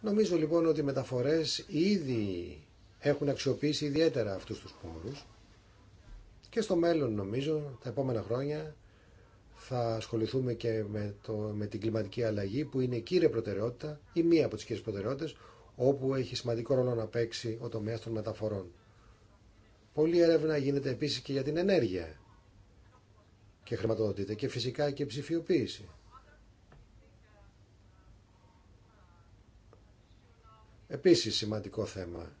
Νομίζω λοιπόν ότι οι μεταφορές ήδη έχουν αξιοποιήσει ιδιαίτερα αυτούς τους πόρους και στο μέλλον νομίζω τα επόμενα χρόνια θα ασχοληθούμε και με, το, με την κλιματική αλλαγή που είναι κύρια προτεραιότητα ή μία από τις κύριες προτεραιότητες όπου έχει σημαντικό ρόλο να παίξει ο τομέας των μεταφορών. Πολλή έρευνα γίνεται επίσης και για την ενέργεια και χρηματοδοτείται και φυσικά και ψηφιοποίηση. Επίσης σημαντικό θέμα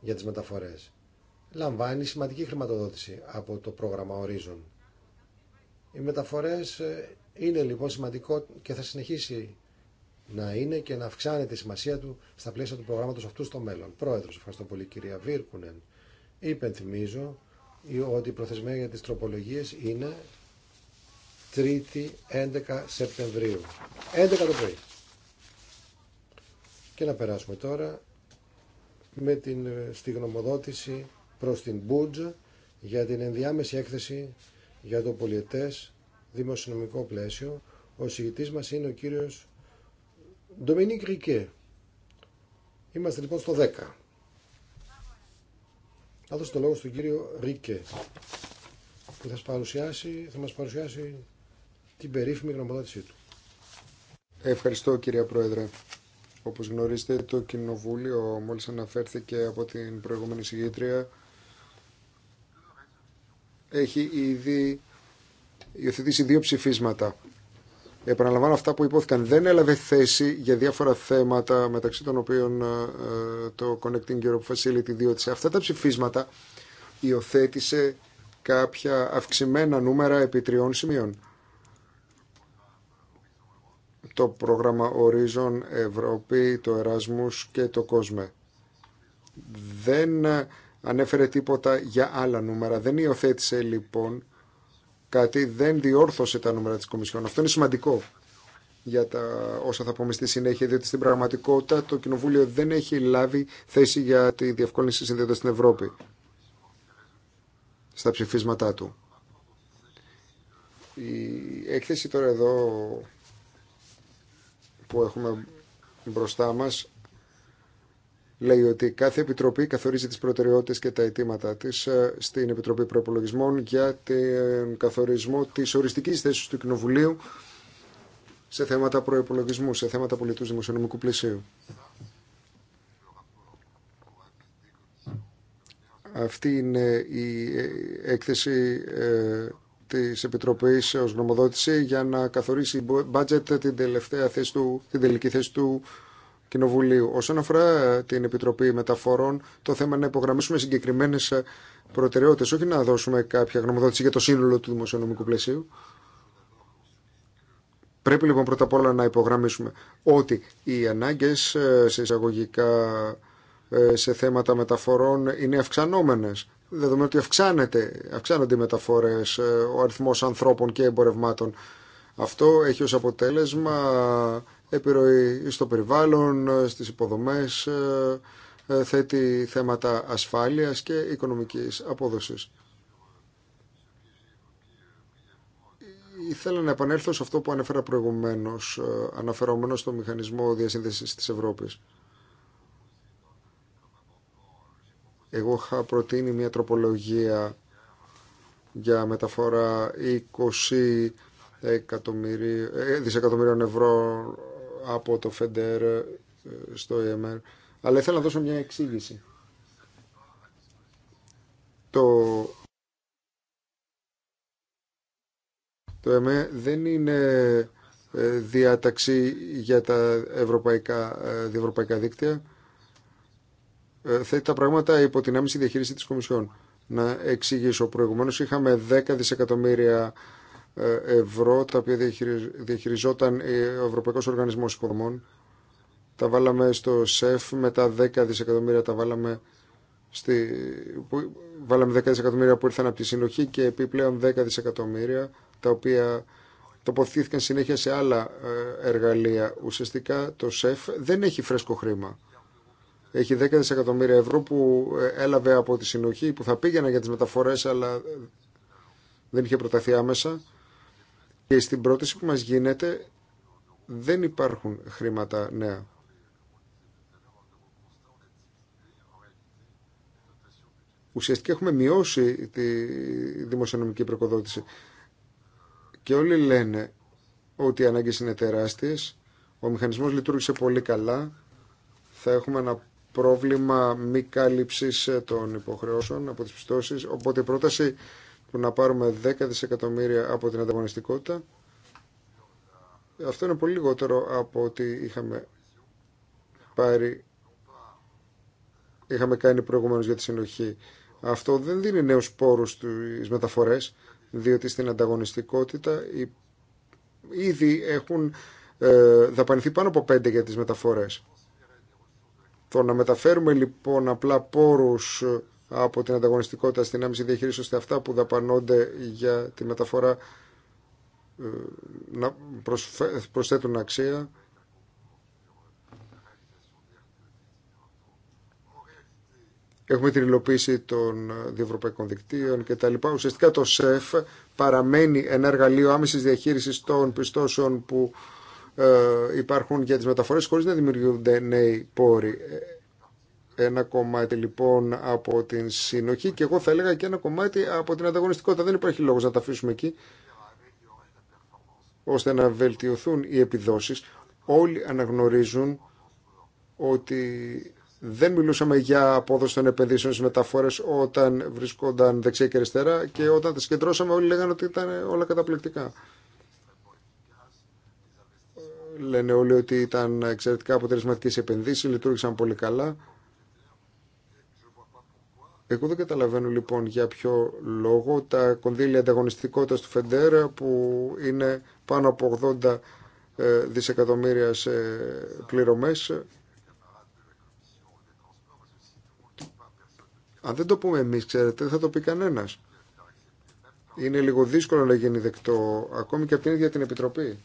για τις μεταφορές. Λαμβάνει σημαντική χρηματοδότηση από το πρόγραμμα Horizon. Οι μεταφορές ε, είναι λοιπόν σημαντικό και θα συνεχίσει να είναι και να αυξάνεται η σημασία του στα πλαίσια του προγράμματος αυτού στο μέλλον. Πρόεδρος, ευχαριστώ πολύ κυρία Βίρκουνεν. Υπενθυμίζω ότι η προθεσμία για τις τροπολογίες είναι 3η 11 Σεπτεμβρίου. 11 το πρωί. Και να περάσουμε τώρα με την, ε, στη γνωμοδότηση προς την Μπούτζ για την ενδιάμεση έκθεση για το πολιετές δημοσιονομικό πλαίσιο. Ο συγητής μας είναι ο κύριος Ντομινίκ Ρικέ. Είμαστε λοιπόν στο 10. Θα δώσω το λόγο στον κύριο Ρίκε που θα, παρουσιάσει, θα μας παρουσιάσει την περίφημη γνωμοδότησή του. Ευχαριστώ κύριε Πρόεδρε. Όπως γνωρίζετε το Κοινοβούλιο μόλις αναφέρθηκε από την προηγούμενη συγγήτρια έχει ήδη υιοθετήσει δύο ψηφίσματα. Επαναλαμβάνω αυτά που υπόθηκαν. Δεν έλαβε θέση για διάφορα θέματα μεταξύ των οποίων ε, το Connecting Europe Facility διότι σε αυτά τα ψηφίσματα υιοθέτησε κάποια αυξημένα νούμερα επί τριών σημείων το πρόγραμμα Horizon Ευρώπη, το Erasmus και το COSME. Δεν ε, ανέφερε τίποτα για άλλα νούμερα. Δεν υιοθέτησε λοιπόν κάτι, δεν διόρθωσε τα νούμερα της Κομισιόν. Αυτό είναι σημαντικό για τα όσα θα πούμε στη συνέχεια, διότι στην πραγματικότητα το Κοινοβούλιο δεν έχει λάβει θέση για τη διευκόλυνση συνδέοντας στην Ευρώπη στα ψηφίσματά του. Η έκθεση τώρα εδώ που έχουμε μπροστά μας λέει ότι κάθε επιτροπή καθορίζει τις προτεραιότητες και τα αιτήματα της ε, στην Επιτροπή Προπολογισμών για τον καθορισμό της οριστικής θέσης του Κοινοβουλίου σε θέματα προπολογισμού, σε θέματα πολιτού δημοσιονομικού πλαισίου. Αυτή είναι η ε, έκθεση ε, Τη επιτροπή ω γνωμοδότηση για να καθορίσει budget την, τελευταία θέση του, την τελική θέση του Κοινοβουλίου. Όσον αφορά ε, την Επιτροπή Μεταφορών, το θέμα είναι να υπογραμμίσουμε συγκεκριμένε προτεραιότητε, όχι να δώσουμε κάποια γνωμοδότηση για το σύνολο του δημοσιονομικού πλαισίου. Πρέπει λοιπόν πρώτα απ' όλα να υπογραμμίσουμε ότι οι ανάγκε ε, σε εισαγωγικά ε, σε θέματα μεταφορών είναι αυξανόμενες δεδομένου ότι αυξάνεται, αυξάνονται οι μεταφορές, ε, ο αριθμός ανθρώπων και εμπορευμάτων. Αυτό έχει ως αποτέλεσμα επιρροή στο περιβάλλον, ε, στις υποδομές, ε, θέτει θέματα ασφάλειας και οικονομικής απόδοσης. Ήθελα να επανέλθω σε αυτό που ανέφερα προηγουμένως, αναφερόμενο στο μηχανισμό διασύνδεσης της Ευρώπης. Εγώ είχα προτείνει μια τροπολογία για μεταφορά 20 ε, δισεκατομμυρίων ευρώ από το ΦΕΝΤΕΡ ε, στο ΕΜΕΡ. Αλλά ήθελα να δώσω μια εξήγηση. Το, το ΕΜΕ δεν είναι ε, διάταξη για τα ευρωπαϊκά, διευρωπαϊκά δίκτυα. Ε, θέτει τα πράγματα υπό την άμεση διαχείριση της Κομισιόν. Να εξηγήσω, προηγουμένως είχαμε 10 δισεκατομμύρια ε, ευρώ τα οποία διαχειριζόταν ε, ο Ευρωπαϊκός Οργανισμός Υποδομών. Τα βάλαμε στο ΣΕΦ, μετά 10 δισεκατομμύρια τα βάλαμε στη... που... 10 δισεκατομμύρια που ήρθαν από τη συνοχή και επιπλέον 10 δισεκατομμύρια τα οποία τοποθετήθηκαν συνέχεια σε άλλα εργαλεία. Ουσιαστικά το ΣΕΦ δεν έχει φρέσκο χρήμα έχει 10 δισεκατομμύρια ευρώ που ε, έλαβε από τη συνοχή που θα πήγαινα για τις μεταφορές αλλά ε, δεν είχε προταθεί άμεσα και στην πρόταση που μας γίνεται δεν υπάρχουν χρήματα νέα. Ουσιαστικά έχουμε μειώσει τη δημοσιονομική προκοδότηση και όλοι λένε ότι οι ανάγκες είναι τεράστιες, ο μηχανισμός λειτουργήσε πολύ καλά, θα έχουμε ένα πρόβλημα μη κάλυψη ε, των υποχρεώσεων από τις πιστώσει Οπότε η πρόταση που να πάρουμε 10 δισεκατομμύρια από την ανταγωνιστικότητα αυτό είναι πολύ λιγότερο από ό,τι είχαμε πάρει είχαμε κάνει προηγουμένως για τη συνοχή. Αυτό δεν δίνει νέους πόρους στις μεταφορές, διότι στην ανταγωνιστικότητα ήδη έχουν ε, δαπανηθεί πάνω από 5 για τις μεταφορές. Το να μεταφέρουμε λοιπόν απλά πόρους ε, από την ανταγωνιστικότητα στην άμεση διαχείριση ώστε αυτά που δαπανώνται για τη μεταφορά ε, να προσθέτουν αξία Έχουμε την υλοποίηση των ε, διευρωπαϊκών δικτύων και τα λοιπά. Ουσιαστικά το ΣΕΦ παραμένει ένα εργαλείο άμεσης διαχείρισης των πιστώσεων που ε, υπάρχουν για τις μεταφορές χωρίς να δημιουργούνται νέοι πόροι. Ε, ένα κομμάτι λοιπόν από την συνοχή και εγώ θα έλεγα και ένα κομμάτι από την ανταγωνιστικότητα. Δεν υπάρχει λόγος να τα αφήσουμε εκεί ώστε να βελτιωθούν οι επιδόσεις. Όλοι αναγνωρίζουν ότι δεν μιλούσαμε για απόδοση των επενδύσεων στις μεταφορές όταν βρισκόνταν δεξιά και αριστερά και όταν τα συγκεντρώσαμε όλοι λέγανε ότι ήταν όλα καταπληκτικά. Λένε όλοι ότι ήταν εξαιρετικά αποτελεσματικές επενδύσεις, λειτουργήσαν πολύ καλά. Εγώ δεν καταλαβαίνω λοιπόν για ποιο λόγο τα κονδύλια ανταγωνιστικότητα του Φεντέρα που είναι πάνω από 80 ε, δισεκατομμύρια σε πληρωμές Αν δεν το πούμε εμείς, ξέρετε, δεν θα το πει κανένας. Είναι λίγο δύσκολο να γίνει δεκτό, ακόμη και από την ίδια την Επιτροπή.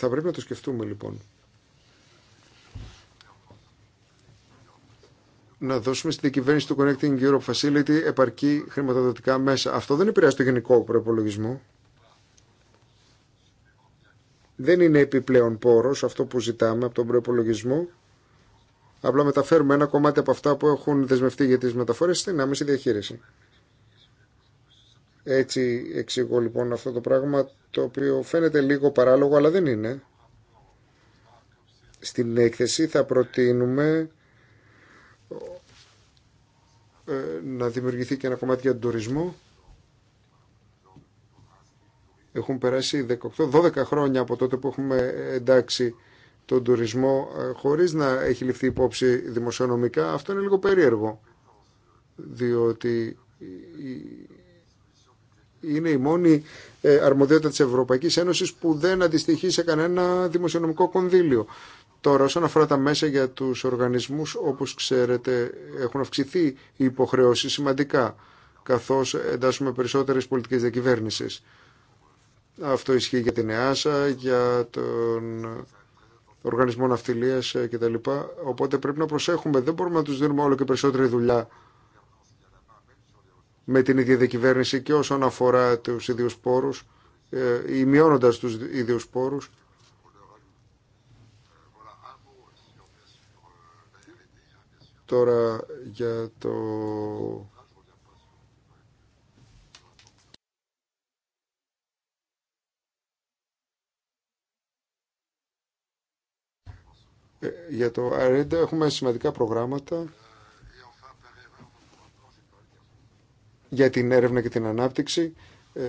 Θα πρέπει να το σκεφτούμε λοιπόν. Να δώσουμε στην κυβέρνηση του Connecting Europe Facility επαρκή χρηματοδοτικά μέσα. Αυτό δεν επηρεάζει το γενικό προπολογισμό. Δεν είναι επιπλέον πόρος αυτό που ζητάμε από τον προπολογισμό. Απλά μεταφέρουμε ένα κομμάτι από αυτά που έχουν δεσμευτεί για τις μεταφορές στην άμεση διαχείριση. Έτσι εξηγώ λοιπόν αυτό το πράγμα το οποίο φαίνεται λίγο παράλογο αλλά δεν είναι. Στην έκθεση θα προτείνουμε ε, να δημιουργηθεί και ένα κομμάτι για τον τουρισμό. Έχουν περάσει 18-12 χρόνια από τότε που έχουμε εντάξει τον τουρισμό ε, χωρίς να έχει ληφθεί υπόψη δημοσιονομικά. Αυτό είναι λίγο περίεργο, διότι είναι η μόνη ε, αρμοδιότητα της Ευρωπαϊκής Ένωσης που δεν αντιστοιχεί σε κανένα δημοσιονομικό κονδύλιο. Τώρα, όσον αφορά τα μέσα για τους οργανισμούς, όπως ξέρετε, έχουν αυξηθεί οι υποχρεώσεις σημαντικά, καθώς εντάσσουμε περισσότερες πολιτικές διακυβέρνησης. Αυτό ισχύει για την ΕΑΣΑ, για τον οργανισμό ναυτιλίας ε, κτλ. Οπότε πρέπει να προσέχουμε, δεν μπορούμε να τους δίνουμε όλο και περισσότερη δουλειά με την ίδια διακυβέρνηση και όσον αφορά τους ίδιους πόρους ε, ή μειώνοντας τους ίδιους πόρους. Τώρα για το... Ε, για το ΑΡΕΝΤΑ έχουμε σημαντικά προγράμματα. για την έρευνα και την ανάπτυξη. Ε,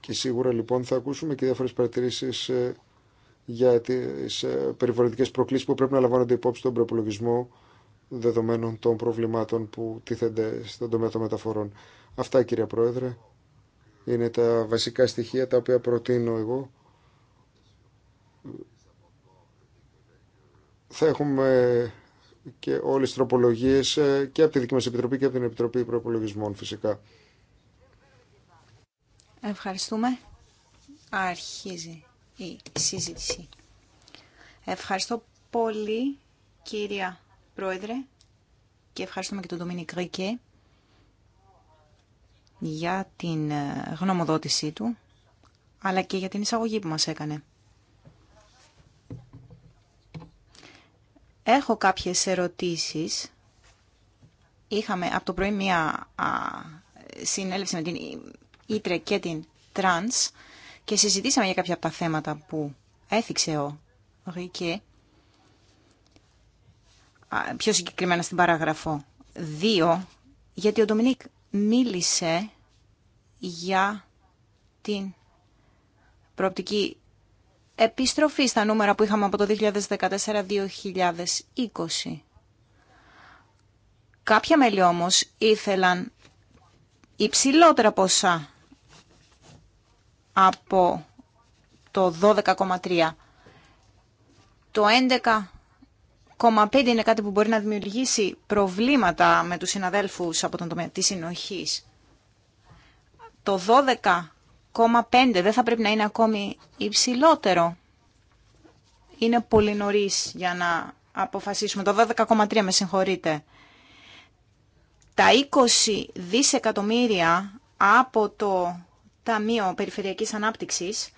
και σίγουρα λοιπόν θα ακούσουμε και διάφορες παρατηρήσεις ε, για τις ε, περιβαλλοντικές προκλήσεις που πρέπει να λαμβάνονται υπόψη στον προπολογισμό δεδομένων των προβλημάτων που τίθενται στον τομέα των μεταφορών. Αυτά κύριε Πρόεδρε είναι τα βασικά στοιχεία τα οποία προτείνω εγώ θα έχουμε και όλες τις τροπολογίες ε, και από τη δική μας Επιτροπή και από την Επιτροπή Προπολογισμών φυσικά. Ευχαριστούμε. Αρχίζει η συζήτηση. Ευχαριστώ πολύ κυρία Πρόεδρε και ευχαριστούμε και τον Ντομίνικ Ρικέ για την ε, γνωμοδότησή του αλλά και για την εισαγωγή που μας έκανε. Έχω κάποιες ερωτήσεις. Είχαμε από το πρωί μία συνέλευση με την Ήτρε και την Τρανς και συζητήσαμε για κάποια από τα θέματα που έθιξε ο Ρίκε. Πιο συγκεκριμένα στην παράγραφο 2, γιατί ο Ντομινίκ μίλησε για την προοπτική επιστροφή στα νούμερα που είχαμε από το 2014-2020. Κάποια μέλη όμως ήθελαν υψηλότερα ποσά από το 12,3. Το 11,5 είναι κάτι που μπορεί να δημιουργήσει προβλήματα με τους συναδέλφους από τον τομέα της συνοχής. Το 12 δεν θα πρέπει να είναι ακόμη υψηλότερο. Είναι πολύ νωρίς για να αποφασίσουμε. Το 12,3 με συγχωρείτε. Τα 20 δισεκατομμύρια από το Ταμείο Περιφερειακής Ανάπτυξης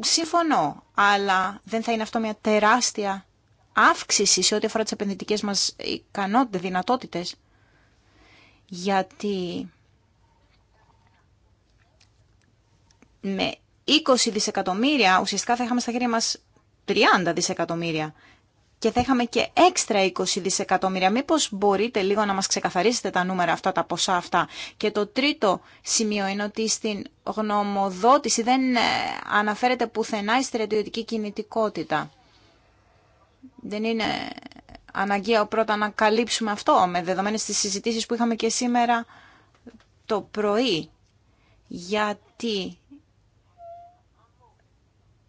συμφωνώ, αλλά δεν θα είναι αυτό μια τεράστια αύξηση σε ό,τι αφορά τις επενδυτικές μας ικανότητες, δυνατότητες. Γιατί με 20 δισεκατομμύρια, ουσιαστικά θα είχαμε στα χέρια μας 30 δισεκατομμύρια και θα είχαμε και έξτρα 20 δισεκατομμύρια. Μήπως μπορείτε λίγο να μας ξεκαθαρίσετε τα νούμερα αυτά, τα ποσά αυτά. Και το τρίτο σημείο είναι ότι στην γνωμοδότηση δεν ε, αναφέρεται πουθενά η στρατιωτική κινητικότητα. Δεν είναι αναγκαίο πρώτα να καλύψουμε αυτό με δεδομένες τις συζητήσεις που είχαμε και σήμερα το πρωί. Γιατί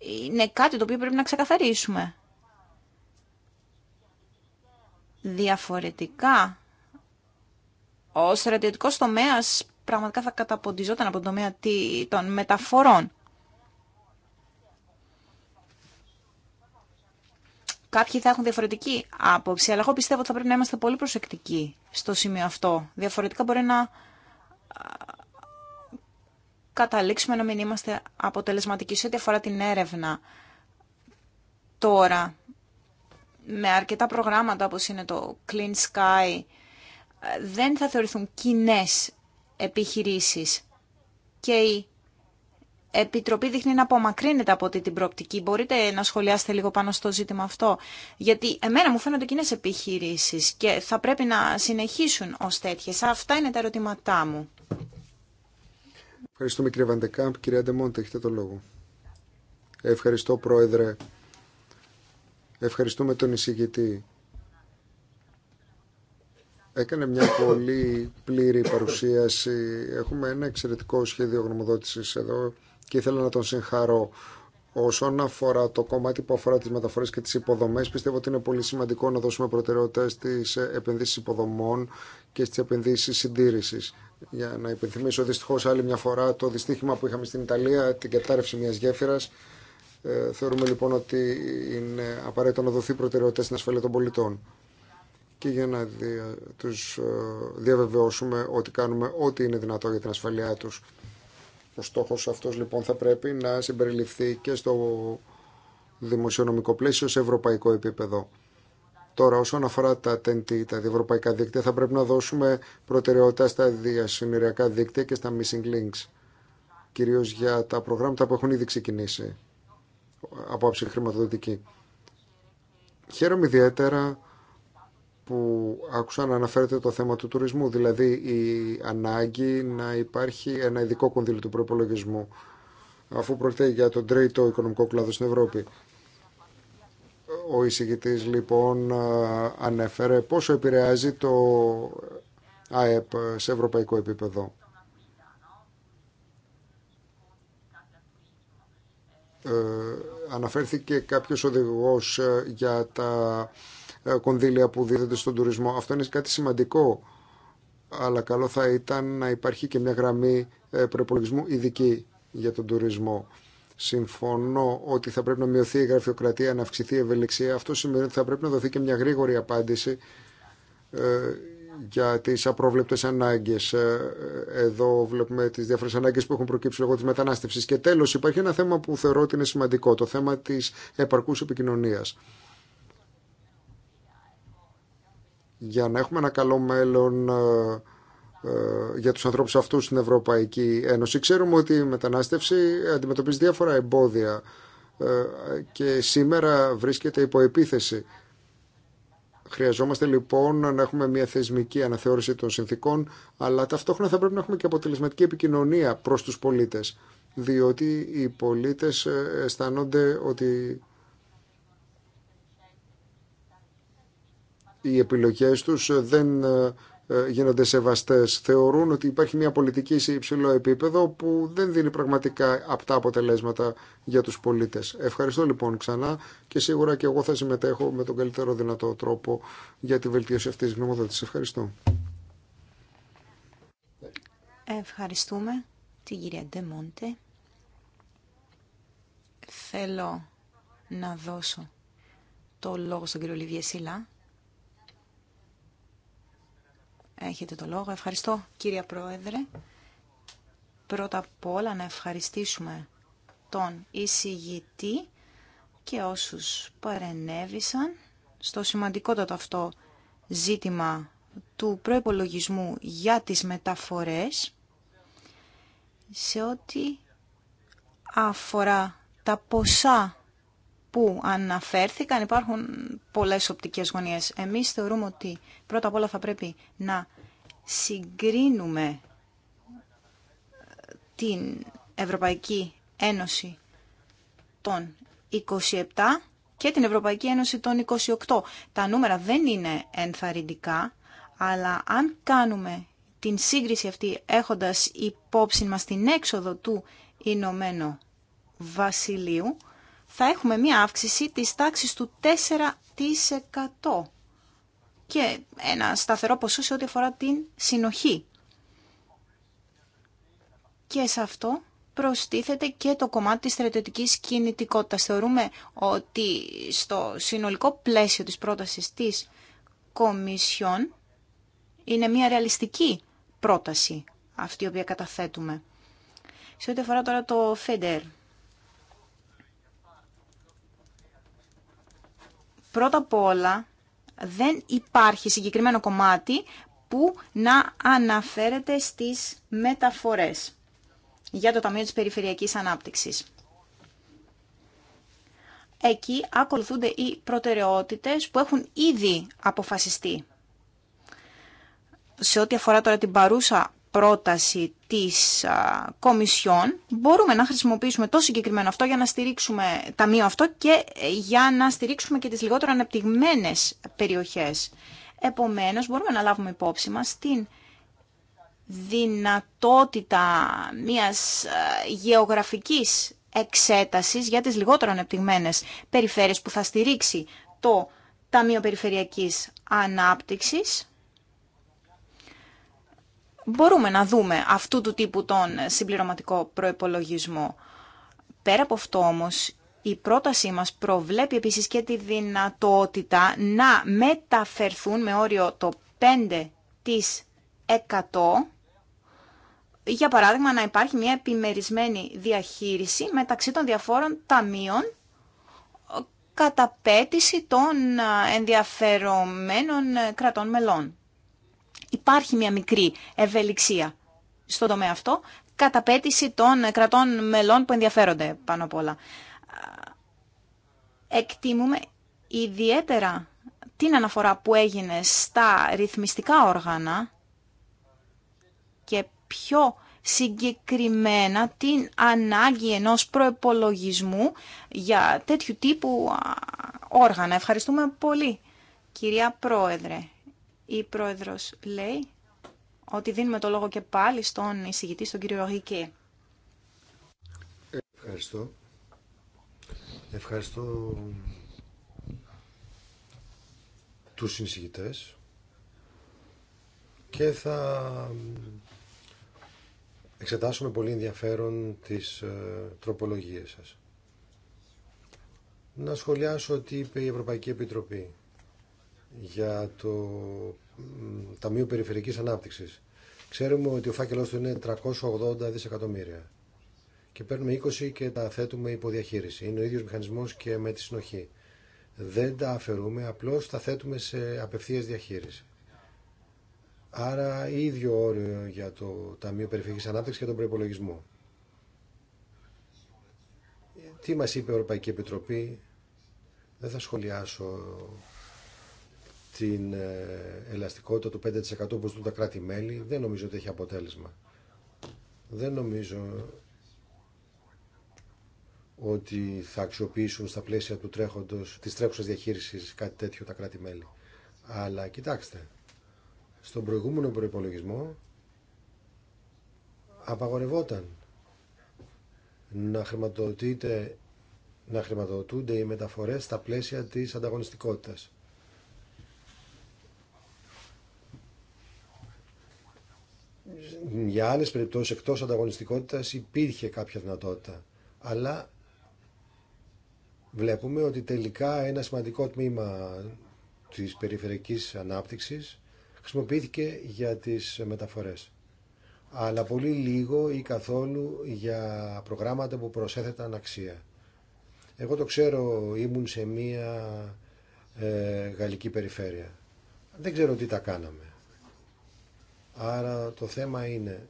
είναι κάτι το οποίο πρέπει να ξεκαθαρίσουμε. Διαφορετικά, ο στρατιωτικός τομέας πραγματικά θα καταποντιζόταν από τον τομέα των μεταφορών. Κάποιοι θα έχουν διαφορετική άποψη, αλλά εγώ πιστεύω ότι θα πρέπει να είμαστε πολύ προσεκτικοί στο σημείο αυτό. Διαφορετικά μπορεί να καταλήξουμε να μην είμαστε αποτελεσματικοί σε ό,τι αφορά την έρευνα τώρα με αρκετά προγράμματα όπως είναι το Clean Sky δεν θα θεωρηθούν κοινέ επιχειρήσεις και η Επιτροπή δείχνει να απομακρύνεται από την προοπτική. Μπορείτε να σχολιάσετε λίγο πάνω στο ζήτημα αυτό. Γιατί εμένα μου φαίνονται κοινέ επιχειρήσεις και θα πρέπει να συνεχίσουν ως τέτοιες. Αυτά είναι τα ερωτήματά μου. Ευχαριστούμε κύριε Βαντεκάμπ. Κυρία Ντεμόντε, έχετε το λόγο. Ευχαριστώ πρόεδρε. Ευχαριστούμε τον εισηγητή. Έκανε μια πολύ πλήρη παρουσίαση. Έχουμε ένα εξαιρετικό σχέδιο γνωμοδότησης εδώ και ήθελα να τον συγχαρώ. Όσον αφορά το κομμάτι που αφορά τι μεταφορέ και τι υποδομέ, πιστεύω ότι είναι πολύ σημαντικό να δώσουμε προτεραιότητα στι επενδύσει υποδομών και στι επενδύσει συντήρηση για να υπενθυμίσω δυστυχώ άλλη μια φορά το δυστύχημα που είχαμε στην Ιταλία, την κατάρρευση μιας γέφυρα. Ε, θεωρούμε λοιπόν ότι είναι απαραίτητο να δοθεί προτεραιότητα στην ασφαλεία των πολιτών και για να δια, τους ε, διαβεβαιώσουμε ότι κάνουμε ό,τι είναι δυνατό για την ασφαλειά τους. Ο στόχο αυτός λοιπόν θα πρέπει να συμπεριληφθεί και στο δημοσιονομικό πλαίσιο σε ευρωπαϊκό επίπεδο. Τώρα, όσον αφορά τα TNT, τα διευρωπαϊκά δίκτυα, θα πρέπει να δώσουμε προτεραιότητα στα διασυνοριακά δίκτυα και στα missing links. Κυρίω για τα προγράμματα που έχουν ήδη ξεκινήσει από άψη χρηματοδοτική. Χαίρομαι ιδιαίτερα που άκουσα να αναφέρεται το θέμα του τουρισμού, δηλαδή η ανάγκη να υπάρχει ένα ειδικό κονδύλι του προπολογισμού, αφού πρόκειται για τον τρίτο οικονομικό κλάδο στην Ευρώπη. Ο εισηγητής λοιπόν ε, ανέφερε πόσο επηρεάζει το ΑΕΠ σε ευρωπαϊκό επίπεδο. Ε, αναφέρθηκε κάποιος οδηγός ε, για τα κονδύλια που δίδονται στον τουρισμό. Αυτό είναι κάτι σημαντικό, αλλά καλό θα ήταν να υπάρχει και μια γραμμή προπολογισμού ειδική για τον τουρισμό. Συμφωνώ ότι θα πρέπει να μειωθεί η γραφειοκρατία, να αυξηθεί η ευελιξία. Αυτό σημαίνει ότι θα πρέπει να δοθεί και μια γρήγορη απάντηση ε, για τι απρόβλεπτε ανάγκε. Ε, εδώ βλέπουμε τι διάφορε ανάγκε που έχουν προκύψει λόγω τη μετανάστευση. Και τέλο, υπάρχει ένα θέμα που θεωρώ ότι είναι σημαντικό, το θέμα τη επαρκού επικοινωνία. Για να έχουμε ένα καλό μέλλον ε, ε, για τους ανθρώπους αυτούς στην Ευρωπαϊκή Ένωση. Ξέρουμε ότι η μετανάστευση αντιμετωπίζει διάφορα εμπόδια ε, και σήμερα βρίσκεται υπό επίθεση. Χρειαζόμαστε λοιπόν να έχουμε μια θεσμική αναθεώρηση των συνθήκων, αλλά ταυτόχρονα θα πρέπει να έχουμε και αποτελεσματική επικοινωνία προς τους πολίτες, διότι οι πολίτες ε, αισθάνονται ότι οι επιλογές τους δεν ε, γίνονται σεβαστές. Θεωρούν ότι υπάρχει μια πολιτική σε υψηλό επίπεδο που δεν δίνει πραγματικά απτά αποτελέσματα για τους πολίτες. Ευχαριστώ λοιπόν ξανά και σίγουρα και εγώ θα συμμετέχω με τον καλύτερο δυνατό τρόπο για τη βελτίωση αυτής της γνωμοδότησης. Ευχαριστώ. Ευχαριστούμε την κυρία Ντεμόντε. Θέλω να δώσω το λόγο στον κύριο Λιβιέ Σιλά Έχετε το λόγο. Ευχαριστώ κύριε Πρόεδρε. Πρώτα απ' όλα να ευχαριστήσουμε τον εισηγητή και όσους παρενέβησαν στο σημαντικό σημαντικότατο αυτό ζήτημα του προϋπολογισμού για τις μεταφορές σε ό,τι αφορά τα ποσά που αναφέρθηκαν υπάρχουν πολλές οπτικές γωνίες. Εμείς θεωρούμε ότι πρώτα απ' όλα θα πρέπει να συγκρίνουμε ε, την Ευρωπαϊκή Ένωση των 27 και την Ευρωπαϊκή Ένωση των 28. Τα νούμερα δεν είναι ενθαρρυντικά, αλλά αν κάνουμε την σύγκριση αυτή έχοντας υπόψη μας την έξοδο του Ηνωμένου Βασιλείου, θα έχουμε μία αύξηση της τάξης του 4% και ένα σταθερό ποσό σε ό,τι αφορά την συνοχή. Και σε αυτό προστίθεται και το κομμάτι της στρατιωτικής κινητικότητας. Θεωρούμε ότι στο συνολικό πλαίσιο της πρότασης της Κομισιόν είναι μια ρεαλιστική πρόταση αυτή η οποία καταθέτουμε. Σε ό,τι αφορά τώρα το ΦΕΝΤΕΡ, Πρώτα απ' όλα δεν υπάρχει συγκεκριμένο κομμάτι που να αναφέρεται στις μεταφορές για το Ταμείο της Περιφερειακής Ανάπτυξης. Εκεί ακολουθούνται οι προτεραιότητες που έχουν ήδη αποφασιστεί. Σε ό,τι αφορά τώρα την παρούσα πρόταση της Κομισιόν, μπορούμε να χρησιμοποιήσουμε το συγκεκριμένο αυτό για να στηρίξουμε ταμείο αυτό και ε, για να στηρίξουμε και τις λιγότερο αναπτυγμένες περιοχές. Επομένως, μπορούμε να λάβουμε υπόψη μας την δυνατότητα μιας γεωγραφικής εξέτασης για τις λιγότερο ανεπτυγμένες περιφέρειες που θα στηρίξει το Ταμείο Περιφερειακής Ανάπτυξης μπορούμε να δούμε αυτού του τύπου τον συμπληρωματικό προϋπολογισμό. Πέρα από αυτό όμως, η πρότασή μας προβλέπει επίσης και τη δυνατότητα να μεταφερθούν με όριο το 5% για παράδειγμα να υπάρχει μια επιμερισμένη διαχείριση μεταξύ των διαφόρων ταμείων κατά των ενδιαφερομένων κρατών μελών υπάρχει μια μικρή ευελιξία στον τομέα αυτό, κατά πέτηση των κρατών μελών που ενδιαφέρονται πάνω απ' όλα. Εκτιμούμε ιδιαίτερα την αναφορά που έγινε στα ρυθμιστικά όργανα και πιο συγκεκριμένα την ανάγκη ενός προεπολογισμού για τέτοιου τύπου όργανα. Ευχαριστούμε πολύ, κυρία Πρόεδρε. Η πρόεδρος λέει ότι δίνουμε το λόγο και πάλι στον εισηγητή, στον κύριο Αγική. Ευχαριστώ. Ευχαριστώ τους συνεισηγητές και θα εξετάσουμε πολύ ενδιαφέρον τις ε, τροπολογίες σας. Να σχολιάσω ότι είπε η Ευρωπαϊκή Επιτροπή για το Ταμείο Περιφερικής Ανάπτυξης. Ξέρουμε ότι ο φάκελός του είναι 380 δισεκατομμύρια και παίρνουμε 20 και τα θέτουμε υπό διαχείριση. Είναι ο ίδιος μηχανισμός και με τη συνοχή. Δεν τα αφαιρούμε, απλώς τα θέτουμε σε απευθείας διαχείριση. Άρα ίδιο όριο για το Ταμείο περιφερικής Ανάπτυξης και τον προπολογισμό. Τι μας είπε η Ευρωπαϊκή Επιτροπή, δεν θα σχολιάσω στην ε, ελαστικότητα του 5% όπως δουν τα κράτη-μέλη δεν νομίζω ότι έχει αποτέλεσμα. Δεν νομίζω ότι θα αξιοποιήσουν στα πλαίσια του τρέχοντος, της τρέχουσας διαχείρισης κάτι τέτοιο τα κράτη-μέλη. Αλλά κοιτάξτε, στον προηγούμενο προϋπολογισμό απαγορευόταν να να χρηματοδοτούνται οι μεταφορές στα πλαίσια της ανταγωνιστικότητας. για άλλες περιπτώσεις εκτός ανταγωνιστικότητας υπήρχε κάποια δυνατότητα. Αλλά βλέπουμε ότι τελικά ένα σημαντικό τμήμα της περιφερειακής ανάπτυξης χρησιμοποιήθηκε για τις μεταφορές. Αλλά πολύ λίγο ή καθόλου για προγράμματα που προσέθεταν αξία. Εγώ το ξέρω, ήμουν σε μία ε, γαλλική περιφέρεια. Δεν ξέρω τι τα κάναμε. Άρα το θέμα είναι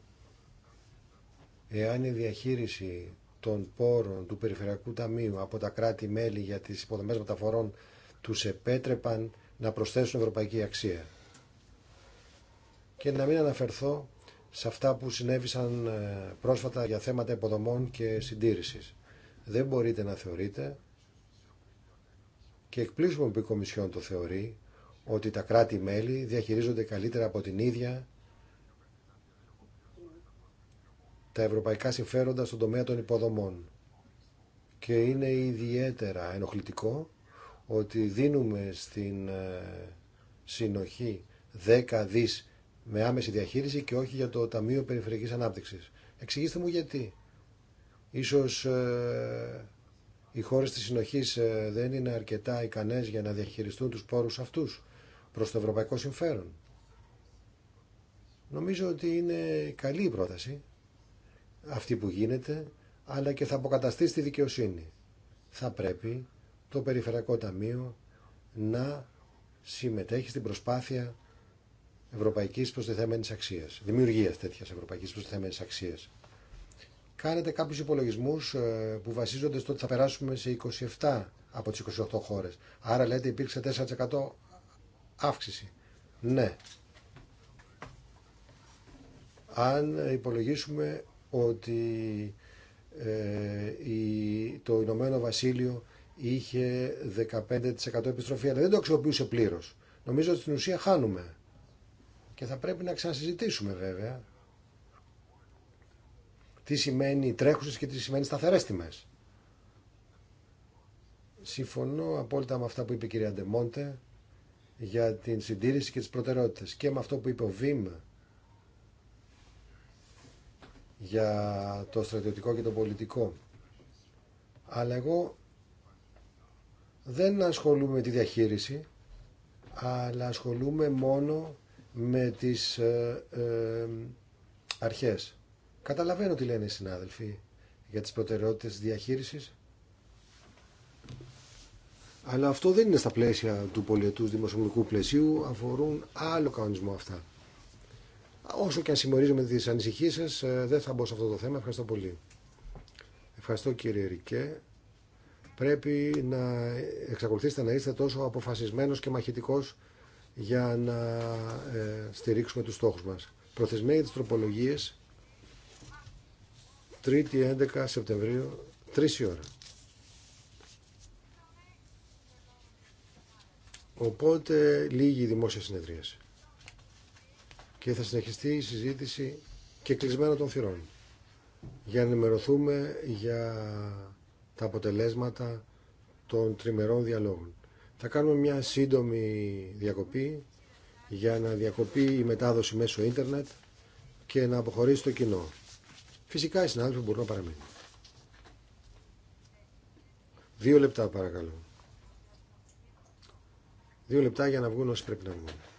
εάν η διαχείριση των πόρων του Περιφερειακού Ταμείου από τα κράτη-μέλη για τις υποδομές μεταφορών τους επέτρεπαν να προσθέσουν ευρωπαϊκή αξία. Και να μην αναφερθώ σε αυτά που συνέβησαν ε, πρόσφατα για θέματα υποδομών και συντήρησης. Δεν μπορείτε να θεωρείτε και εκπλήσουμε που η Κομισιόν το θεωρεί ότι τα κράτη-μέλη διαχειρίζονται καλύτερα από την ίδια τα ευρωπαϊκά συμφέροντα στον τομέα των υποδομών. Και είναι ιδιαίτερα ενοχλητικό ότι δίνουμε στην ε, συνοχή 10 δις με άμεση διαχείριση και όχι για το Ταμείο Περιφερειακής Ανάπτυξης. Εξηγήστε μου γιατί. Ίσως ε, οι χώρες της συνοχής ε, δεν είναι αρκετά ικανές για να διαχειριστούν τους πόρους αυτούς προς το ευρωπαϊκό συμφέρον. Νομίζω ότι είναι καλή η πρόταση αυτή που γίνεται, αλλά και θα αποκαταστήσει τη δικαιοσύνη. Θα πρέπει το Περιφερειακό Ταμείο να συμμετέχει στην προσπάθεια ευρωπαϊκής προστιθέμενης αξίας, δημιουργίας τέτοιας ευρωπαϊκής προστιθέμενης αξίας. Κάνετε κάποιους υπολογισμούς ε, που βασίζονται στο ότι θα περάσουμε σε 27 από τις 28 χώρες. Άρα λέτε υπήρξε 4% αύξηση. Ναι. Αν υπολογίσουμε ότι ε, το Ηνωμένο Βασίλειο είχε 15% επιστροφή, αλλά δεν το αξιοποιούσε πλήρω. Νομίζω ότι στην ουσία χάνουμε. Και θα πρέπει να ξανασυζητήσουμε βέβαια τι σημαίνει τρέχουσες και τι σημαίνει σταθερές τιμές. Συμφωνώ απόλυτα με αυτά που είπε η κυρία Ντεμόντε για την συντήρηση και τις προτεραιότητες και με αυτό που είπε ο Βήμα για το στρατιωτικό και το πολιτικό. Αλλά εγώ δεν ασχολούμαι με τη διαχείριση, αλλά ασχολούμαι μόνο με τις ε, ε αρχές. Καταλαβαίνω τι λένε οι συνάδελφοι για τις προτεραιότητες διαχείρισης, αλλά αυτό δεν είναι στα πλαίσια του πολιετούς δημοσιονομικού πλαισίου, αφορούν άλλο κανονισμό αυτά όσο και αν συμμορίζουμε τις ανησυχίες σας, ε, δεν θα μπω σε αυτό το θέμα. Ευχαριστώ πολύ. Ευχαριστώ κύριε Ρικέ. Πρέπει να εξακολουθήσετε να είστε τόσο αποφασισμένος και μαχητικός για να ε, στηρίξουμε τους στόχους μας. Προθεσμία για τις τροπολογίες 3η 11 Σεπτεμβρίου, 3 η ώρα. Οπότε λίγη δημόσια συνεδρίαση και θα συνεχιστεί η συζήτηση και κλεισμένο των θυρών για να ενημερωθούμε για τα αποτελέσματα των τριμερών διαλόγων. Θα κάνουμε μια σύντομη διακοπή για να διακοπεί η μετάδοση μέσω ίντερνετ και να αποχωρήσει το κοινό. Φυσικά οι συνάδελφοι μπορούν να παραμείνουν. Δύο λεπτά παρακαλώ. Δύο λεπτά για να βγουν όσοι πρέπει να βγουν.